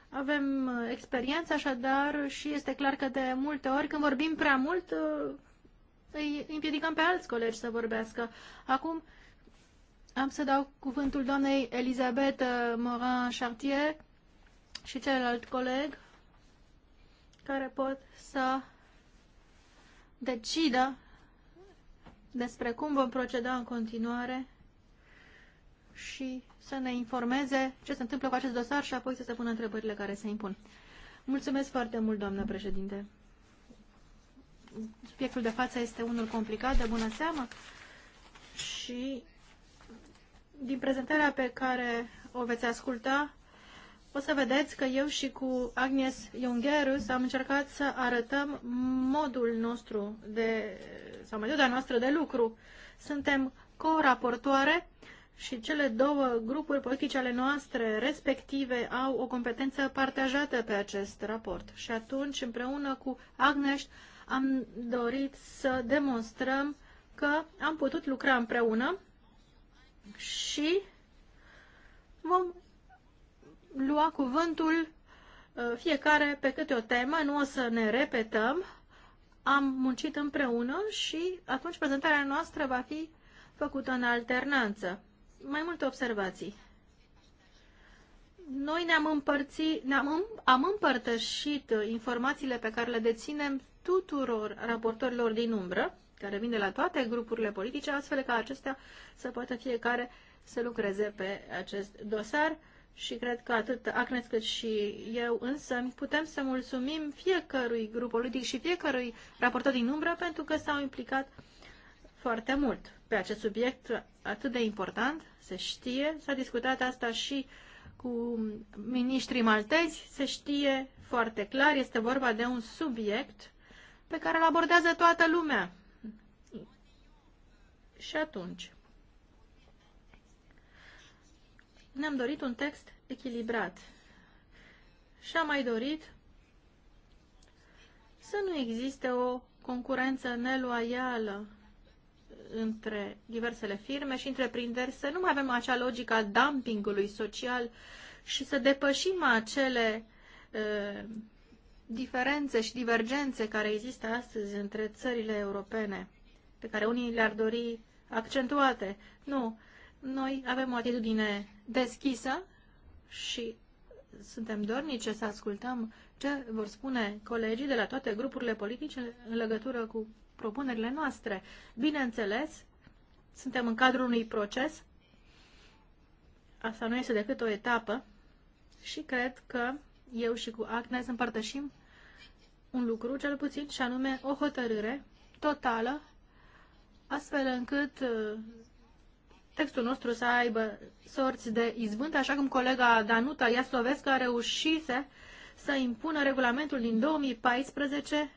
[SPEAKER 5] avem uh, experiență așadar și este clar că de multe ori când vorbim prea mult uh, îi împiedicăm pe alți colegi să vorbească. Acum am să dau cuvântul doamnei Elisabeth uh, Morin-Chartier și celălalt coleg care pot să decidă despre cum vom proceda în continuare și să ne informeze ce se întâmplă cu acest dosar și apoi să se pună întrebările care se impun. Mulțumesc foarte mult, doamnă președinte. Subiectul de față este unul complicat, de bună seamă, și din prezentarea pe care o veți asculta, o să vedeți că eu și cu Agnes Jungerus am încercat să arătăm modul nostru de, sau metoda noastră de lucru. Suntem co-raportoare și cele două grupuri politice ale noastre respective au o competență partajată pe acest raport. Și atunci, împreună cu Agnes, am dorit să demonstrăm că am putut lucra împreună și vom lua cuvântul uh, fiecare pe câte o temă, nu o să ne repetăm. Am muncit împreună și atunci prezentarea noastră va fi făcută în alternanță mai multe observații. Noi ne-am împărțit, ne-am, am împărtășit informațiile pe care le deținem tuturor raportorilor din umbră, care vin de la toate grupurile politice, astfel ca acestea să poată fiecare să lucreze pe acest dosar și cred că atât Acnes cât și eu însă putem să mulțumim fiecărui grup politic și fiecărui raportor din umbră pentru că s-au implicat foarte mult pe acest subiect atât de important, se știe, s-a discutat asta și cu ministrii maltezi, se știe foarte clar, este vorba de un subiect pe care îl abordează toată lumea. Și atunci, ne-am dorit un text echilibrat și am mai dorit să nu existe o concurență neloială între diversele firme și întreprinderi, să nu mai avem acea logică a dumpingului social și să depășim acele uh, diferențe și divergențe care există astăzi între țările europene, pe care unii le-ar dori accentuate. Nu, noi avem o atitudine deschisă și suntem dornice să ascultăm ce vor spune colegii de la toate grupurile politice în legătură cu propunerile noastre. Bineînțeles, suntem în cadrul unui proces, asta nu este decât o etapă și cred că eu și cu Agnes împărtășim un lucru, cel puțin, și anume o hotărâre totală, astfel încât uh, textul nostru să aibă sorți de izbânt, așa cum colega Danuta Iaslovescu a reușit să impună regulamentul din 2014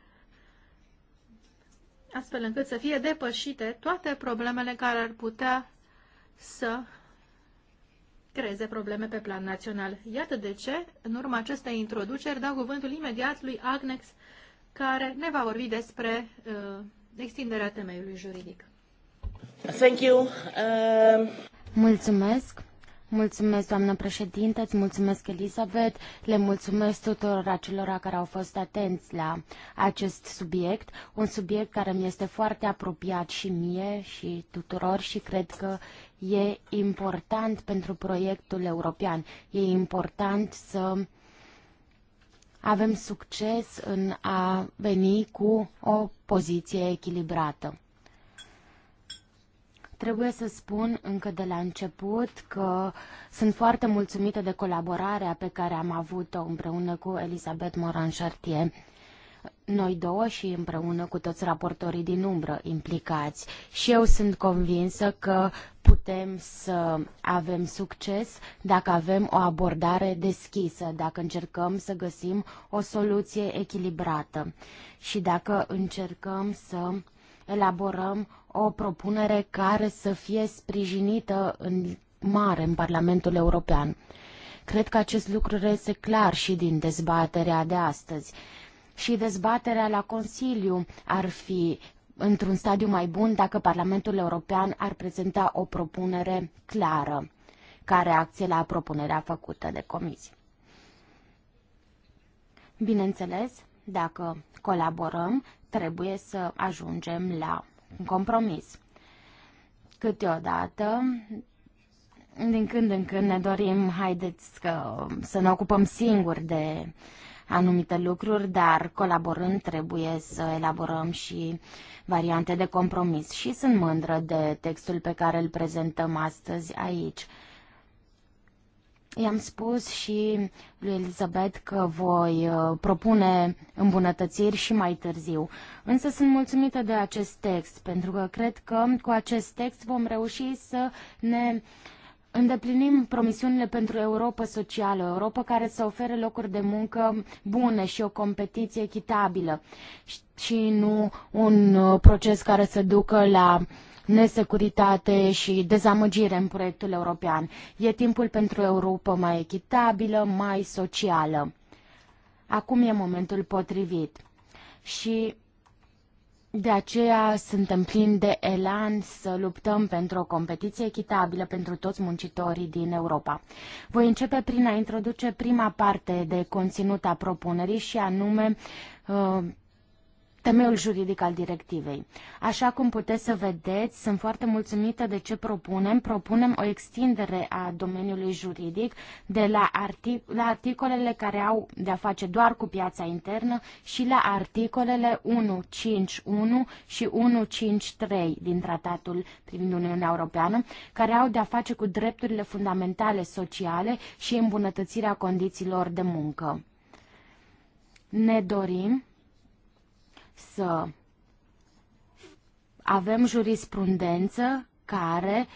[SPEAKER 5] astfel încât să fie depășite toate problemele care ar putea să creeze probleme pe plan național. Iată de ce, în urma acestei introduceri, dau cuvântul imediat lui Agnex, care ne va vorbi despre uh, extinderea temeiului juridic. Thank you.
[SPEAKER 2] Uh... Mulțumesc. Mulțumesc, doamnă președinte, îți mulțumesc, Elisabeth, le mulțumesc tuturor acelora care au fost atenți la acest subiect, un subiect care mi este foarte apropiat și mie și tuturor și cred că e important pentru proiectul european. E important să avem succes în a veni cu o poziție echilibrată. Trebuie să spun încă de la început că sunt foarte mulțumită de colaborarea pe care am avut-o împreună cu Elisabeth Moran Chartier noi două și împreună cu toți raportorii din umbră implicați. Și eu sunt convinsă că putem să avem succes dacă avem o abordare deschisă, dacă încercăm să găsim o soluție echilibrată și dacă încercăm să elaborăm o propunere care să fie sprijinită în mare în Parlamentul European. Cred că acest lucru reiese clar și din dezbaterea de astăzi. Și dezbaterea la Consiliu ar fi într-un stadiu mai bun dacă Parlamentul European ar prezenta o propunere clară ca reacție la propunerea făcută de comisie. Bineînțeles, dacă colaborăm, trebuie să ajungem la un compromis. Câteodată, din când în când ne dorim, haideți că, să ne ocupăm singuri de anumite lucruri, dar colaborând trebuie să elaborăm și variante de compromis. Și sunt mândră de textul pe care îl prezentăm astăzi aici. I-am spus și lui Elizabeth că voi uh, propune îmbunătățiri și mai târziu. Însă sunt mulțumită de acest text, pentru că cred că cu acest text vom reuși să ne îndeplinim promisiunile pentru Europa socială, Europa care să ofere locuri de muncă bune și o competiție echitabilă și nu un uh, proces care să ducă la uh, nesecuritate și dezamăgire în proiectul european. E timpul pentru Europa mai echitabilă, mai socială. Acum e momentul potrivit. Și de aceea suntem plini de elan să luptăm pentru o competiție echitabilă pentru toți muncitorii din Europa. Voi începe prin a introduce prima parte de conținut a propunerii și anume uh, temeiul juridic al directivei. Așa cum puteți să vedeți, sunt foarte mulțumită de ce propunem. Propunem o extindere a domeniului juridic de la, artic- la articolele care au de-a face doar cu piața internă și la articolele 151 și 153 din tratatul privind Uniunea Europeană, care au de-a face cu drepturile fundamentale sociale și îmbunătățirea condițiilor de muncă. Ne dorim să avem jurisprudență care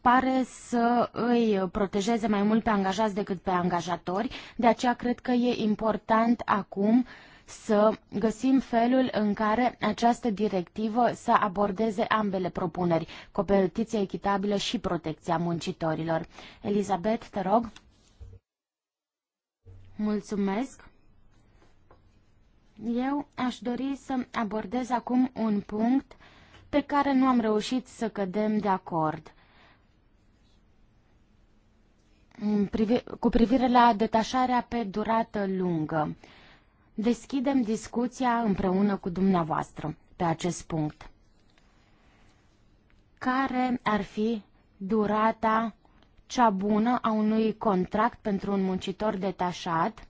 [SPEAKER 2] pare să îi protejeze mai mult pe angajați decât pe angajatori, de aceea cred că e important acum să găsim felul în care această directivă să abordeze ambele propuneri, competiția echitabilă și protecția muncitorilor. Elizabeth, te rog. Mulțumesc. Eu aș dori să abordez acum un punct pe care nu am reușit să cădem de acord. Cu privire la detașarea pe durată lungă, deschidem discuția împreună cu dumneavoastră pe acest punct. Care ar fi durata cea bună a unui contract pentru un muncitor detașat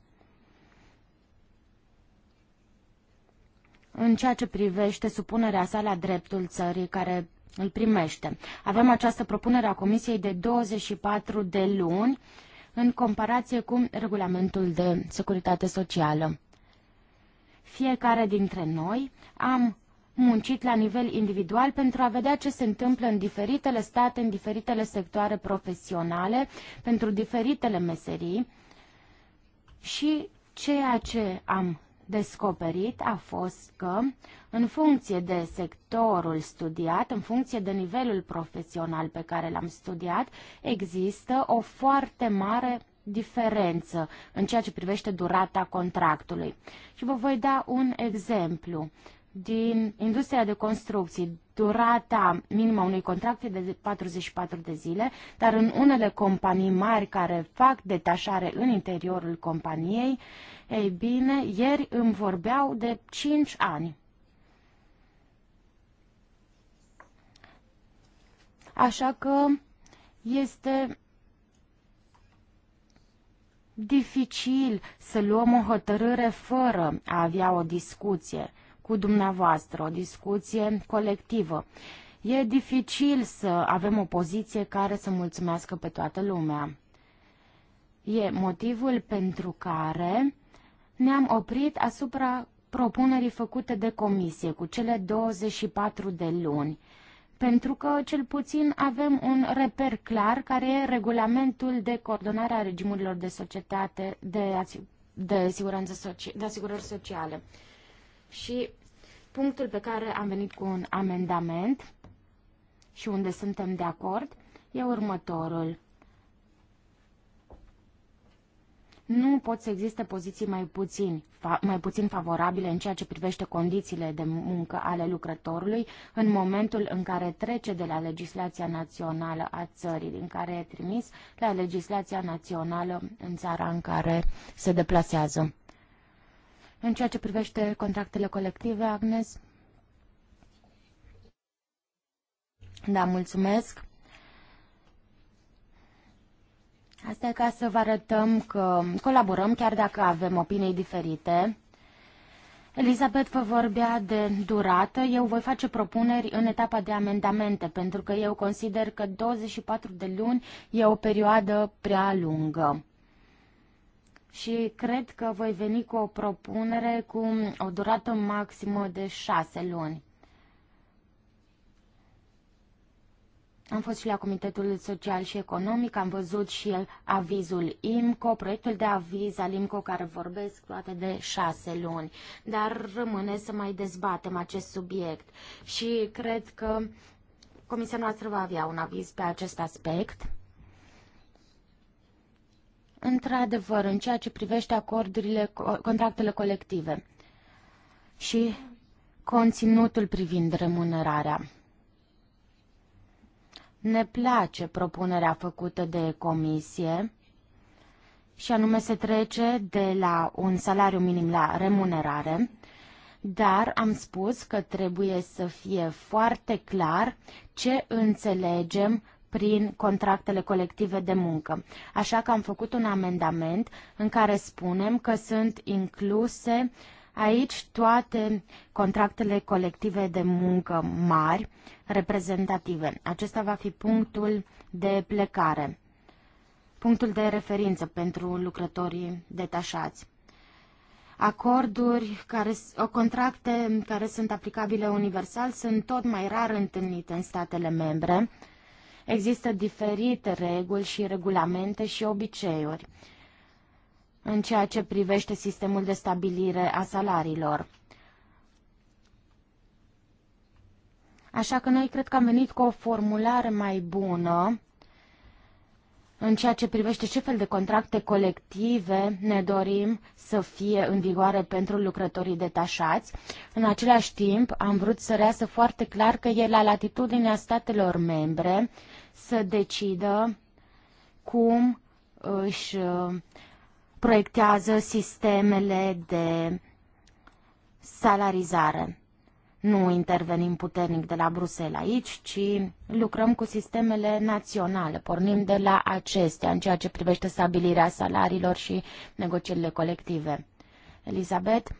[SPEAKER 2] în ceea ce privește supunerea sa la dreptul țării care îl primește. Avem această propunere a Comisiei de 24 de luni în comparație cu regulamentul de securitate socială. Fiecare dintre noi am muncit la nivel individual pentru a vedea ce se întâmplă în diferitele state, în diferitele sectoare profesionale, pentru diferitele meserii și ceea ce am descoperit a fost că, în funcție de sectorul studiat, în funcție de nivelul profesional pe care l-am studiat, există o foarte mare diferență în ceea ce privește durata contractului. Și vă voi da un exemplu din industria de construcții, durata minimă unui contract e de 44 de zile, dar în unele companii mari care fac detașare în interiorul companiei, ei bine, ieri îmi vorbeau de 5 ani. Așa că este dificil să luăm o hotărâre fără a avea o discuție cu dumneavoastră, o discuție colectivă. E dificil să avem o poziție care să mulțumească pe toată lumea. E motivul pentru care ne-am oprit asupra propunerii făcute de comisie cu cele 24 de luni, pentru că cel puțin avem un reper clar care e regulamentul de coordonare a regimurilor de societate de, de, siguranță de asigurări sociale și punctul pe care am venit cu un amendament și unde suntem de acord e următorul. nu pot să existe poziții mai puțin, fa, mai puțin favorabile în ceea ce privește condițiile de muncă ale lucrătorului în momentul în care trece de la legislația națională a țării din care e trimis la legislația națională în țara în care se deplasează. În ceea ce privește contractele colective, Agnes? Da, mulțumesc. Asta e ca să vă arătăm că colaborăm chiar dacă avem opinii diferite. Elizabeth vă vorbea de durată. Eu voi face propuneri în etapa de amendamente, pentru că eu consider că 24 de luni e o perioadă prea lungă și cred că voi veni cu o propunere cu o durată maximă de șase luni. Am fost și la Comitetul Social și Economic, am văzut și el avizul IMCO, proiectul de aviz al IMCO care vorbesc toate de șase luni. Dar rămâne să mai dezbatem acest subiect și cred că Comisia noastră va avea un aviz pe acest aspect într-adevăr, în ceea ce privește acordurile, contractele colective și conținutul privind remunerarea. Ne place propunerea făcută de comisie și anume se trece de la un salariu minim la remunerare, dar am spus că trebuie să fie foarte clar ce înțelegem prin contractele colective de muncă. Așa că am făcut un amendament în care spunem că sunt incluse aici toate contractele colective de muncă mari, reprezentative. Acesta va fi punctul de plecare, punctul de referință pentru lucrătorii detașați acorduri, care, o contracte care sunt aplicabile universal sunt tot mai rar întâlnite în statele membre. Există diferite reguli și regulamente și obiceiuri în ceea ce privește sistemul de stabilire a salariilor. Așa că noi cred că am venit cu o formulare mai bună în ceea ce privește ce fel de contracte colective ne dorim să fie în vigoare pentru lucrătorii detașați. În același timp, am vrut să reasă foarte clar că e la latitudinea statelor membre să decidă cum își uh, proiectează sistemele de salarizare. Nu intervenim puternic de la Bruxelles aici, ci lucrăm cu sistemele naționale, pornim de la acestea în ceea ce privește stabilirea salariilor și negocierile colective. Elizabeth?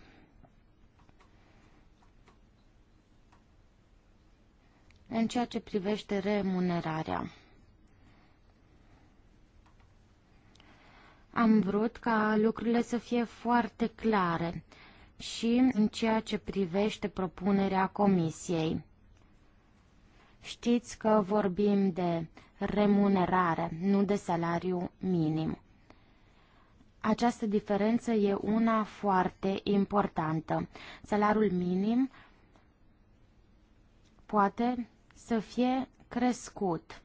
[SPEAKER 2] în ceea ce privește remunerarea. Am vrut ca lucrurile să fie foarte clare și în ceea ce privește propunerea comisiei. Știți că vorbim de remunerare, nu de salariu minim. Această diferență e una foarte importantă. Salariul minim poate să fie crescut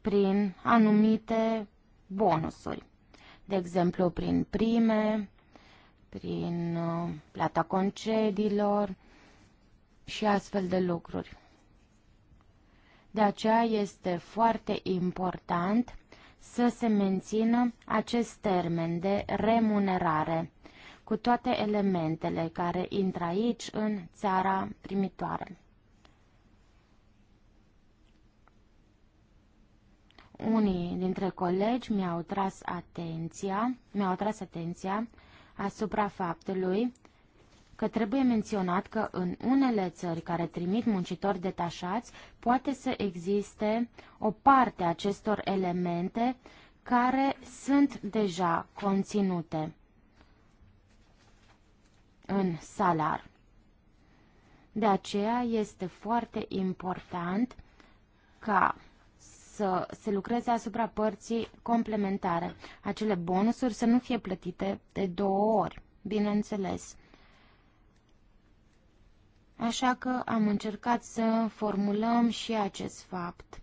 [SPEAKER 2] prin anumite bonusuri, de exemplu prin prime, prin uh, plata concediilor și astfel de lucruri. De aceea este foarte important să se mențină acest termen de remunerare cu toate elementele care intră aici în țara primitoare. Unii dintre colegi mi-au tras atenția, mi-au tras atenția asupra faptului că trebuie menționat că în unele țări care trimit muncitori detașați poate să existe o parte a acestor elemente care sunt deja conținute în salar. De aceea este foarte important ca să se lucreze asupra părții complementare. Acele bonusuri să nu fie plătite de două ori, bineînțeles. Așa că am încercat să formulăm și acest fapt,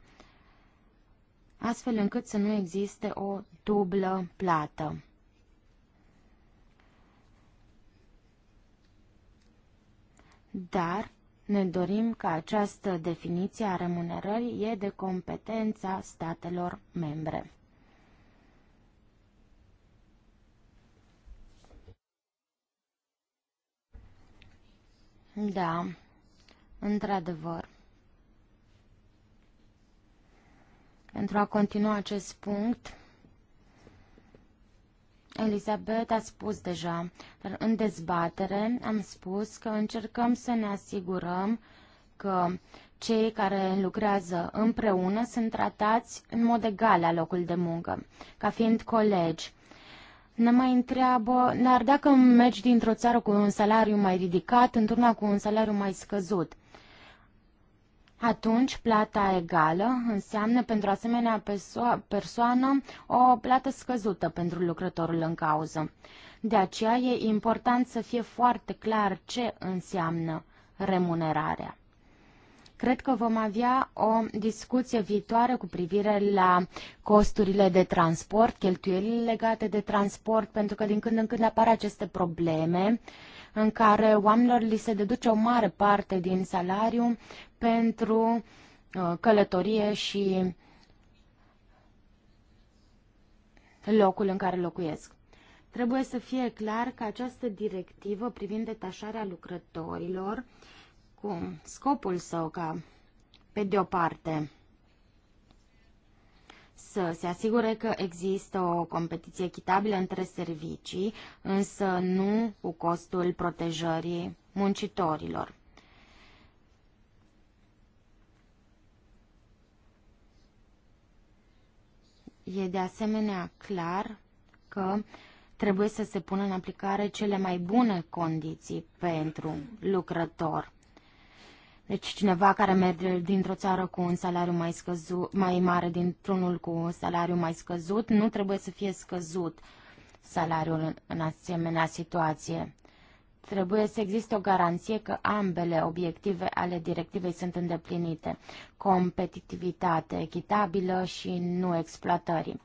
[SPEAKER 2] astfel încât să nu existe o dublă plată. Dar ne dorim ca această definiție a remunerării e de competența statelor membre. Da, într-adevăr. Pentru a continua acest punct, Elizabeth a spus deja, dar în dezbatere am spus că încercăm să ne asigurăm că cei care lucrează împreună sunt tratați în mod egal la locul de muncă, ca fiind colegi. Ne mai întreabă, dar dacă mergi dintr-o țară cu un salariu mai ridicat, într-una cu un salariu mai scăzut, atunci, plata egală înseamnă pentru asemenea perso- persoană o plată scăzută pentru lucrătorul în cauză. De aceea e important să fie foarte clar ce înseamnă remunerarea. Cred că vom avea o discuție viitoare cu privire la costurile de transport, cheltuielile legate de transport, pentru că din când în când apar aceste probleme în care oamenilor li se deduce o mare parte din salariu pentru uh, călătorie și locul în care locuiesc. Trebuie să fie clar că această directivă privind detașarea lucrătorilor, cu scopul său ca, pe de o parte, să se asigure că există o competiție echitabilă între servicii, însă nu cu costul protejării muncitorilor. E de asemenea clar că trebuie să se pună în aplicare cele mai bune condiții pentru lucrător. Deci cineva care merge dintr-o țară cu un salariu mai, scăzut, mai mare, dintr-unul cu un salariu mai scăzut, nu trebuie să fie scăzut salariul în asemenea situație trebuie să existe o garanție că ambele obiective ale directivei sunt îndeplinite, competitivitate echitabilă și nu exploatării.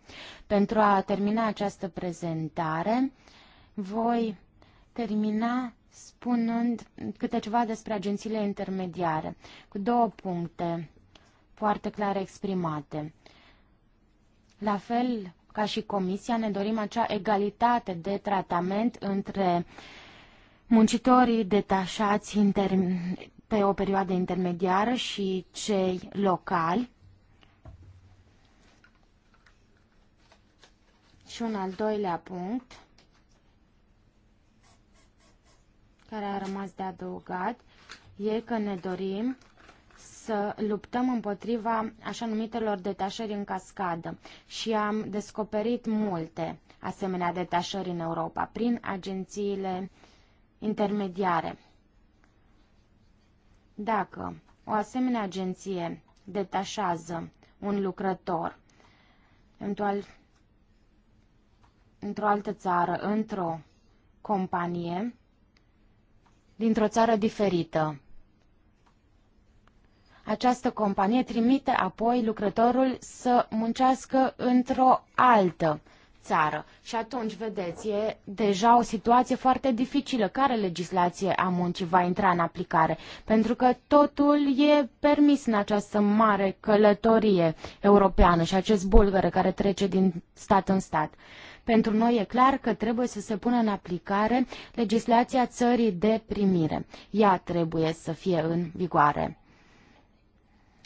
[SPEAKER 2] Pentru a termina această prezentare, voi termina spunând câte ceva despre agențiile intermediare, cu două puncte foarte clar exprimate. La fel ca și Comisia, ne dorim acea egalitate de tratament între uh, Muncitorii detașați pe o perioadă intermediară și cei locali. Și un al doilea punct care a rămas de adăugat e că ne dorim să luptăm împotriva așa numitelor detașări în cascadă și am descoperit multe asemenea detașări în Europa prin agențiile uh, intermediare. Dacă o asemenea agenție detașează un lucrător într-o altă țară, într-o companie, dintr-o țară diferită, această companie trimite apoi lucrătorul să muncească într-o altă țară. Și atunci, vedeți, e deja o situație foarte dificilă. Care legislație a muncii va intra în aplicare? Pentru că totul e permis în această mare călătorie europeană și acest bulgăre care trece din stat în stat. Pentru noi e clar că trebuie să se pună în aplicare legislația țării de primire. Ea trebuie să fie în vigoare.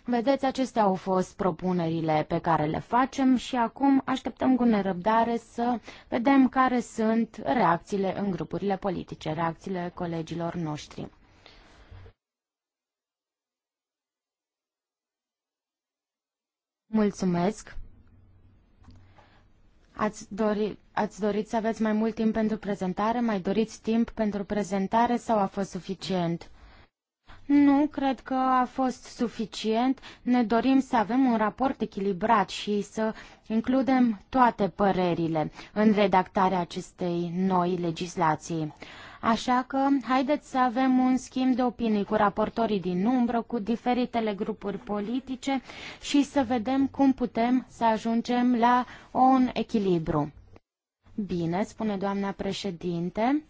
[SPEAKER 2] Vedeți, acestea au fost propunerile pe care le facem și acum așteptăm cu nerăbdare să vedem care sunt reacțiile în grupurile politice, reacțiile colegilor noștri. Mulțumesc! Ați, dori, ați dorit să aveți mai mult timp pentru prezentare? Mai doriți timp pentru prezentare sau a fost suficient? Nu, cred că a fost suficient. Ne dorim să avem un raport echilibrat și să includem toate părerile în redactarea acestei noi legislații. Așa că haideți să avem un schimb de opinii cu raportorii din umbră, cu diferitele grupuri politice și să vedem cum putem să ajungem la un echilibru. Bine, spune doamna președinte.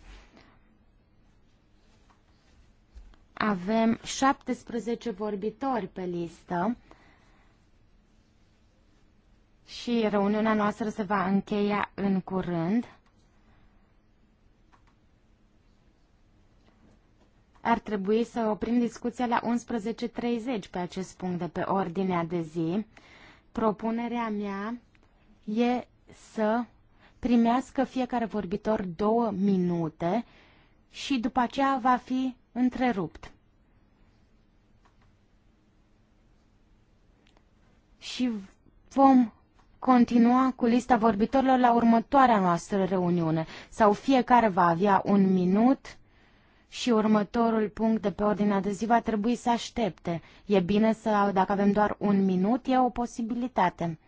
[SPEAKER 2] Avem 17 vorbitori pe listă și reuniunea noastră se va încheia în curând. Ar trebui să oprim discuția la 11.30 pe acest punct de pe ordinea de zi. Propunerea mea e să primească fiecare vorbitor două minute și după aceea va fi întrerupt. Și vom continua cu lista vorbitorilor la următoarea noastră reuniune, sau fiecare va avea un minut și următorul punct de pe ordinea de zi va trebui să aștepte. E bine să, dacă avem doar un minut, e o posibilitate.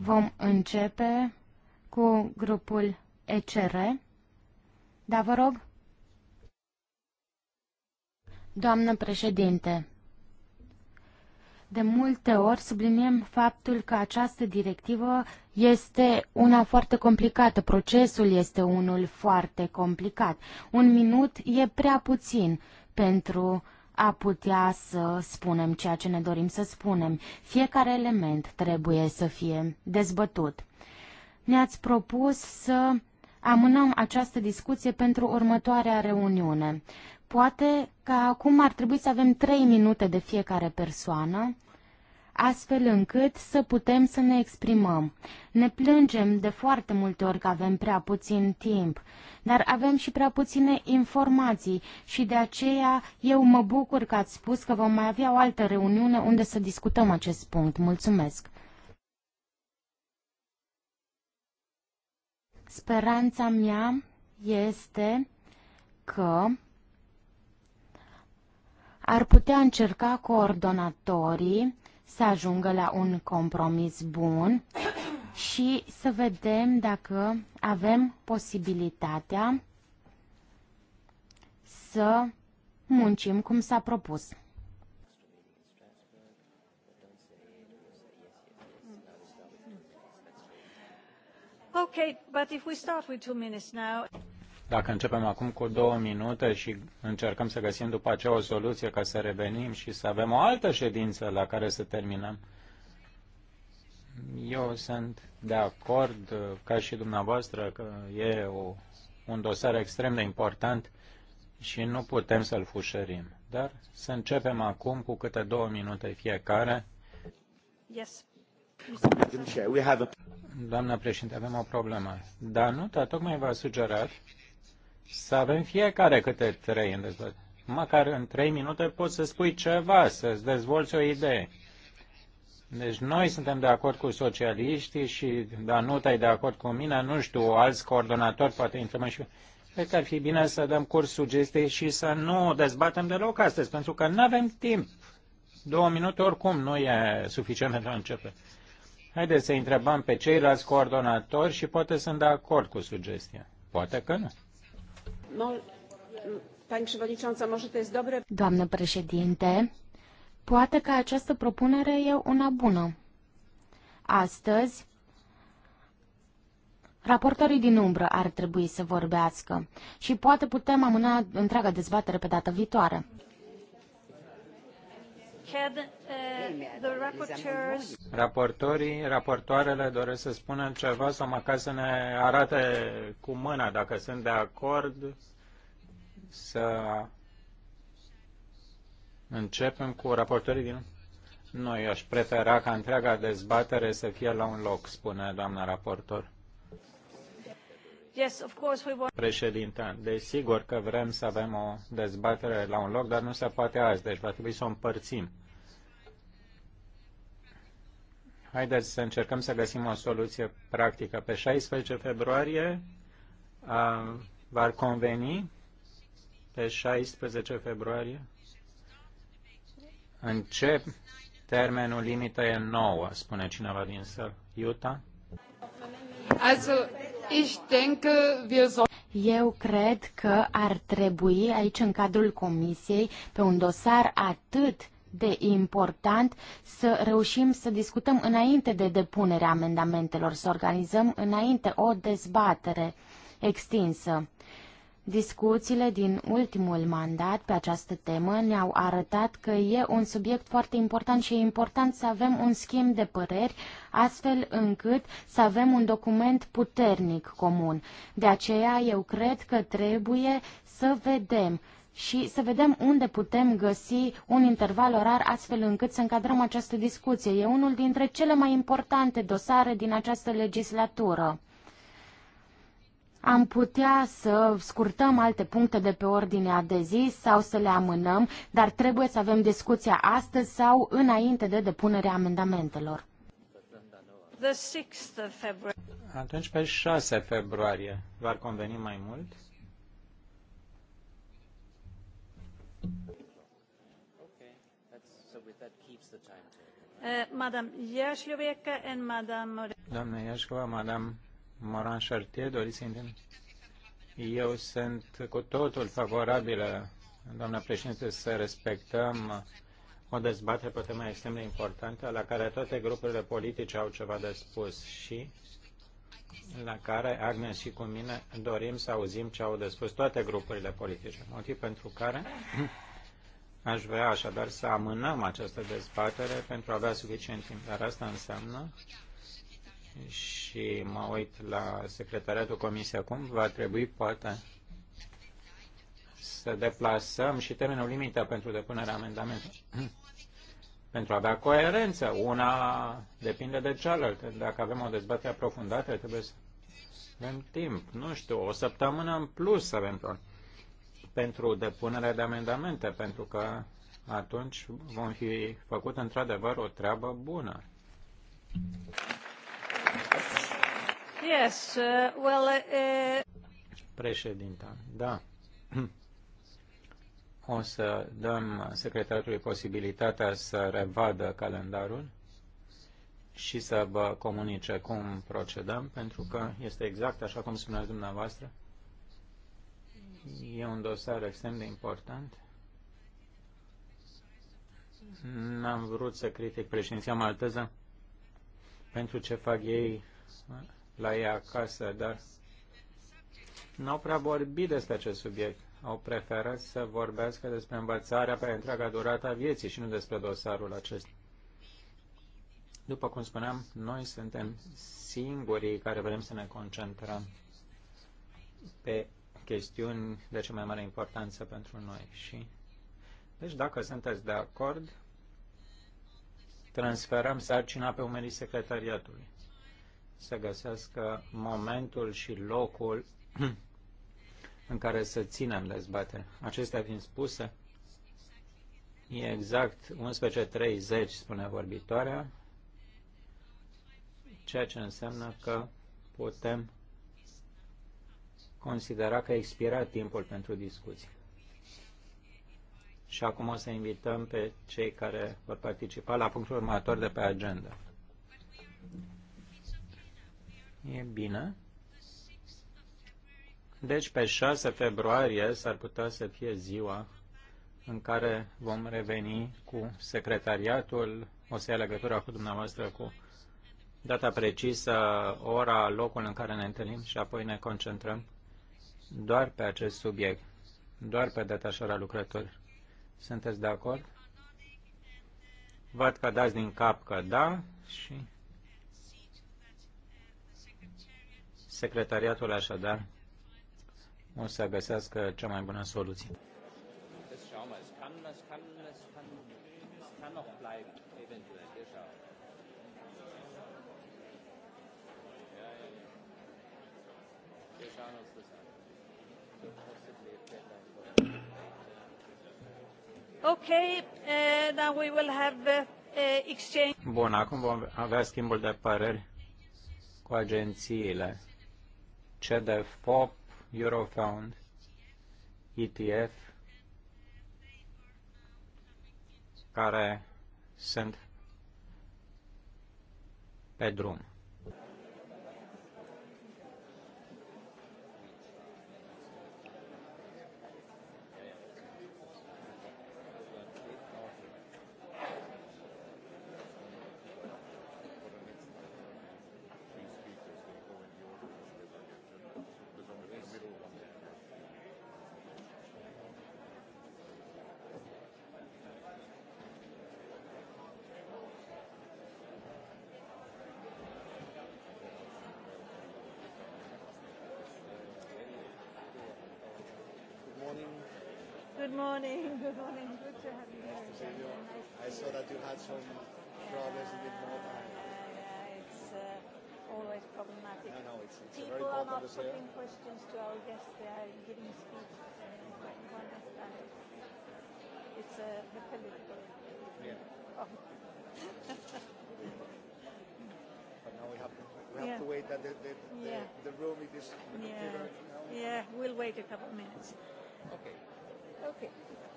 [SPEAKER 2] Vom începe cu grupul ECR. Da, vă rog? Doamnă președinte, de multe ori subliniem faptul că această directivă este una foarte complicată, procesul este unul foarte complicat. Un minut e prea puțin pentru a putea să spunem ceea ce ne dorim să spunem. Fiecare element trebuie să fie dezbătut. Ne-ați propus să amânăm această discuție pentru următoarea reuniune. Poate că acum ar trebui să avem trei minute de fiecare persoană, astfel încât să putem să ne exprimăm. Ne plângem de foarte multe ori că avem prea puțin timp, dar avem și prea puține informații și de aceea eu mă bucur că ați spus că vom mai avea o altă reuniune unde să discutăm acest punct. Mulțumesc! Speranța mea este că ar putea încerca coordonatorii să ajungă la un compromis bun și să vedem dacă avem posibilitatea să muncim cum s-a propus.
[SPEAKER 3] Dacă începem acum cu două minute și încercăm să găsim după aceea o soluție ca să revenim și să avem o altă ședință la care să terminăm, eu sunt de acord, uh, ca și dumneavoastră, că e o, un dosar extrem de important și nu putem să-l fușărim. Dar să începem acum cu câte două minute fiecare. Yes. Doamna președinte, avem o problemă. Danuta tocmai v-a sugerat să avem fiecare câte trei în dezbatere. Măcar în trei minute poți să spui ceva, să-ți dezvolți o idee. Deci noi suntem de acord cu socialiștii și Danuta e de acord cu mine, nu știu, alți coordonatori poate intrăm și... Cred că ar fi bine să dăm curs sugestii și să nu dezbatem deloc astăzi, pentru că nu avem timp. Două minute oricum nu e suficient pentru a începe. Haideți să întrebăm pe ceilalți coordonatori și poate sunt de acord cu sugestia. Poate că
[SPEAKER 1] nu.
[SPEAKER 2] Doamnă președinte, poate că această propunere e una bună. Astăzi, Raportorii din umbră ar trebui să vorbească și poate putem amâna întreaga dezbatere pe data viitoare.
[SPEAKER 1] Had, uh, the rapporteurs...
[SPEAKER 3] Raportorii, raportoarele doresc să spună ceva sau măcar să ne arate cu mâna dacă sunt de acord să începem cu raportorii din... Noi aș prefera ca întreaga dezbatere să fie la un loc, spune doamna raportor.
[SPEAKER 1] Yes, of course we want...
[SPEAKER 3] Președinte, desigur că vrem să avem o dezbatere la un loc, dar nu se poate azi, deci va trebui să o împărțim. Haideți să încercăm să găsim o soluție practică. Pe 16 februarie va conveni, pe 16 februarie, încep termenul limită e 9, spune cineva din săl. Iuta?
[SPEAKER 2] Also, ich denke, wir so- Eu cred că ar trebui aici, în cadrul comisiei, pe un dosar atât de important să reușim să discutăm înainte de depunerea amendamentelor, să organizăm înainte o dezbatere extinsă. Discuțiile din ultimul mandat pe această temă ne-au arătat că e un subiect foarte important și e important să avem un schimb de păreri, astfel încât să avem un document puternic comun. De aceea eu cred că trebuie să vedem și să vedem unde putem găsi un interval orar astfel încât să încadrăm această discuție. E unul dintre cele mai importante dosare din această legislatură. Am putea să scurtăm alte puncte de pe ordinea de zi sau să le amânăm, dar trebuie să avem discuția astăzi sau înainte de depunerea amendamentelor.
[SPEAKER 3] Atunci pe 6 februarie. V-ar conveni mai mult? Doamna Iașcova, madame Moran Chartier, doriți să Eu sunt cu totul favorabilă, doamna președinte, să respectăm o dezbatere pe tema extrem de importantă la care toate grupurile politice au ceva de spus și la care Agnes și cu mine dorim să auzim ce au de spus toate grupurile politice, motiv pentru care aș vrea așadar să amânăm această dezbatere pentru a avea suficient timp. Dar asta înseamnă și mă uit la secretariatul comisiei acum, va trebui poate să deplasăm și termenul limită pentru depunerea amendamentului pentru a avea da coerență. Una depinde de cealaltă. Dacă avem o dezbatere aprofundată, trebuie să avem timp. Nu știu, o săptămână în plus eventual pentru depunerea de amendamente, pentru că atunci vom fi făcut într-adevăr o treabă bună.
[SPEAKER 1] Yes, uh, well, uh... uh
[SPEAKER 3] Președinta, da. O să dăm secretarului posibilitatea să revadă calendarul și să vă comunice cum procedăm, pentru că este exact așa cum spuneați dumneavoastră. E un dosar extrem de important. N-am vrut să critic președinția malteză pentru ce fac ei la ei acasă, dar n-au prea vorbit despre acest subiect au preferat să vorbească despre învățarea pe întreaga durată a vieții și nu despre dosarul acesta. După cum spuneam, noi suntem singurii care vrem să ne concentrăm pe chestiuni de cea mai mare importanță pentru noi. Și, deci, dacă sunteți de acord, transferăm sarcina pe umerii secretariatului să găsească momentul și locul în care să ținem dezbatere. Acestea fiind spuse, e exact 11.30, spune vorbitoarea, ceea ce înseamnă că putem considera că a expirat timpul pentru discuții. Și acum o să invităm pe cei care vor participa la punctul următor de pe agenda. E bine. Deci pe 6 februarie s-ar putea să fie ziua în care vom reveni cu secretariatul, o să ia legătura cu dumneavoastră cu data precisă, ora, locul în care ne întâlnim și apoi ne concentrăm doar pe acest subiect, doar pe detașarea lucrătorilor. Sunteți de acord? Văd că dați din cap că da și secretariatul așadar o să găsească cea mai bună soluție.
[SPEAKER 1] Okay, uh, now we will have uh, uh, exchange.
[SPEAKER 3] Bun, acum vom avea schimbul de păreri cu agențiile. CDFOP Eurofound, ETF, care sunt pe drum.
[SPEAKER 4] over there. Lots of
[SPEAKER 1] questions to our guests. They are giving speeches. One is that It's a the political. Yeah.
[SPEAKER 4] but now we have to, we have yeah. to wait that the, the, yeah. the, room it is. Yeah.
[SPEAKER 1] yeah, we'll wait a couple of minutes. Okay. Okay.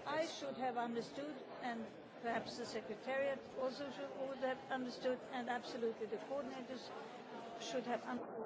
[SPEAKER 1] I should have understood and perhaps the secretariat also should, would have understood and absolutely the coordinators should have understood.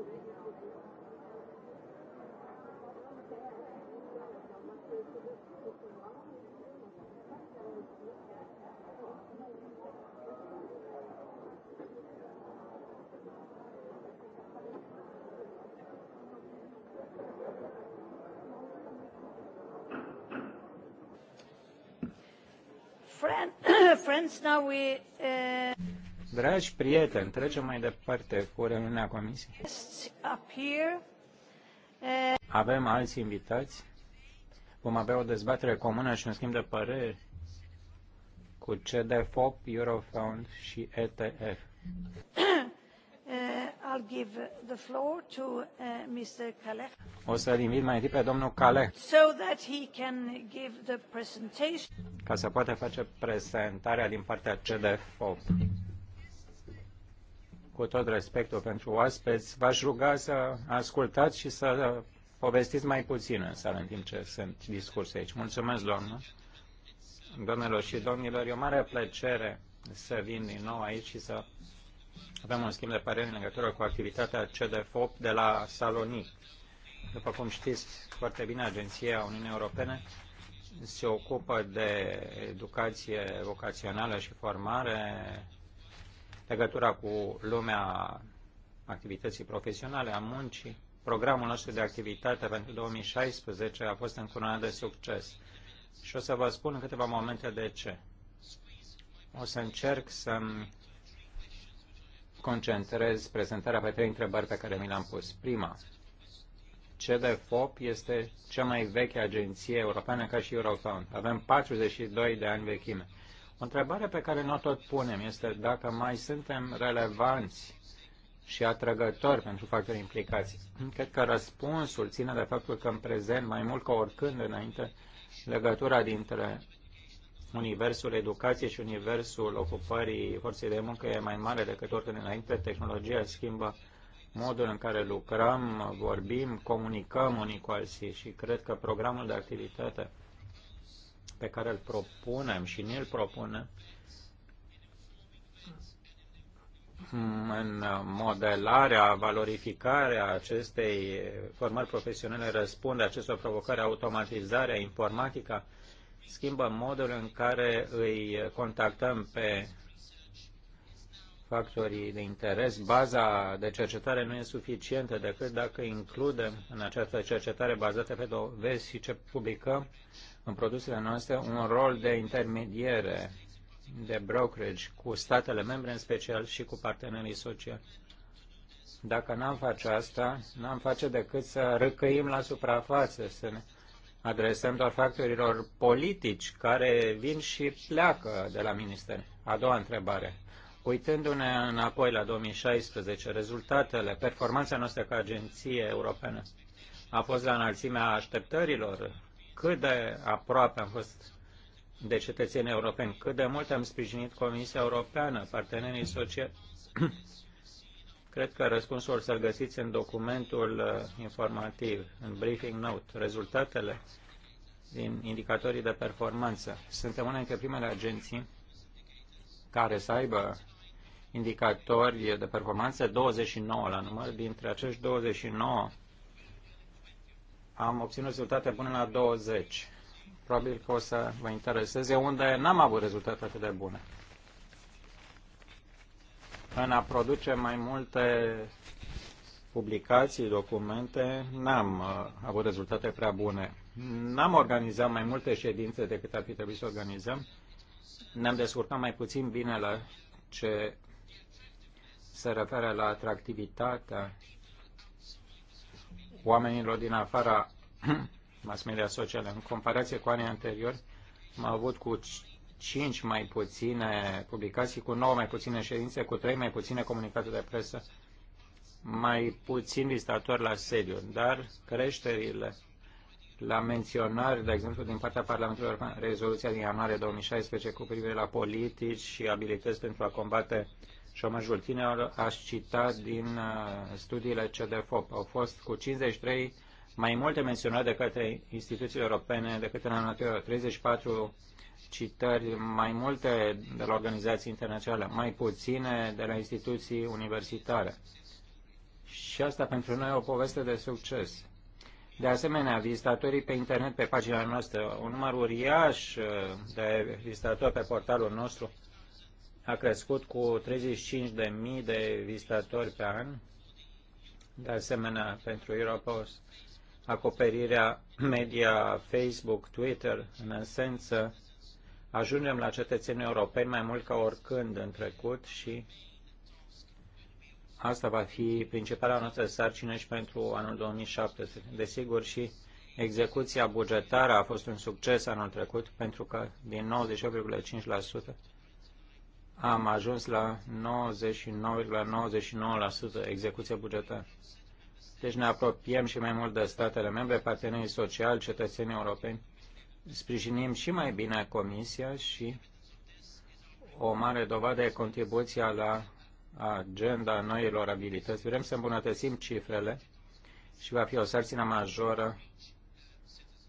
[SPEAKER 1] Friends, now we, uh...
[SPEAKER 3] Dragi prieteni, trecem mai departe cu reuniunea comisiei. Eh, Avem alți invitați. Vom avea o dezbatere comună și un schimb de păreri cu CDFOP, Eurofound și ETF.
[SPEAKER 1] Eh, I'll give the floor to eh, Mr. Calef.
[SPEAKER 3] O să-l invit mai întâi pe domnul Calef. So
[SPEAKER 1] that he can give the presentation.
[SPEAKER 3] Ca să poată face prezentarea din partea CDFOP cu tot respectul pentru oaspeți, v-aș ruga să ascultați și să povestiți mai puțin în sală în timp ce sunt discurse aici. Mulțumesc, doamnă. Domnilor și domnilor, e o mare plăcere să vin din nou aici și să avem un schimb de păreri în legătură cu activitatea CDFOP de la Salonic. După cum știți foarte bine, Agenția Uniunii Europene se ocupă de educație vocațională și formare legătura cu lumea activității profesionale, a muncii. Programul nostru de activitate pentru 2016 a fost încurunat de succes. Și o să vă spun în câteva momente de ce. O să încerc să-mi concentrez prezentarea pe trei întrebări pe care mi le-am pus. Prima, CDFOP este cea mai veche agenție europeană ca și Eurofound. Avem 42 de ani vechime. O întrebare pe care noi tot punem este dacă mai suntem relevanți și atrăgători pentru factorii implicați. Cred că răspunsul ține de faptul că în prezent, mai mult ca oricând înainte, legătura dintre universul educației și universul ocupării forței de muncă e mai mare decât oricând înainte. Tehnologia schimbă modul în care lucrăm, vorbim, comunicăm unii cu alții și cred că programul de activitate pe care îl propunem și ne l propunem în modelarea, valorificarea acestei formări profesionale răspunde acestor provocări, automatizarea, informatica, schimbă modul în care îi contactăm pe factorii de interes. Baza de cercetare nu e suficientă decât dacă includem în această cercetare bazată pe dovezi și ce publicăm în produsele noastre un rol de intermediere, de brokerage cu statele membre în special și cu partenerii sociali. Dacă n-am face asta, n-am face decât să răcăim la suprafață, să ne adresăm doar factorilor politici care vin și pleacă de la minister. A doua întrebare. Uitându-ne înapoi la 2016, rezultatele, performanța noastră ca agenție europeană a fost la înălțimea așteptărilor cât de aproape am fost de cetățeni europeni, cât de mult am sprijinit Comisia Europeană, partenerii sociali. Cred că răspunsul să-l găsiți în documentul uh, informativ, în briefing note, rezultatele din indicatorii de performanță. Suntem una dintre primele agenții care să aibă indicatori de performanță, 29 la număr. Dintre acești 29, am obținut rezultate până la 20. Probabil că o să vă intereseze unde n-am avut rezultate atât de bune. În a produce mai multe publicații, documente, n-am uh, avut rezultate prea bune. N-am organizat mai multe ședințe decât ar fi trebuit să organizăm. Ne-am descurcat mai puțin bine la ce se referă la atractivitatea oamenilor din afara mass media sociale. În comparație cu anii anteriori, am avut cu 5 mai puține publicații, cu 9 mai puține ședințe, cu 3 mai puține comunicate de presă, mai puțin vizitatori la sediu, dar creșterile la menționare, de exemplu, din partea Parlamentului European, rezoluția din ianuarie 2016 cu privire la politici și abilități pentru a combate uh, și o majoritate aș cita din uh, studiile CDFOP. Au fost cu 53 mai multe menționate de către instituțiile europene decât în anul 34 citări, mai multe de la organizații internaționale, mai puține de la instituții universitare. Și asta pentru noi e o poveste de succes. De asemenea, vizitatorii pe internet pe pagina noastră, un număr uriaș uh, de vizitatori pe portalul nostru, a crescut cu 35.000 de de vizitatori pe an. De asemenea, pentru Europos, acoperirea media Facebook, Twitter, în esență, ajungem la cetățenii europeni mai mult ca oricând în trecut și asta va fi principala noastră sarcină și pentru anul 2017. Desigur și execuția bugetară a fost un succes anul trecut pentru că din 98,5% am ajuns la 99,99% ,99 execuție bugetară. Deci ne apropiem și mai mult de statele membre, partenerii sociali, cetățenii europeni. Sprijinim și mai bine Comisia și o mare dovadă e contribuția la agenda noilor abilități. Vrem să îmbunătățim cifrele și va fi o sarcină majoră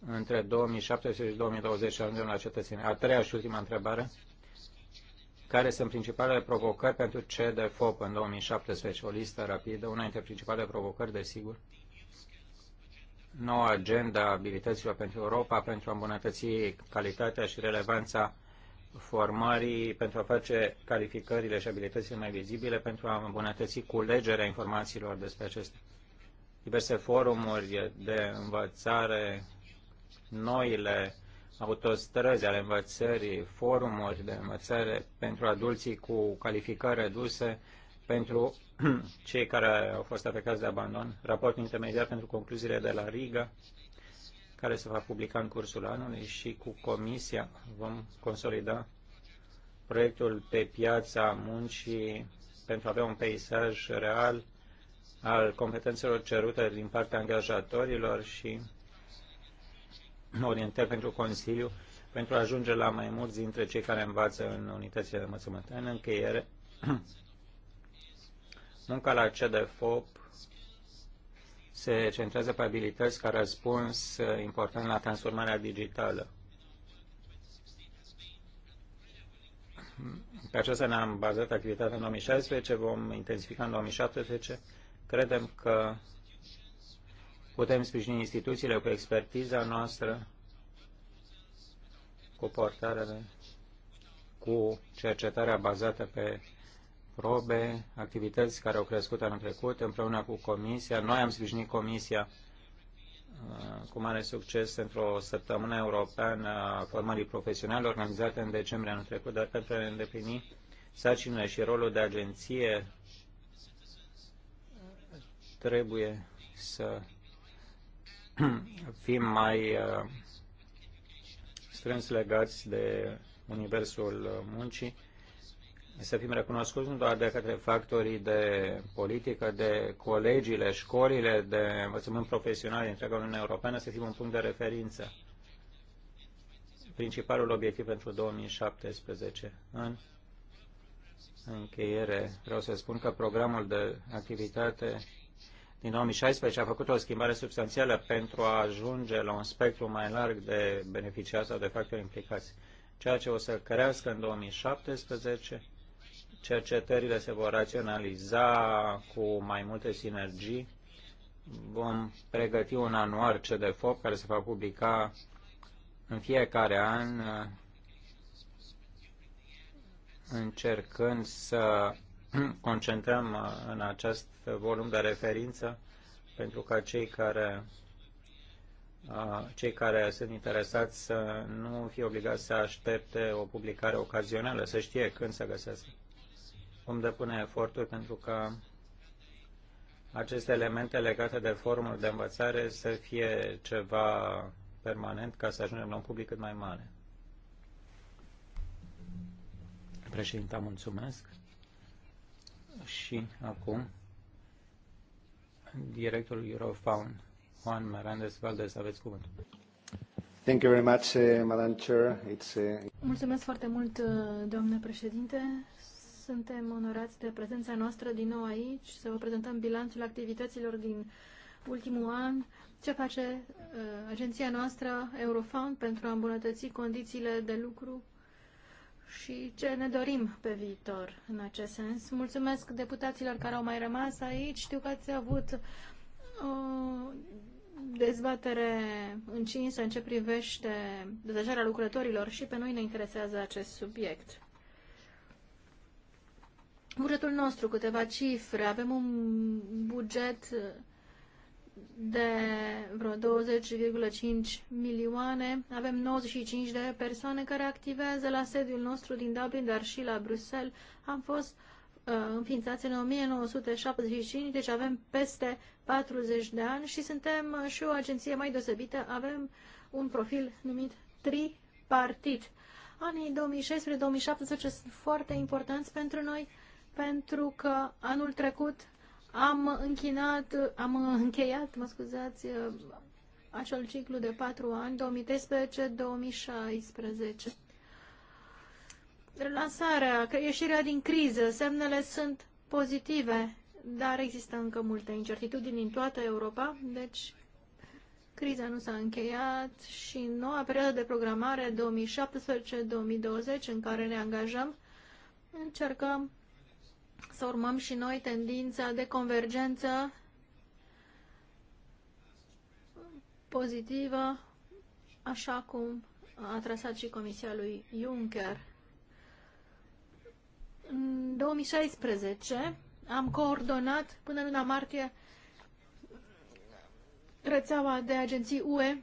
[SPEAKER 3] între 2017 și 2020 și ajungem la cetățenii. A treia și ultima întrebare care sunt principalele provocări pentru CDFOP în 2017. O listă rapidă, una dintre principalele provocări, desigur, noua agenda abilităților pentru Europa pentru a îmbunătăți calitatea și relevanța formării, pentru a face calificările și abilitățile mai vizibile, pentru a îmbunătăți culegerea informațiilor despre aceste Diverse forumuri de învățare, noile autostrăzi ale învățării, forumuri de învățare pentru adulții cu calificări reduse, pentru cei care au fost afectați de abandon, Raport intermediar pentru concluziile de la Riga, care se va publica în cursul anului și cu comisia vom consolida proiectul pe piața muncii pentru a avea un peisaj real al competențelor cerute din partea angajatorilor și orientări pentru Consiliu pentru a ajunge la mai mulți dintre cei care învață în unitățile de învățământ. În încheiere, munca la CDFOP se centrează pe abilități ca răspuns important la transformarea digitală. Pe aceasta ne-am bazat activitatea în 2016, vom intensifica în 2017. Credem că Putem sprijini instituțiile cu expertiza noastră, cu portarele, cu cercetarea bazată pe probe, activități care au crescut anul trecut, împreună cu Comisia. Noi am sprijinit Comisia uh, cu mare succes într-o săptămână europeană a formării profesionale organizată în decembrie anul trecut, dar pentru a îndeplini sarcinile și rolul de agenție trebuie să fim mai uh, strâns legați de universul uh, muncii, să fim recunoscuți nu doar de către factorii de politică, de colegiile, școlile, de învățământ profesional din întreaga Uniunea Europeană, să fim un punct de referință. Principalul obiectiv pentru 2017. În încheiere, vreau să spun că programul de activitate din 2016 a făcut o schimbare substanțială pentru a ajunge la un spectru mai larg de beneficiari sau de factori implicați, ceea ce o să crească în 2017. Cercetările se vor raționaliza cu mai multe sinergii. Vom pregăti un anuar CDFOP care se va publica în fiecare an încercând să concentrăm uh, în acest volum de referință pentru ca cei care uh, cei care sunt interesați să nu fie obligați să aștepte o publicare ocazională, să știe când să găsească. Vom depune eforturi pentru ca aceste elemente legate de formul de învățare să fie ceva permanent ca să ajungem la un public cât mai mare. Președinte, mulțumesc și acum directorul Eurofound, Juan Mirandes Valdez, aveți cuvântul. Thank you very much, uh, Madam Chair. It's, uh...
[SPEAKER 5] Mulțumesc foarte mult, uh, domnule președinte. Suntem onorați de prezența noastră din nou aici să vă prezentăm bilanțul activităților din ultimul an, ce face uh, agenția noastră Eurofound pentru a îmbunătăți condițiile de lucru și ce ne dorim pe viitor în acest sens. Mulțumesc deputaților care au mai rămas aici. Știu că ați avut o uh, dezbatere încinsă în ce privește dezajarea lucrătorilor și pe noi ne interesează acest subiect. Bugetul nostru, câteva cifre. Avem un buget de vreo 20,5 milioane. Avem 95 de persoane care activează la sediul nostru din Dublin, dar și la Bruxelles. Am fost uh, înființați în 1975, deci avem peste 40 de ani și suntem uh, și o agenție mai deosebită. Avem un profil numit tripartit. Anii 2016-2017 sunt foarte importanți pentru noi pentru că anul trecut am, închinat, am încheiat, mă scuzați, acel ciclu de patru ani, 2013-2016. Relansarea, ieșirea din criză, semnele sunt pozitive, dar există încă multe incertitudini în toată Europa, deci criza nu s-a încheiat și noua perioadă de programare 2017-2020 în care ne angajăm, încercăm să urmăm și noi tendința de convergență pozitivă, așa cum a trasat și Comisia lui Juncker. În 2016 am coordonat până în luna martie rețeaua de agenții UE.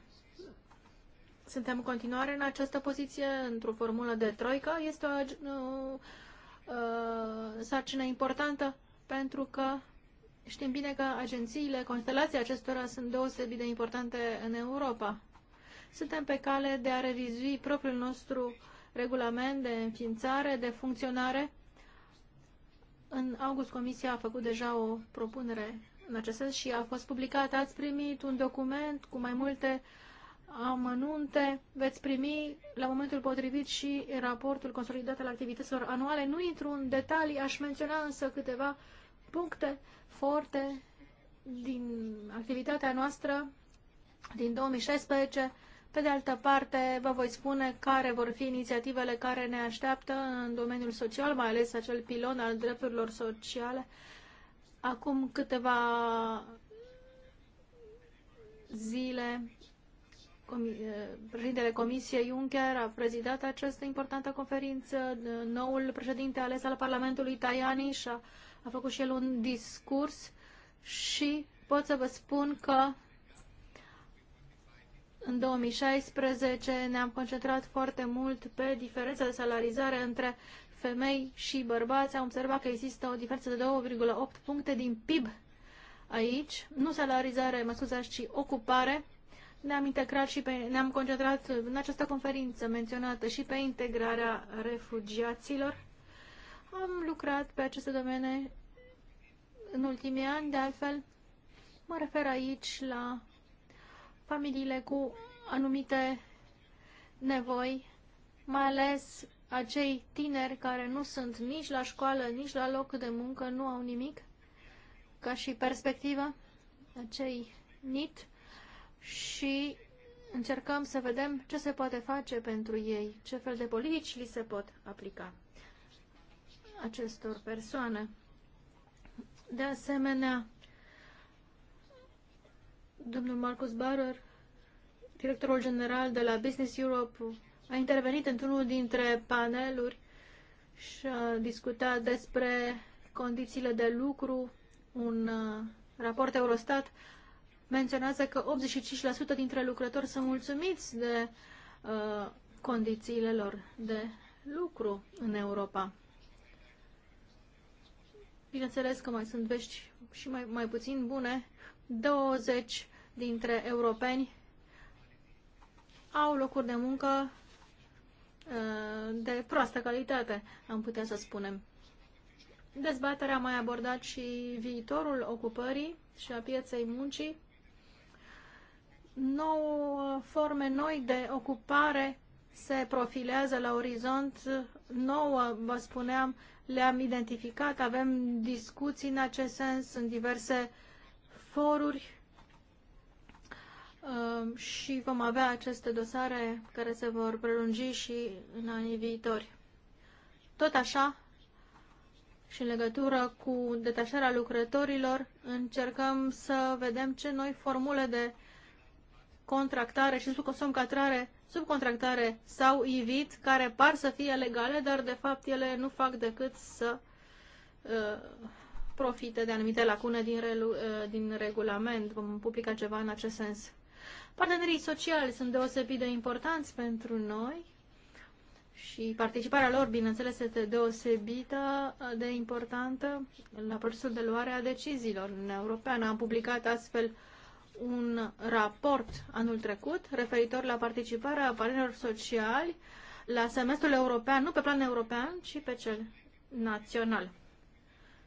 [SPEAKER 5] Suntem în continuare în această poziție, într-o formulă de troică. Este o, Uh, sarcină importantă pentru că știm bine că agențiile, constelații acestora sunt deosebit de importante în Europa. Suntem pe cale de a revizui propriul nostru regulament de înființare, de funcționare. În august Comisia a făcut deja o propunere în acest sens și a fost publicat. Ați primit un document cu mai multe uh, amănunte veți primi la momentul potrivit și raportul consolidat al activităților anuale. Nu intru în detalii, aș menționa însă câteva puncte forte din activitatea noastră din 2016. Pe de altă parte, vă voi spune care vor fi inițiativele care ne așteaptă în domeniul social, mai ales acel pilon al drepturilor sociale. Acum câteva zile Eh, președintele Comisiei Juncker a prezidat această importantă conferință, noul președinte ales al Parlamentului Tajani și a, a făcut și el un discurs și pot să vă spun că în 2016 ne-am concentrat foarte mult pe diferența de salarizare între femei și bărbați. Am observat că există o diferență de 2,8 puncte din PIB aici. Nu salarizare, mă scuzați, ci ocupare ne-am integrat și pe, ne-am concentrat în această conferință menționată și pe integrarea refugiaților. Am lucrat pe aceste domene în ultimii ani, de altfel mă refer aici la familiile cu anumite nevoi, mai ales acei tineri care nu sunt nici la școală, nici la loc de muncă, nu au nimic ca și perspectivă, acei NIT și încercăm să vedem ce se poate face pentru ei, ce fel de politici li se pot aplica acestor persoane. De asemenea, domnul Marcus Barer, directorul general de la Business Europe, a intervenit într-unul dintre paneluri și a discutat despre condițiile de lucru, un uh, raport Eurostat menționează că 85% dintre lucrători sunt mulțumiți de uh, condițiile lor de lucru în Europa. Bineînțeles că mai sunt vești și mai, mai puțin bune. 20 dintre europeni au locuri de muncă uh, de proastă calitate, am putea să spunem. Dezbaterea a mai abordat și viitorul ocupării și a pieței muncii nou, forme noi de ocupare se profilează la orizont, nouă, vă spuneam, le-am identificat, avem discuții în acest sens în diverse foruri ă, și vom avea aceste dosare care se vor prelungi și în anii viitori. Tot așa, și în legătură cu detașarea lucrătorilor, încercăm să vedem ce noi formule de contractare și subcontractare, subcontractare sau IVIT, care par să fie legale, dar de fapt ele nu fac decât să uh, profite de anumite lacune din, relu, uh, din regulament. Vom publica ceva în acest sens. Partenerii sociali sunt deosebit de importanți pentru noi și participarea lor, bineînțeles, este deosebită de importantă la procesul de luare a deciziilor în Europeană. Am publicat astfel uh, un raport anul trecut referitor la participarea partenerilor sociali la semestrul european, nu pe plan european, ci pe cel național.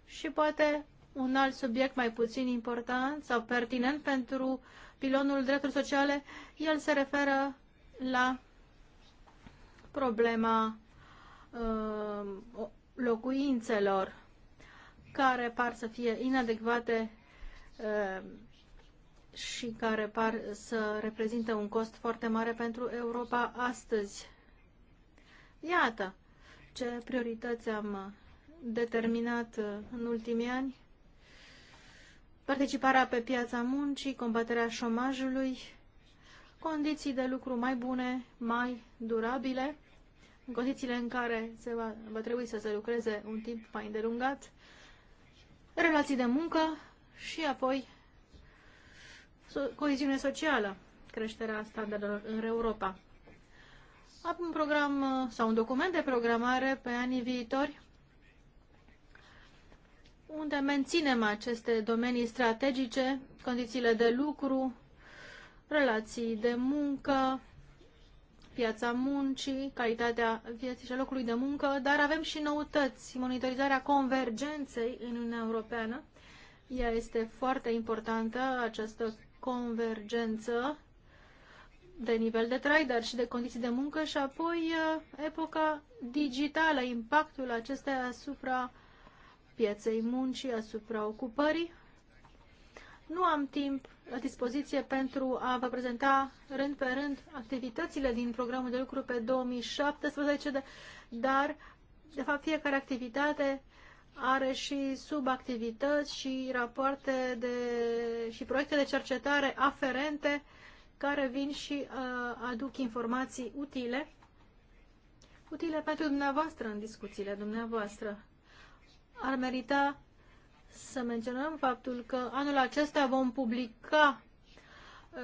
[SPEAKER 5] Și poate un alt subiect mai puțin important sau pertinent pentru pilonul drepturilor sociale, el se referă la problema uh, locuințelor care par să fie inadecvate uh, și care par să reprezintă un cost foarte mare pentru Europa astăzi. Iată ce priorități am determinat în ultimii ani. Participarea pe piața muncii, combaterea șomajului, condiții de lucru mai bune, mai durabile, în condițiile în care se va, va trebui să se lucreze un timp mai îndelungat, relații de muncă și apoi coeziune socială, creșterea standardelor în Europa. Am un program uh, sau un document de programare pe anii viitori unde menținem aceste domenii strategice, condițiile de lucru, relații de muncă, piața muncii, calitatea vieții și a locului de muncă, dar avem și noutăți, monitorizarea convergenței în Uniunea Europeană. Ea este foarte importantă, această convergență de nivel de trai, dar și de condiții de muncă și apoi uh, epoca digitală, impactul acesta asupra pieței muncii, asupra ocupării. Nu am timp la dispoziție pentru a vă prezenta rând pe rând activitățile din programul de lucru pe 2017, dar de fapt fiecare activitate are și subactivități și rapoarte de, și proiecte de cercetare aferente care vin și uh, aduc informații utile, utile pentru dumneavoastră în discuțiile dumneavoastră. Ar merita să menționăm faptul că anul acesta vom publica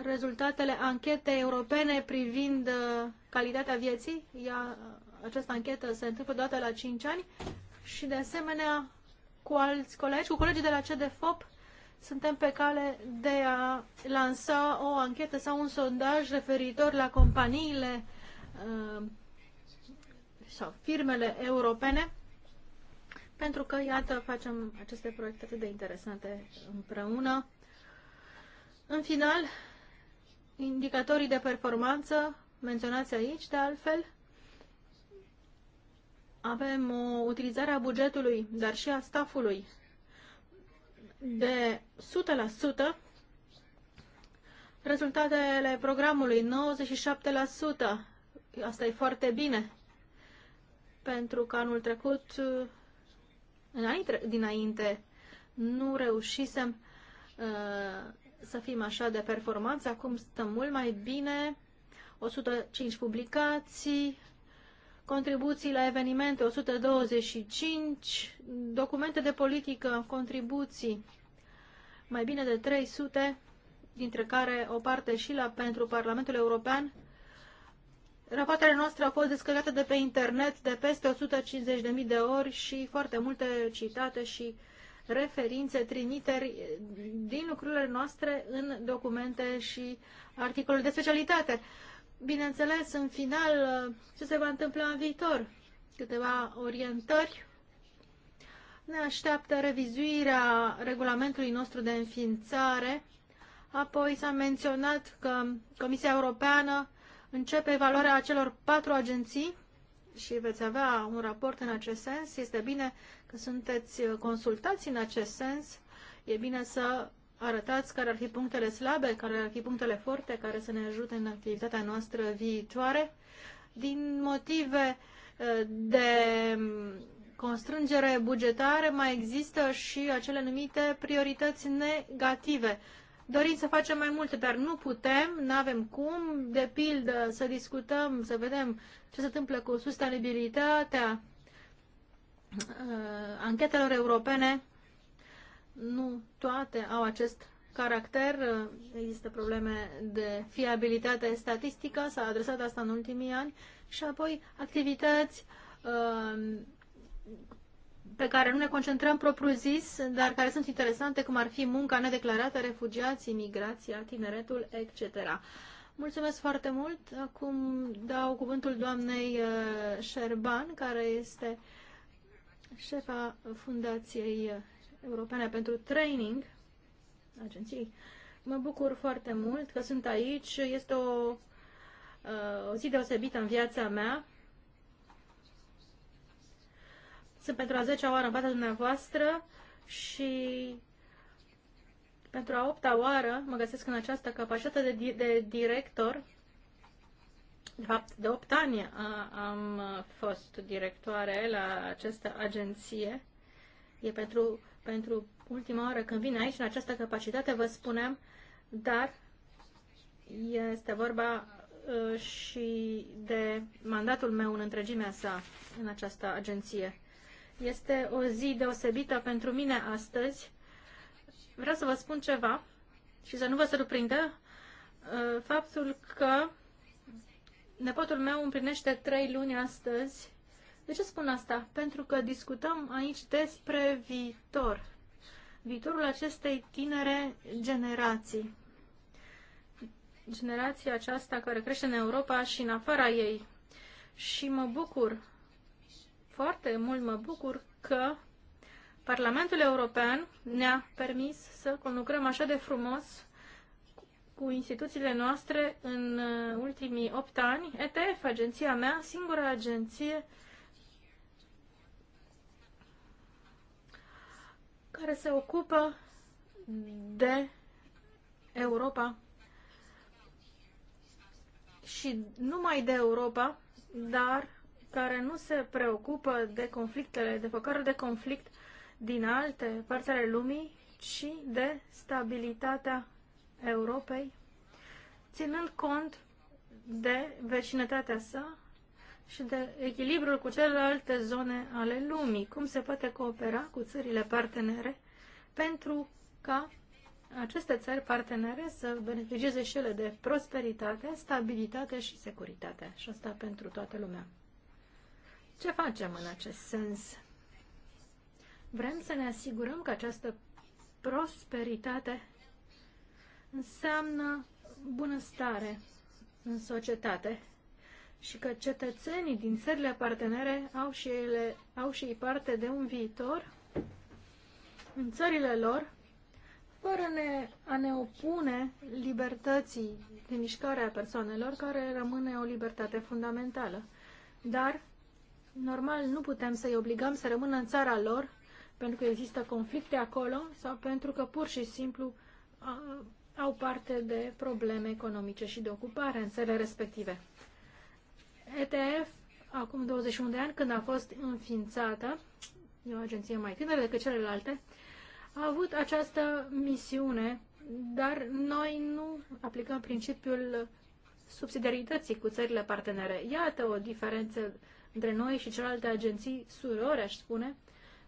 [SPEAKER 5] rezultatele anchetei europene privind uh, calitatea vieții. Ea, această anchetă se întâmplă dată la 5 ani și de asemenea cu alți colegi, cu colegii de la CDFOP, suntem pe cale de a lansa o anchetă sau un sondaj referitor la companiile uh, sau firmele europene, pentru că, iată, facem aceste proiecte atât de interesante împreună. În final, indicatorii de performanță menționați aici, de altfel, avem o uh, utilizare a bugetului, dar și a staffului de 100%, rezultatele programului 97%, asta e foarte bine, pentru că anul trecut, uh, înainte, dinainte, nu reușisem uh, să fim așa de performanți, acum stăm mult mai bine, 105 publicații, contribuții la evenimente 125, documente de politică, contribuții mai bine de 300, dintre care o parte și la pentru Parlamentul European. Rapoartele noastre au fost descărcate de pe internet de peste 150.000 de ori și foarte multe citate și referințe, trimiteri din lucrurile noastre în documente și articole de specialitate bineînțeles, în final, ce se va întâmpla în viitor. Câteva orientări. Ne așteaptă revizuirea regulamentului nostru de înființare. Apoi s-a menționat că Comisia Europeană începe evaluarea celor patru agenții și veți avea un raport în acest sens. Este bine că sunteți consultați în acest sens. E bine să arătați care ar fi punctele slabe, care ar fi punctele forte care să ne ajute în activitatea noastră viitoare. Din motive eh, de mm, constrângere bugetare mai există și acele numite priorități negative. Dorim să facem mai multe, dar nu putem, nu avem cum, de pildă, să discutăm, să vedem ce se întâmplă cu sustenabilitatea eh, anchetelor europene nu toate au acest caracter. Există probleme de fiabilitate statistică, s-a adresat asta în ultimii ani, și apoi activități um, pe care nu ne concentrăm propriu-zis, dar care sunt interesante, cum ar fi munca nedeclarată, refugiații, migrația, tineretul, etc. Mulțumesc foarte mult. Acum dau cuvântul doamnei uh, Șerban, care este șefa Fundației uh, Europene pentru Training, agenții. Mă bucur foarte mult că sunt aici. Este o, uh, o zi deosebită în viața mea. Sunt pentru a 10-a oară în fața dumneavoastră și pentru a 8-a oară mă găsesc în această capacitate de, de director. De fapt, de 8 ani am fost directoare la această agenție E pentru, pentru ultima oară când vin aici, în această capacitate, vă spunem, dar este vorba uh, și de mandatul meu în întregimea sa în această agenție. Este o zi deosebită pentru mine astăzi. Vreau să vă spun ceva și să nu vă surprindă uh, faptul că nepotul meu împlinește trei luni astăzi de ce spun asta? Pentru că discutăm aici despre viitor, viitorul acestei tinere generații. Generația aceasta care crește în Europa și în afara ei. Și mă bucur, foarte mult mă bucur că Parlamentul European ne-a permis să conlucrăm așa de frumos cu instituțiile noastre în uh, ultimii 8 ani. ETF, agenția mea, singura agenție care se ocupă de Europa și numai de Europa, dar care nu se preocupă de conflictele, de făcărul de conflict din alte părți ale lumii, ci de stabilitatea Europei, ținând cont de vecinătatea sa, și de echilibrul cu celelalte zone ale lumii, cum se poate coopera cu țările partenere pentru ca aceste țări partenere să beneficieze și ele de prosperitate, stabilitate și securitate. Și asta pentru toată lumea. Ce facem în acest sens? Vrem să ne asigurăm că această prosperitate înseamnă bunăstare în societate și că cetățenii din țările partenere au și, ele, au și ei parte de un viitor în țările lor, fără ne, a ne opune libertății de mișcare a persoanelor, care rămâne o libertate fundamentală. Dar, normal, nu putem să-i obligăm să rămână în țara lor, pentru că există conflicte acolo sau pentru că pur și simplu au parte de probleme economice și de ocupare în țările respective. ETF, acum 21 de ani, când a fost înființată, e o agenție mai tânără decât celelalte, a avut această misiune, dar noi nu aplicăm principiul subsidiarității cu țările partenere. Iată o diferență între noi și celelalte agenții surori, aș spune,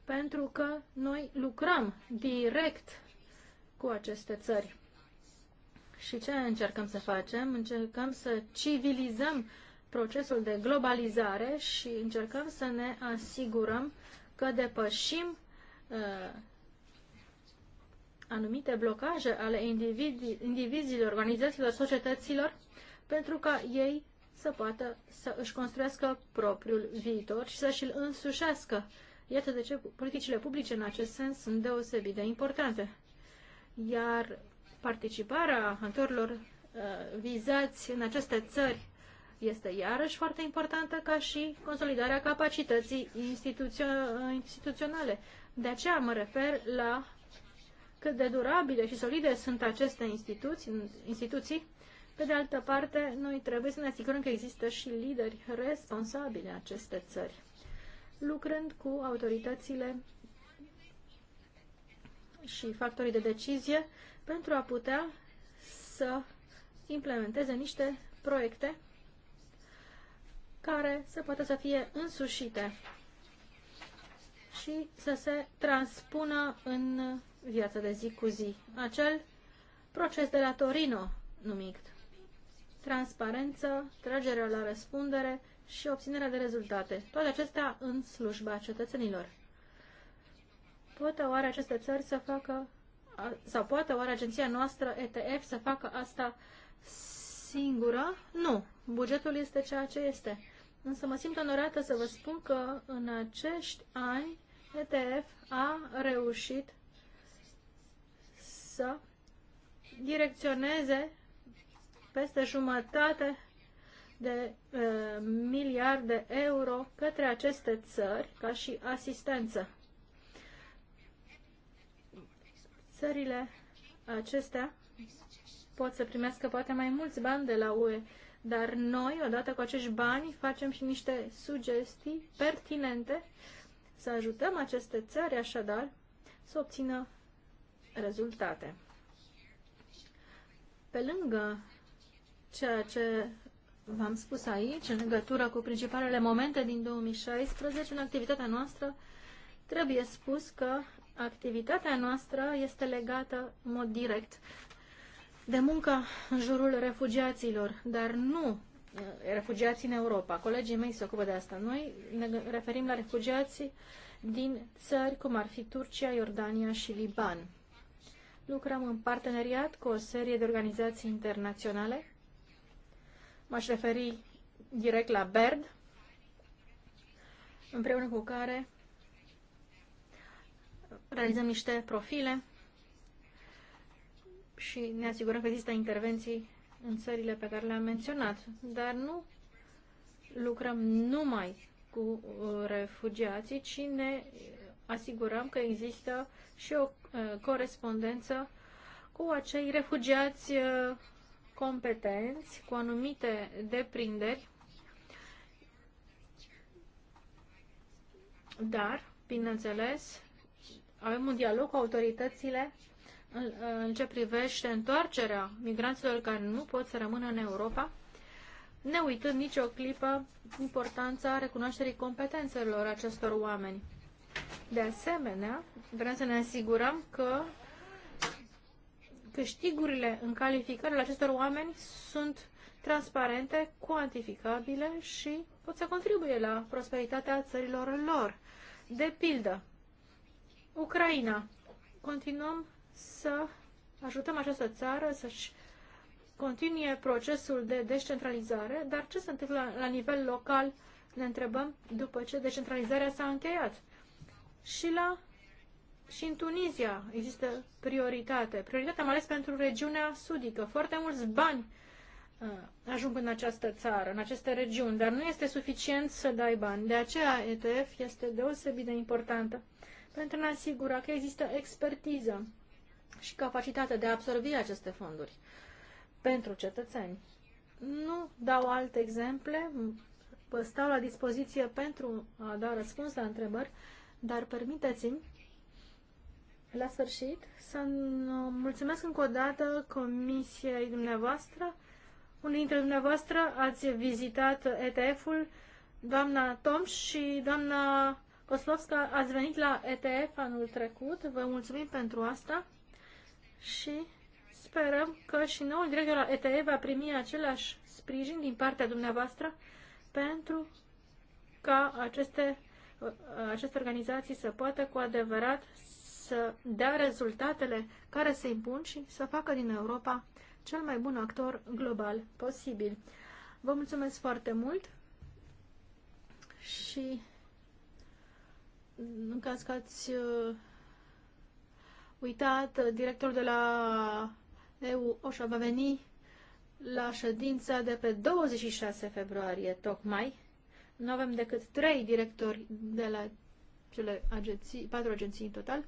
[SPEAKER 5] pentru că noi lucrăm direct cu aceste țări. Și ce încercăm să facem? Încercăm să civilizăm procesul de globalizare și încercăm să ne asigurăm că depășim uh, anumite blocaje ale indivizilor, organizațiilor, societăților, pentru ca ei să poată să își construiască propriul viitor și să și îl însușească. Iată de ce politicile publice în acest sens sunt deosebit de importante. Iar participarea actorilor uh, vizați în aceste țări este iarăși foarte importantă ca și consolidarea capacității instituțio instituționale. De aceea mă refer la cât de durabile și solide sunt aceste instituții, instituții. Pe de altă parte, noi trebuie să ne asigurăm că există și lideri responsabili aceste țări, lucrând cu autoritățile și factorii de decizie pentru a putea să implementeze niște proiecte care să poată să fie însușite și să se transpună în viața de zi cu zi. Acel proces de la Torino numit transparență, tragerea la răspundere și obținerea de rezultate. Toate acestea în slujba cetățenilor. Poate oare aceste țări să facă sau poate oare agenția noastră ETF să facă asta singură. Nu, bugetul este ceea ce este. Însă mă simt onorată să vă spun că în acești ani ETF a reușit să direcționeze peste jumătate de uh, miliarde euro către aceste țări ca și asistență. Țările acestea pot să primească poate mai mulți bani de la UE, dar noi, odată cu acești bani, facem și niște sugestii pertinente să ajutăm aceste țări, așadar, să obțină rezultate. Pe lângă ceea ce v-am spus aici, în legătură cu principalele momente din 2016, în activitatea noastră, trebuie spus că activitatea noastră este legată în mod direct de muncă în jurul refugiaților, dar nu eh, refugiații în Europa. Colegii mei se ocupă de asta. Noi ne referim la refugiații din țări cum ar fi Turcia, Iordania și Liban. Lucrăm în parteneriat cu o serie de organizații internaționale. M-aș referi direct la BERD, împreună cu care realizăm niște profile și ne asigurăm că există intervenții în țările pe care le-am menționat, dar nu lucrăm numai cu uh, refugiații, ci ne asigurăm că există și o uh, corespondență cu acei refugiați uh, competenți, cu anumite deprinderi, dar, bineînțeles, avem un dialog cu autoritățile în, ce privește întoarcerea migranților care nu pot să rămână în Europa, ne uitând nicio clipă importanța recunoașterii competențelor acestor oameni. De asemenea, vrem să ne asigurăm că câștigurile în calificările acestor oameni sunt transparente, cuantificabile și pot să contribuie la prosperitatea țărilor lor. De pildă, Ucraina. Continuăm să ajutăm această țară să-și continue procesul de descentralizare, dar ce se întâmplă la nivel local, ne întrebăm, după ce descentralizarea s-a încheiat. Și la și în Tunisia există prioritate. Prioritatea mai ales pentru regiunea sudică. Foarte mulți bani uh, ajung în această țară, în aceste regiuni, dar nu este suficient să dai bani. De aceea ETF este deosebit de importantă pentru a ne asigura că există expertiză și capacitatea de a absorbi aceste fonduri pentru cetățeni. Nu dau alte exemple, vă stau la dispoziție pentru a da răspuns la întrebări, dar permiteți-mi la sfârșit să mulțumesc încă o dată comisiei dumneavoastră. Unii dintre dumneavoastră ați vizitat ETF-ul, doamna Tom și doamna Koslovska, ați venit la ETF anul trecut. Vă mulțumim pentru asta și sperăm că și noul director la ETE va primi același sprijin din partea dumneavoastră pentru ca aceste, aceste organizații să poată cu adevărat să dea rezultatele care se impun și să facă din Europa cel mai bun actor global posibil. Vă mulțumesc foarte mult și în caz că ați uh, uitat, directorul de la EU Oșa va veni la ședința de pe 26 februarie, tocmai. Nu avem decât trei directori de la cele agenții, patru agenții în total,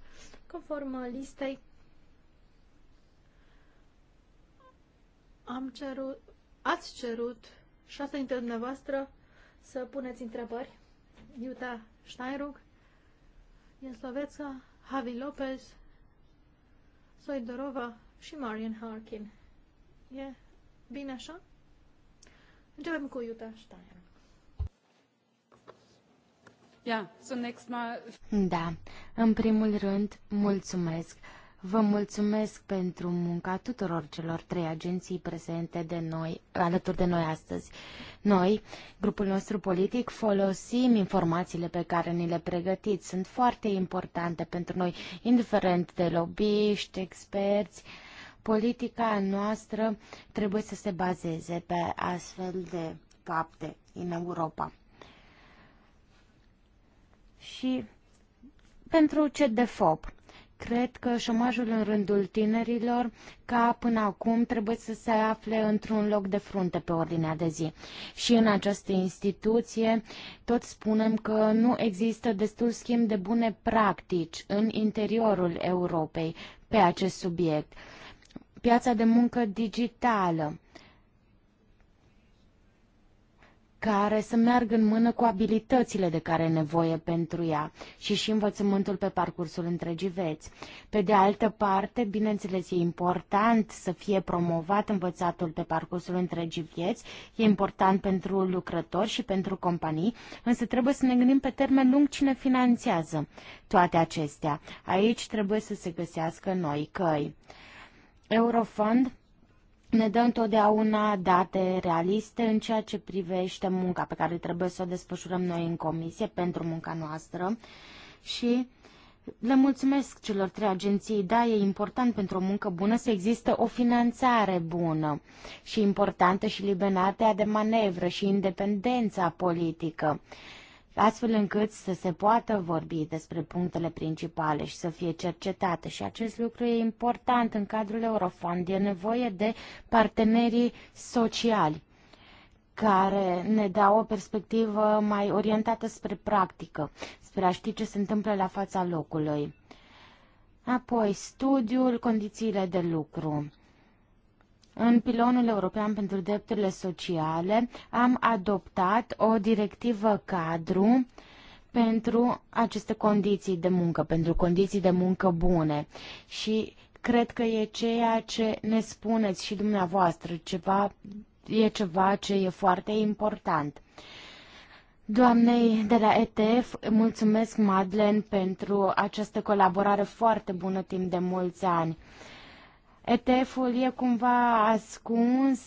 [SPEAKER 5] conform listei. Am cerut, ați cerut șase dintre dumneavoastră să puneți întrebări. Iuta Steinrug, Jens Lovețca, Javi Lopez, Soidorova și Marian Harkin. E bine așa? Începem cu Iuta Steiner.
[SPEAKER 2] Da, în primul rând, mulțumesc. Vă mulțumesc pentru munca tuturor celor trei agenții prezente de noi, alături de noi astăzi. Noi, grupul nostru politic, folosim informațiile pe care ni le pregătiți. Sunt foarte importante pentru noi, indiferent de lobbyști, experți. Politica noastră trebuie să se bazeze pe astfel de fapte în Europa. Și pentru ce de fapt? Cred că șomajul în rândul tinerilor, ca până acum, trebuie să se afle într-un loc de frunte pe ordinea de zi. Și în această instituție tot spunem că nu există destul schimb de bune practici în interiorul Europei pe acest subiect. Piața de muncă digitală care să meargă în mână cu abilitățile de care e nevoie pentru ea și și învățământul pe parcursul întregii vieți. Pe de altă parte, bineînțeles, e important să fie promovat învățatul pe parcursul întregii vieți, e important pentru lucrători și pentru companii, însă trebuie să ne gândim pe termen lung cine finanțează toate acestea. Aici trebuie să se găsească noi căi. Eurofond ne dă întotdeauna date realiste în ceea ce privește munca pe care trebuie să o desfășurăm noi în comisie pentru munca noastră și le mulțumesc celor trei agenții. Da, e important pentru o muncă bună să există o finanțare bună și importantă și libertatea de manevră și independența politică astfel încât să se poată vorbi despre punctele principale și să fie cercetate. Și acest lucru e important în cadrul Eurofond. E nevoie de partenerii sociali care ne dau o perspectivă mai orientată spre practică, spre a ști ce se întâmplă la fața locului. Apoi, studiul, condițiile de lucru. În pilonul european pentru drepturile sociale am adoptat o directivă cadru pentru aceste condiții de muncă, pentru condiții de muncă bune. Și cred că e ceea ce ne spuneți și dumneavoastră, ceva, e ceva ce e foarte important. Doamnei de la ETF, mulțumesc, Madlen, pentru această colaborare foarte bună timp de mulți ani. ETF-ul e cumva ascuns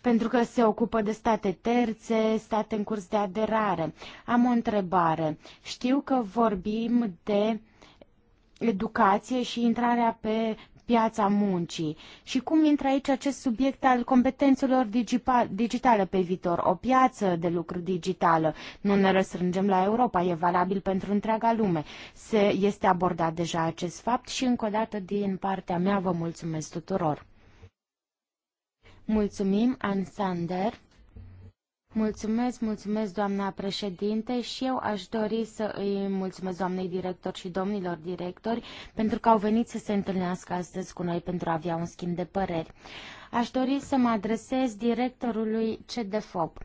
[SPEAKER 2] pentru că se ocupă de state terțe, state în curs de aderare. Am o întrebare. Știu că vorbim de educație și intrarea pe piața muncii și cum intră aici acest subiect al competențelor digitale pe viitor, o piață de lucru digitală. Nu ne restrângem la Europa, e valabil pentru întreaga lume. Se este abordat deja acest fapt și încă o dată din partea mea vă mulțumesc tuturor. Mulțumim, Ansander. Mulțumesc, mulțumesc, doamna președinte, și eu aș dori să îi mulțumesc doamnei director și domnilor directori pentru că au venit să se întâlnească astăzi cu noi pentru a avea un schimb de păreri. Aș dori să mă adresez directorului CDFOP.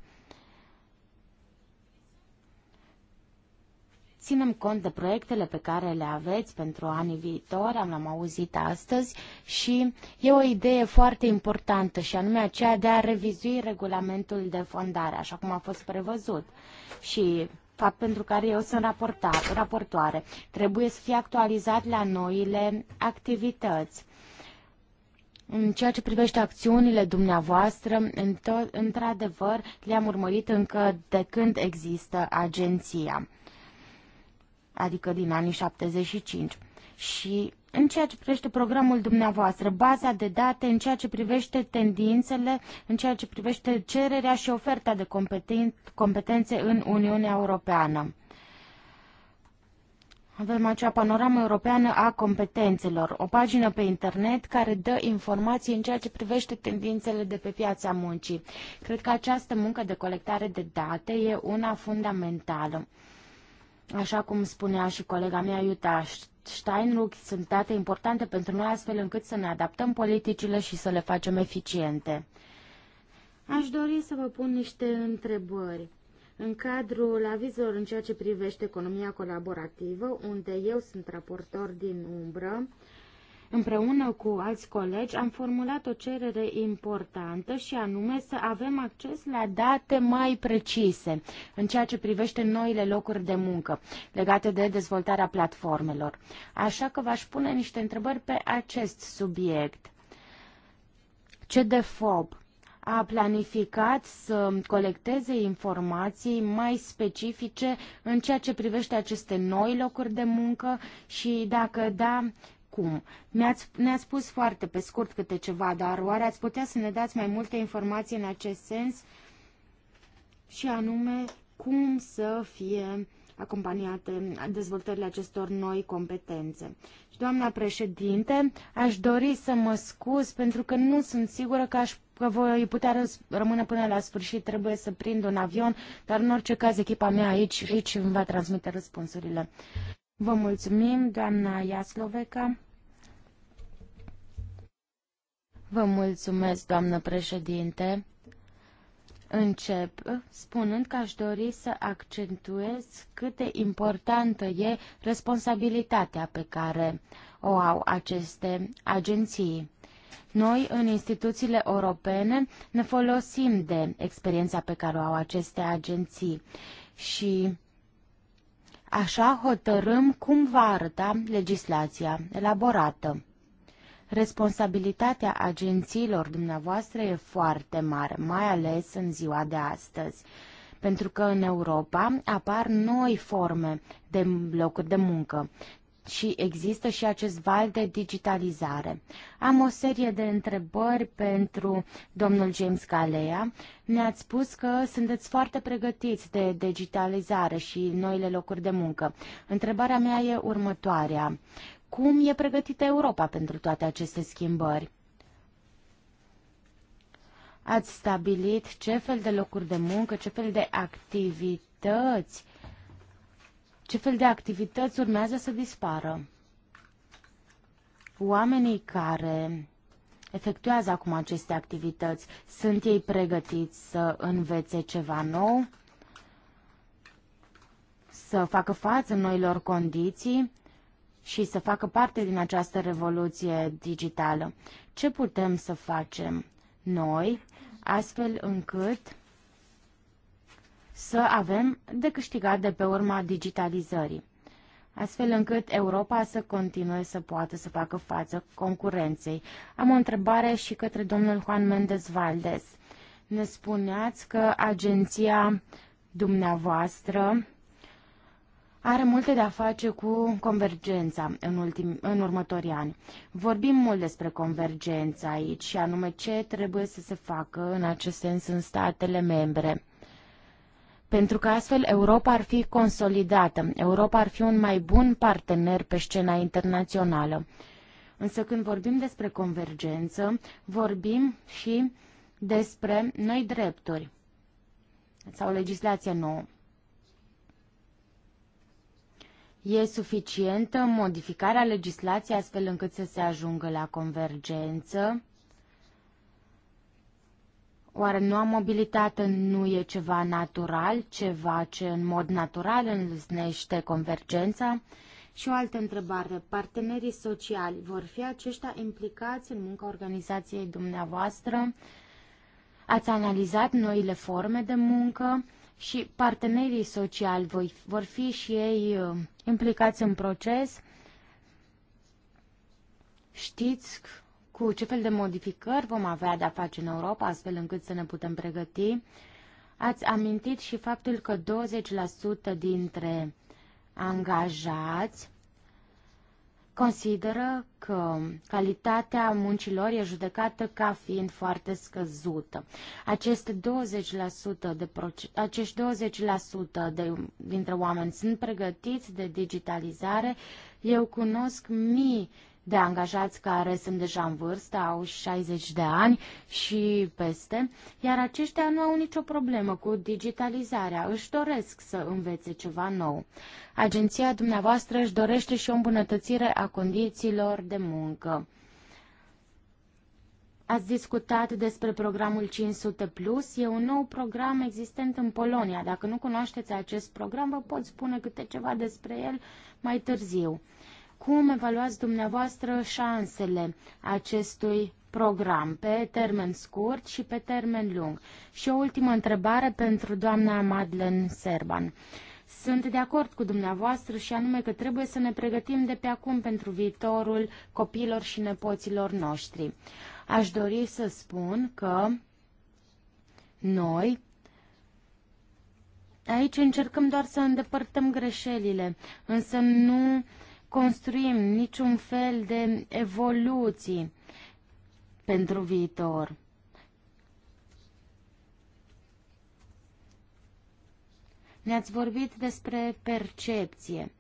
[SPEAKER 2] Ținem cont de proiectele pe care le aveți pentru anii viitori, am l-am auzit astăzi, și e o idee foarte importantă și anume aceea de a revizui regulamentul de fondare, așa cum a fost prevăzut. Și fapt pentru care eu sunt raporta, raportoare. Trebuie să fie actualizat la noile activități. În ceea ce privește acțiunile dumneavoastră, într-adevăr, le-am urmărit încă de când există agenția adică din anii 75. Și în ceea ce privește programul dumneavoastră, baza de date, în ceea ce privește tendințele, în ceea ce privește cererea și oferta de competen competențe în Uniunea Europeană. Avem acea panoramă europeană a competențelor, o pagină pe internet care dă informații în ceea ce privește tendințele de pe piața muncii. Cred că această muncă de colectare de date e una fundamentală. Așa cum spunea și colega mea Iuta Steinruck, sunt date importante pentru noi astfel încât să ne adaptăm politicile și să le facem eficiente. Aș dori să vă pun niște întrebări. În cadrul avizelor în ceea ce privește economia colaborativă, unde eu sunt raportor din umbră, Împreună cu alți colegi am formulat o cerere importantă și anume să avem acces la date mai precise în ceea ce privește noile locuri de muncă legate de dezvoltarea platformelor. Așa că v-aș pune niște întrebări pe acest subiect. Ce de FOB a planificat să colecteze informații mai specifice în ceea ce privește aceste noi locuri de muncă și dacă da, cum. Ne-ați, ne spus foarte pe scurt câte ceva, dar oare ați putea să ne dați mai multe informații în acest sens? Și anume, cum să fie acompaniate dezvoltările acestor noi competențe. Și, doamna președinte, aș dori să mă scuz pentru că nu sunt sigură că aș că voi putea rămâne până la sfârșit, trebuie să prind un avion, dar în orice caz echipa mea aici, aici îmi va transmite răspunsurile. Vă mulțumim, doamna Iasloveca. Vă mulțumesc, doamnă președinte. Încep spunând că aș dori să accentuez cât de importantă e responsabilitatea pe care o au aceste agenții. Noi, în instituțiile europene, ne folosim de experiența pe care o au aceste agenții și Așa hotărâm cum va arăta legislația elaborată. Responsabilitatea agențiilor dumneavoastră e foarte mare, mai ales în ziua de astăzi, pentru că în Europa apar noi forme de locuri de muncă, și există și acest val de digitalizare. Am o serie de întrebări pentru domnul James Galea. Ne-ați spus că sunteți foarte pregătiți de digitalizare și noile locuri de muncă. Întrebarea mea e următoarea. Cum e pregătită Europa pentru toate aceste schimbări? Ați stabilit ce fel de locuri de muncă, ce fel de activități ce fel de activități urmează să dispară. Oamenii care efectuează acum aceste activități, sunt ei pregătiți să învețe ceva nou, să facă față noilor condiții și să facă parte din această revoluție digitală. Ce putem să facem noi, astfel încât să avem de câștigat de pe urma digitalizării, astfel încât Europa să continue să poată să facă față concurenței. Am o întrebare și către domnul Juan Mendez Valdes. Ne spuneați că agenția dumneavoastră are multe de-a face cu convergența în, ultim, în următorii ani. Vorbim mult despre convergența aici și anume ce trebuie să se facă în acest sens în statele membre pentru că astfel Europa ar fi consolidată, Europa ar fi un mai bun partener pe scena internațională. Însă când vorbim despre convergență, vorbim și despre noi drepturi sau legislație nouă. E suficientă modificarea legislației astfel încât să se ajungă la convergență? Oare nu am mobilitate nu e ceva natural, ceva ce în mod natural înlesnește convergența? Și o altă întrebare. Partenerii sociali, vor fi aceștia implicați în munca organizației dumneavoastră? Ați analizat noile forme de muncă și partenerii sociali voi, vor fi și ei uh, implicați în proces? Știți cu ce fel de modificări vom avea de-a face în Europa, astfel încât să ne putem pregăti. Ați amintit și faptul că 20% dintre angajați consideră că calitatea muncilor e judecată ca fiind foarte scăzută. Aceste 20% de acești 20% de, dintre oameni sunt pregătiți de digitalizare. Eu cunosc mii de angajați care sunt deja în vârstă, au 60 de ani și peste, iar aceștia nu au nicio problemă cu digitalizarea, își doresc să învețe ceva nou. Agenția dumneavoastră își dorește și o îmbunătățire a condițiilor de muncă. Ați discutat despre programul 500 Plus. E un nou program existent în Polonia. Dacă nu cunoașteți acest program, vă pot spune câte ceva despre el mai târziu. Cum evaluați dumneavoastră șansele acestui program pe termen scurt și pe termen lung? Și o ultimă întrebare pentru doamna Madlen Serban. Sunt de acord cu dumneavoastră și anume că trebuie să ne pregătim de pe acum pentru viitorul copiilor și nepoților noștri. Aș dori să spun că noi aici încercăm doar să îndepărtăm greșelile, însă nu uh, construim niciun fel de evoluții pentru viitor. Ne-ați vorbit despre percepție,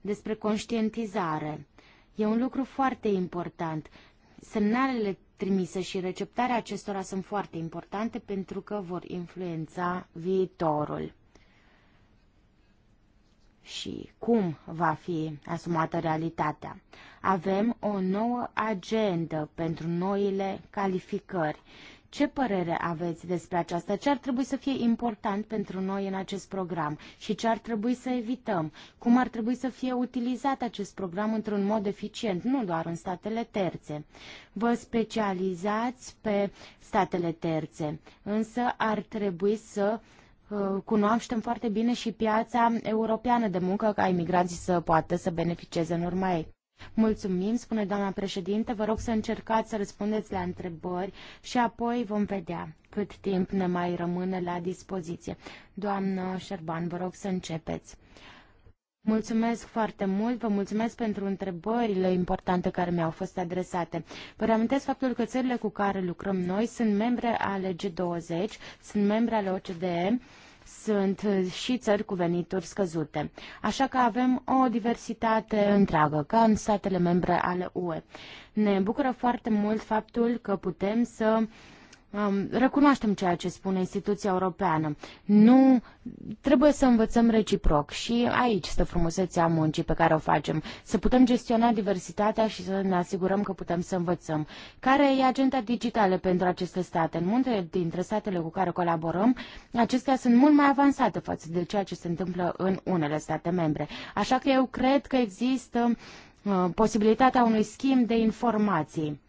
[SPEAKER 2] despre conștientizare. E un lucru foarte important. Semnalele trimise și receptarea acestora sunt foarte importante pentru că vor influența viitorul și cum va fi asumată realitatea. Avem o nouă agendă pentru noile calificări. Ce părere aveți despre aceasta? Ce ar trebui să fie important pentru noi în acest program și ce ar trebui să evităm? Cum ar trebui să fie utilizat acest program într-un mod eficient, nu doar în statele terțe? Vă specializați pe statele terțe, însă ar trebui să Uh, cunoaștem foarte bine și piața europeană de muncă ca imigranții să poată să beneficieze în urma ei. Mulțumim, spune doamna președinte, vă rog să încercați să răspundeți la întrebări și apoi vom vedea cât timp ne mai rămâne la dispoziție. Doamnă Șerban, vă rog să începeți. Mulțumesc foarte mult, vă mulțumesc pentru întrebările importante care mi-au fost adresate. Vă reamintesc faptul că țările cu care lucrăm noi sunt membre ale G20, sunt membre ale OCDE sunt eh, și țări cu venituri scăzute. Așa că avem o diversitate întreagă, ca în statele membre ale UE. Ne bucură foarte mult faptul că putem să uh, recunoaștem ceea ce spune instituția europeană. Nu trebuie să învățăm reciproc și aici stă frumusețea muncii pe care o facem, să putem gestiona diversitatea și să ne asigurăm că putem să învățăm. Care e agenda digitală pentru aceste state? În multe dintre statele cu care colaborăm, acestea sunt mult mai avansate față de ceea ce se întâmplă în unele state membre. Așa că eu cred că există uh, posibilitatea unui schimb de informații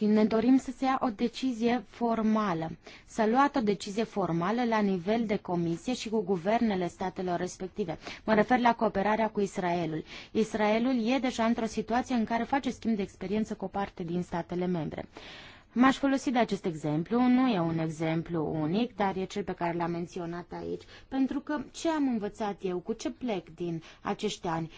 [SPEAKER 2] și ne dorim să se ia o decizie formală. să luat o decizie formală la nivel de comisie și cu guvernele statelor respective. Mă refer la cooperarea cu Israelul. Israelul e deja într-o situație în care face schimb de experiență cu o parte din statele membre. M-aș folosi de acest exemplu, nu e un exemplu unic, dar e cel pe care l-am menționat aici, pentru că ce am învățat eu, cu ce plec din acești ani,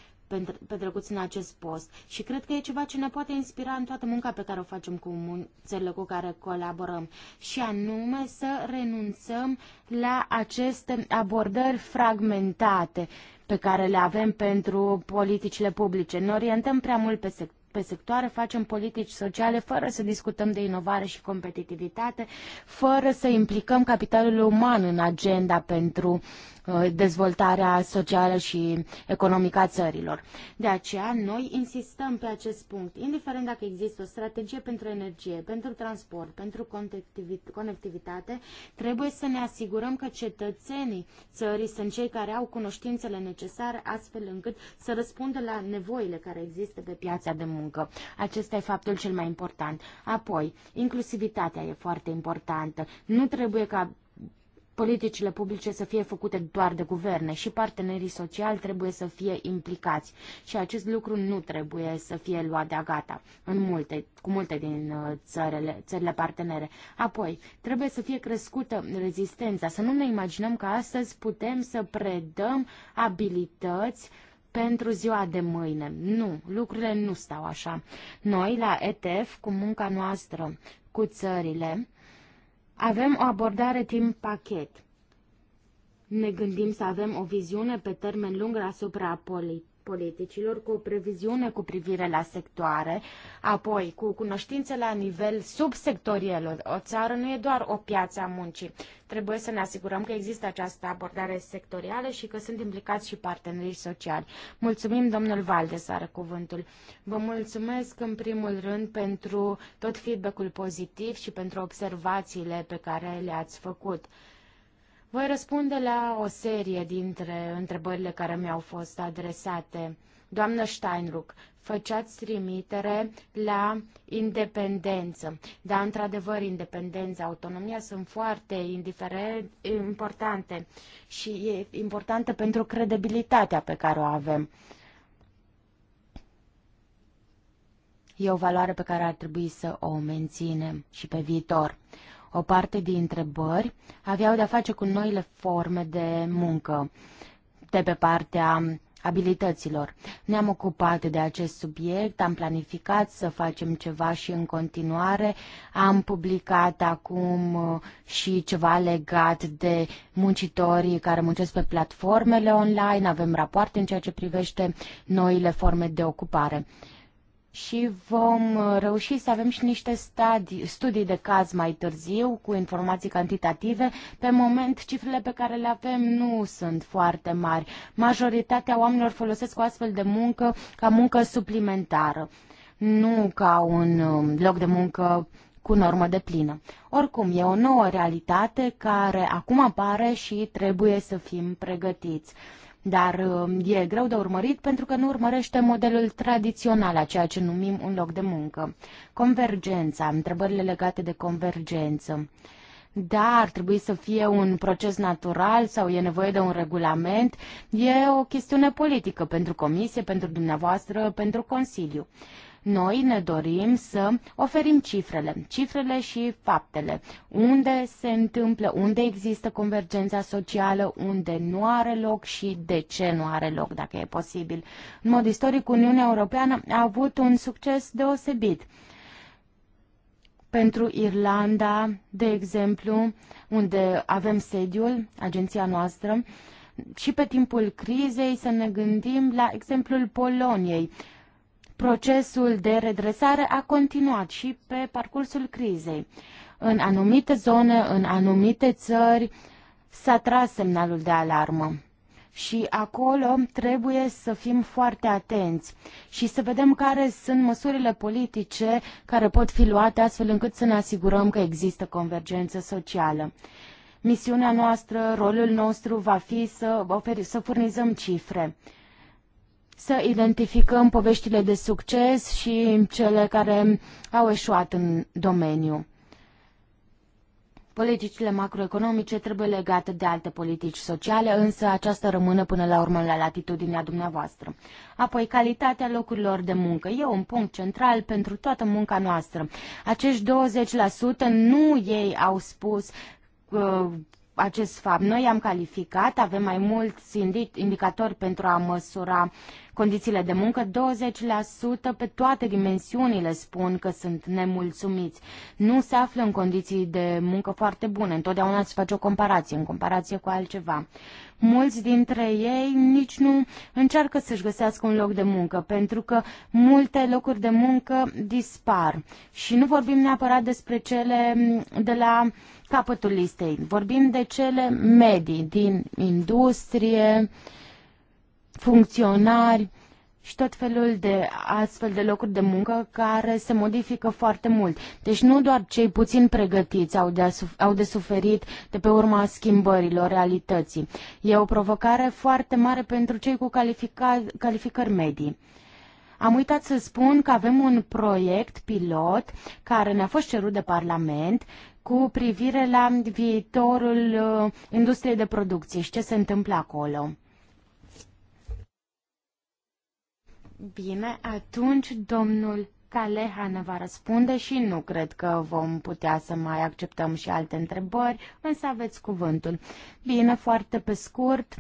[SPEAKER 2] petrecuți în acest post și cred că e ceva ce ne poate inspira în toată munca pe care o facem cu țările cu care colaborăm și anume să renunțăm la aceste abordări fragmentate pe care le avem pentru politicile publice. Ne orientăm prea mult pe sector pe sectoare, facem politici sociale fără să discutăm de inovare și competitivitate, fără să implicăm capitalul uman în agenda pentru Uh, dezvoltarea socială și economică a țărilor. De aceea, noi insistăm pe acest punct, indiferent dacă există o strategie pentru energie, pentru transport, pentru conectivitate, trebuie să ne asigurăm că cetățenii țării sunt cei care au cunoștințele necesare, astfel încât să răspundă la nevoile care există pe piața de muncă. Acesta e faptul cel mai important. Apoi, inclusivitatea e foarte importantă. Nu trebuie ca politicile publice să fie făcute doar de guverne și partenerii sociali trebuie să fie implicați și acest lucru nu trebuie să fie luat de gata în multe, cu multe din uh, țările, țările partenere. Apoi, trebuie să fie crescută rezistența, să nu ne imaginăm că astăzi putem să predăm abilități pentru ziua de mâine. Nu, lucrurile nu stau așa. Noi, la ETF, cu munca noastră, cu țările, avem o abordare timp pachet. Ne gândim să avem o viziune pe termen lung asupra polit politicilor, cu o previziune cu privire la sectoare, apoi cu cunoștințe la nivel subsectorielor. O țară nu e doar o piață a muncii. Trebuie să ne asigurăm că există această abordare sectorială și că sunt implicați și partenerii sociali. Mulțumim, domnul Valde, să are cuvântul. Vă mulțumesc în primul rând pentru tot feedback-ul pozitiv și pentru observațiile pe care le-ați făcut. Voi răspunde la o serie dintre întrebările care mi-au fost adresate. Doamnă Steinruck, făceați trimitere la independență. Da, într-adevăr, independența, autonomia sunt foarte importante și e importantă pentru credibilitatea pe care o avem. E o valoare pe care ar trebui să o menținem și pe viitor. O parte din întrebări aveau de-a face cu noile forme de muncă de pe partea abilităților. Ne-am ocupat de acest subiect, am planificat să facem ceva și în continuare. Am publicat acum uh, și ceva legat de muncitorii care muncesc pe platformele online, avem rapoarte în ceea ce privește noile forme de ocupare și vom uh, reuși să avem și niște stadii, studii de caz mai târziu cu informații cantitative. Pe moment, cifrele pe care le avem nu sunt foarte mari. Majoritatea oamenilor folosesc o astfel de muncă ca muncă suplimentară, nu ca un um, loc de muncă cu normă de plină. Oricum, e o nouă realitate care acum apare și trebuie să fim pregătiți dar um, e greu de urmărit pentru că nu urmărește modelul tradițional a ceea ce numim un loc de muncă. Convergența, întrebările legate de convergență. Da, ar trebui să fie un proces natural sau e nevoie de un regulament. E o chestiune politică pentru Comisie, pentru dumneavoastră, pentru Consiliu. Noi ne dorim să oferim cifrele, cifrele și faptele, unde se întâmplă, unde există convergența socială, unde nu are loc și de ce nu are loc, dacă e posibil. În mod istoric, Uniunea Europeană a avut un succes deosebit pentru Irlanda, de exemplu, unde avem sediul, agenția noastră, și pe timpul crizei să ne gândim la exemplul Poloniei, Procesul de redresare a continuat și pe parcursul crizei. În anumite zone, în anumite țări, s-a tras semnalul de alarmă. Și acolo trebuie să fim foarte atenți și să vedem care sunt măsurile politice care pot fi luate astfel încât să ne asigurăm că există convergență socială. Misiunea noastră, rolul nostru va fi să, oferi, să furnizăm cifre să identificăm poveștile de succes și cele care au eșuat în domeniu. Politicile macroeconomice trebuie legate de alte politici sociale, însă aceasta rămâne până la urmă la latitudinea dumneavoastră. Apoi, calitatea locurilor de muncă e un punct central pentru toată munca noastră. Acești 20% nu ei au spus uh, acest fapt. Noi am calificat, avem mai mulți indicatori pentru a măsura condițiile de muncă, 20% pe toate dimensiunile spun că sunt nemulțumiți. Nu se află în condiții de muncă foarte bune. Întotdeauna se face o comparație, în comparație cu altceva. Mulți dintre ei nici nu încearcă să-și găsească un loc de muncă, pentru că multe locuri de muncă dispar. Și nu vorbim neapărat despre cele de la capătul listei, vorbim de cele medii, din industrie, uh, funcționari și tot felul de astfel de locuri de muncă care se modifică foarte mult. Deci nu doar cei puțin pregătiți au de, au de suferit de pe urma schimbărilor realității. E o provocare foarte mare pentru cei cu califica, calificări medii. Am uitat să spun că avem un proiect pilot care ne-a fost cerut de Parlament cu privire la viitorul uh, industriei de producție și ce se întâmplă acolo. Bine, atunci domnul ne va răspunde și nu cred că vom putea să mai acceptăm și alte întrebări, însă aveți cuvântul. Bine, foarte pe scurt,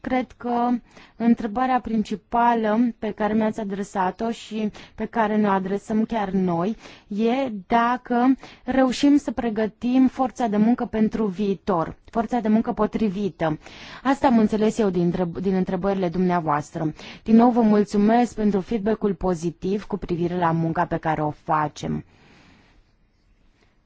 [SPEAKER 2] Cred că întrebarea principală pe care mi-ați adresat-o și pe care ne-o adresăm chiar noi e dacă reușim să pregătim forța de muncă pentru viitor, forța de muncă potrivită. Asta am înțeles eu din, întreb- din întrebările dumneavoastră. Din nou vă mulțumesc pentru feedback-ul pozitiv cu privire la munca pe care o facem.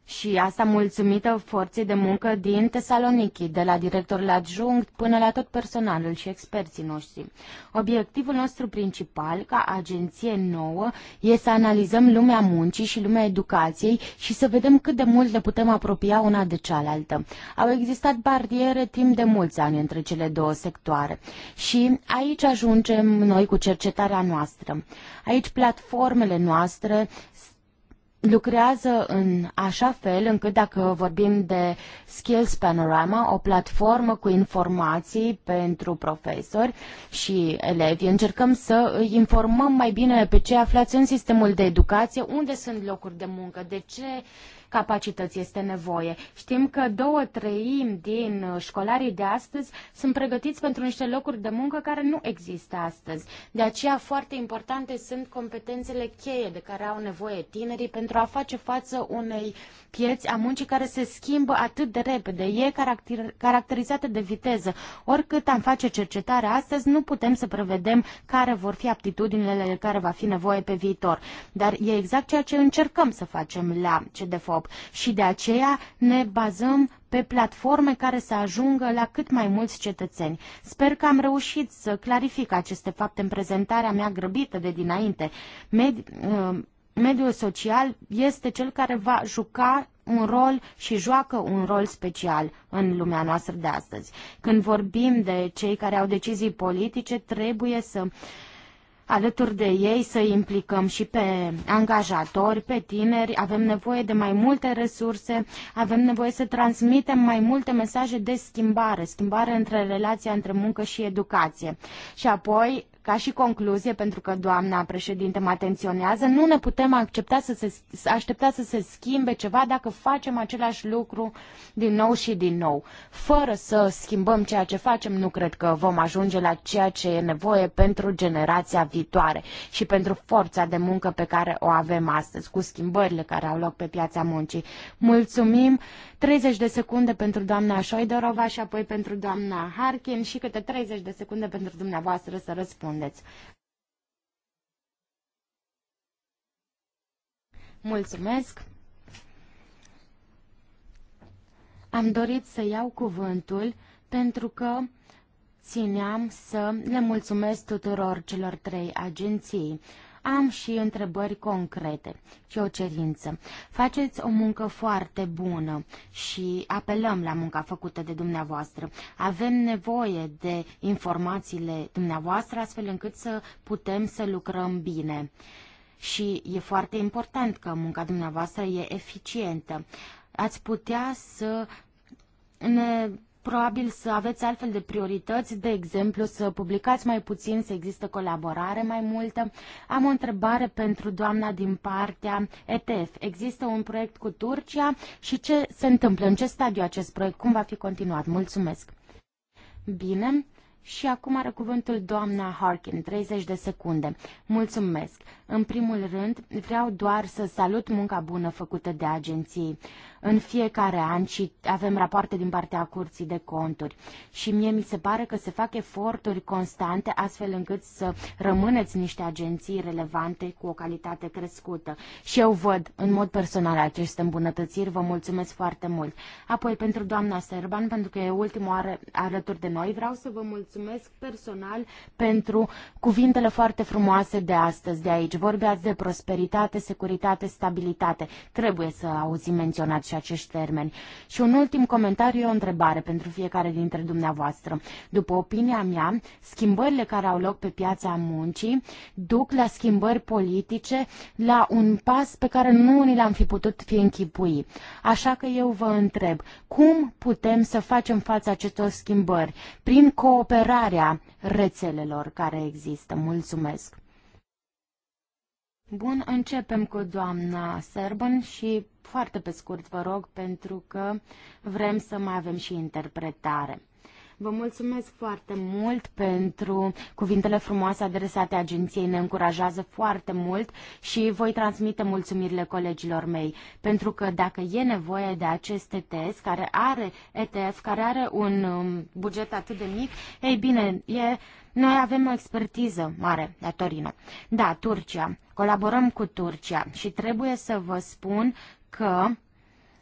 [SPEAKER 2] Și asta mulțumită forței de muncă din Tesaloniki, de la directorul adjunct până la tot personalul și experții noștri. Obiectivul nostru principal, ca agenție nouă, este să analizăm lumea muncii și lumea educației și să vedem cât de mult le putem apropia una de cealaltă. Au existat bariere timp de mulți ani între cele două sectoare și aici ajungem noi cu cercetarea noastră. Aici platformele noastre lucrează în așa fel încât dacă vorbim de Skills Panorama, o platformă cu informații pentru profesori și elevi, încercăm să îi informăm mai bine pe cei aflați în sistemul de educație, unde sunt locuri de muncă, de ce capacități este nevoie. Știm că două treimi din școlarii de astăzi sunt pregătiți pentru niște locuri de muncă care nu există astăzi. De aceea foarte importante sunt competențele cheie de care au nevoie tinerii pentru a face față unei pieți a muncii care se schimbă atât de repede. E caracter, caracterizată de viteză. Oricât am face cercetare astăzi, nu putem să prevedem care vor fi aptitudinile care va fi nevoie pe viitor. Dar e exact ceea ce încercăm să facem la CDFOP loc și de aceea ne bazăm pe platforme care să ajungă la cât mai mulți cetățeni. Sper că am reușit să clarific aceste fapte în prezentarea mea grăbită de dinainte. Medi- uh, mediul social este cel care va juca un rol și joacă un rol special în lumea noastră de astăzi. Când vorbim de cei care au decizii politice, trebuie să alături de ei să implicăm și pe angajatori, pe tineri, avem nevoie de mai multe resurse, avem nevoie să transmitem mai multe mesaje de schimbare, schimbare între relația între muncă și educație. Și apoi ca și concluzie, pentru că doamna președinte mă atenționează, nu ne putem accepta să se, să aștepta să se schimbe ceva dacă facem același lucru din nou și din nou. Fără să schimbăm ceea ce facem, nu cred că vom ajunge la ceea ce e nevoie pentru generația viitoare și pentru forța de muncă pe care o avem astăzi, cu schimbările care au loc pe piața muncii. Mulțumim! 30 de secunde pentru doamna Șoidorova și apoi pentru doamna Harkin și câte 30 de secunde pentru dumneavoastră să răspund răspundeți. Mulțumesc! Am dorit să iau cuvântul pentru că țineam să le mulțumesc tuturor celor trei agenții. Am și întrebări concrete și o cerință. Faceți o muncă foarte bună și apelăm la munca făcută de dumneavoastră. Avem nevoie de informațiile dumneavoastră astfel încât să putem să lucrăm bine. Și e foarte important că munca dumneavoastră e eficientă. Ați putea să ne Probabil să aveți altfel de priorități, de exemplu să publicați mai puțin, să există colaborare mai multă. Am o întrebare pentru doamna din partea ETF. Există un proiect cu Turcia și ce se întâmplă? În ce stadiu acest proiect? Cum va fi continuat? Mulțumesc! Bine, și acum are cuvântul doamna Harkin, 30 de secunde. Mulțumesc! În primul rând, vreau doar să salut munca bună făcută de agenții. În fiecare an avem rapoarte din partea Curții de Conturi și mie mi se pare că se fac eforturi constante astfel încât să rămâneți niște agenții relevante cu o calitate crescută. Și eu văd în mod personal aceste îmbunătățiri, vă mulțumesc foarte mult. Apoi pentru doamna Serban, pentru că e ultima oară alături de noi, vreau să vă mulțumesc personal pentru cuvintele foarte frumoase de astăzi de aici. Vorbeați de prosperitate, securitate, stabilitate. Trebuie să auzim menționat și și acești termeni. Și un ultim comentariu, o întrebare pentru fiecare dintre dumneavoastră. După opinia mea, schimbările care au loc pe piața muncii duc la schimbări politice, la un pas pe care nu ni l-am fi putut fi închipui. Așa că eu vă întreb, cum putem să facem față acestor schimbări? Prin cooperarea rețelelor care există. Mulțumesc! Bun, începem cu doamna Serban și foarte pe scurt vă rog pentru că vrem să mai avem și interpretare. Vă mulțumesc foarte mult pentru cuvintele frumoase adresate agenției. Ne încurajează foarte mult și voi transmite mulțumirile colegilor mei. Pentru că dacă e nevoie de acest ETS care are ETF, care are un um, buget atât de mic, ei bine, e noi avem o expertiză mare la Torino. Da, Turcia. Colaborăm cu Turcia și trebuie să vă spun că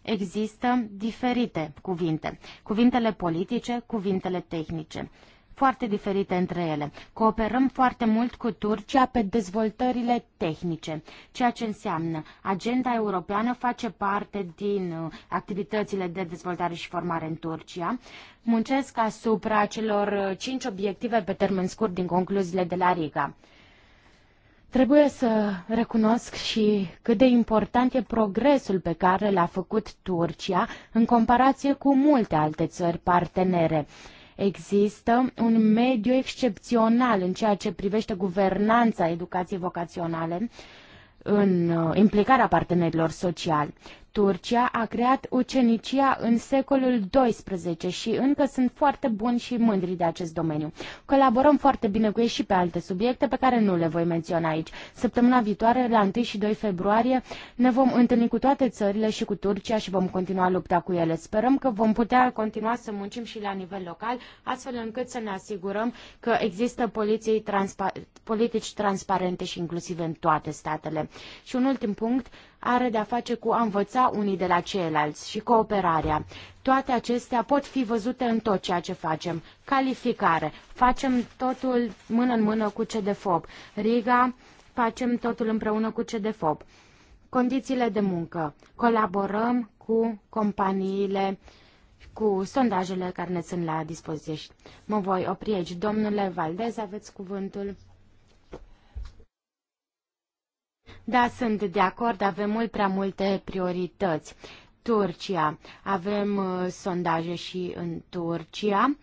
[SPEAKER 2] există diferite cuvinte. Cuvintele politice, cuvintele tehnice foarte diferite între ele. Cooperăm foarte mult cu Turcia pe dezvoltările tehnice, ceea ce înseamnă agenda europeană face parte din uh, activitățile de dezvoltare și formare în Turcia. Muncesc asupra celor uh, cinci obiective pe termen scurt din concluziile de la Riga. Trebuie să recunosc și cât de important e progresul pe care l-a făcut Turcia în comparație cu multe alte țări partenere. Există un mediu excepțional în ceea ce privește guvernanța educației vocaționale, în uh, implicarea partenerilor sociali. Turcia a creat ucenicia în secolul XII și încă sunt foarte buni și mândri de acest domeniu. Colaborăm foarte bine cu ei și pe alte subiecte pe care nu le voi menționa aici. Săptămâna viitoare, la 1 și 2 februarie, ne vom întâlni cu toate țările și cu Turcia și vom continua lupta cu ele. Sperăm că vom putea continua să muncim și la nivel local, astfel încât să ne asigurăm că există poliții transpa- politici transparente și inclusive în toate statele. Și un ultim punct, are de-a face cu a învăța unii de la ceilalți și cooperarea. Toate acestea pot fi văzute în tot ceea ce facem. Calificare. Facem totul mână în mână cu CDFOB. Riga. Facem totul împreună cu CDFOB. Condițiile de muncă. Colaborăm cu companiile cu sondajele care ne sunt la dispoziție. Mă voi opri aici. Domnule Valdez, aveți cuvântul. Da, sunt de acord, avem mult prea multe priorități. Turcia. Avem uh, sondaje și în Turcia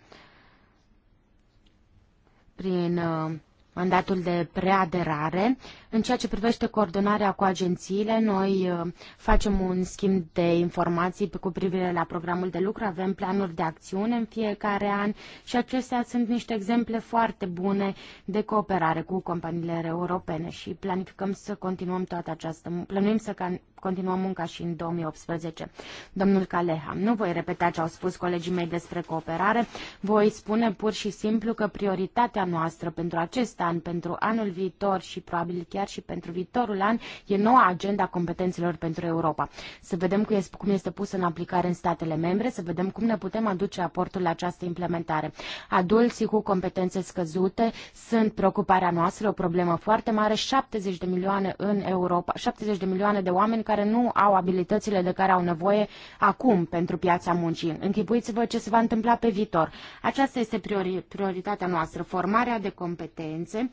[SPEAKER 2] prin uh, mandatul de preaderare. În ceea ce privește coordonarea cu agențiile, noi uh, facem un schimb de informații cu privire la programul de lucru, avem planuri de acțiune în fiecare an și acestea sunt niște exemple foarte bune de cooperare cu companiile europene și planificăm să continuăm toată această, plănuim să continuăm munca și în 2018. Domnul Caleha, nu voi repeta ce au spus colegii mei despre cooperare, voi spune pur și simplu că prioritatea noastră pentru acest an, pentru anul viitor și probabil chiar chiar și pentru viitorul an, e noua agenda competențelor pentru Europa. Să vedem cum este pusă în aplicare în statele membre, să vedem cum ne putem aduce aportul la această implementare. Adulții cu competențe scăzute sunt preocuparea noastră, o problemă foarte mare, 70 de milioane în Europa, 70 de milioane de oameni care nu au abilitățile de care au nevoie acum pentru piața muncii. Închipuiți-vă ce se va întâmpla pe viitor. Aceasta este priori, prioritatea noastră, formarea de competențe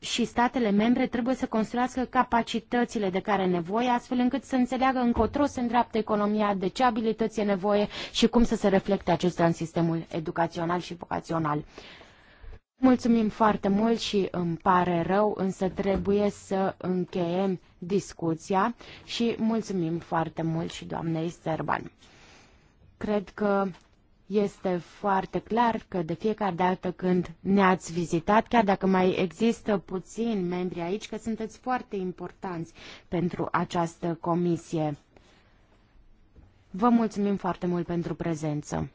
[SPEAKER 2] și statele membre trebuie să construiască capacitățile de care nevoie, astfel încât să înțeleagă încotro se îndreaptă economia, de ce abilități e nevoie și cum să se reflecte acestea în sistemul educațional și vocațional. Mulțumim foarte mult și îmi pare rău, însă trebuie să încheiem discuția și mulțumim foarte mult și doamnei Serban. Cred că este foarte clar că de fiecare dată când ne-ați vizitat, chiar dacă mai există puțini membri aici, că sunteți foarte importanți pentru această comisie. Vă mulțumim foarte mult pentru prezență.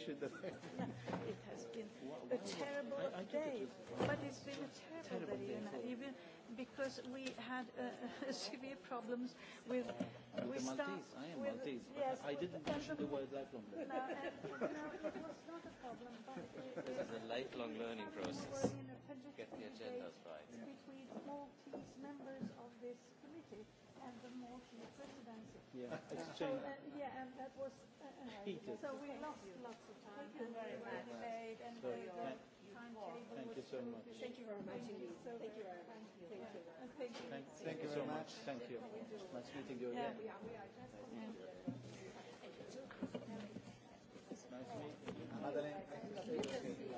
[SPEAKER 1] should have.
[SPEAKER 5] it has been a terrible I, I day, but it's
[SPEAKER 1] been a terrible, terrible day, day for... even because we had uh, severe problems with uh, with the Maltese. I am with, Maltese. Yes, I didn't mention the, the word lifelong learning. No, and, no, it was not a problem. But it, this is a lifelong learning process. Get the agendas right. Between Maltese members of this committee and the Morton presidency. Yeah, exchange. So, uh, yeah, and that was uh, uh, So we lost lots of time. Thank you very much. Delayed and so, the, timetable Thank you so much. Thank you very much you So thank you very much. Thank you. Thank you. Thank, thank you so much. Thank you. Nice meeting you again. Yeah, we are. We are just thank you. Nice
[SPEAKER 4] meeting you. Madeleine,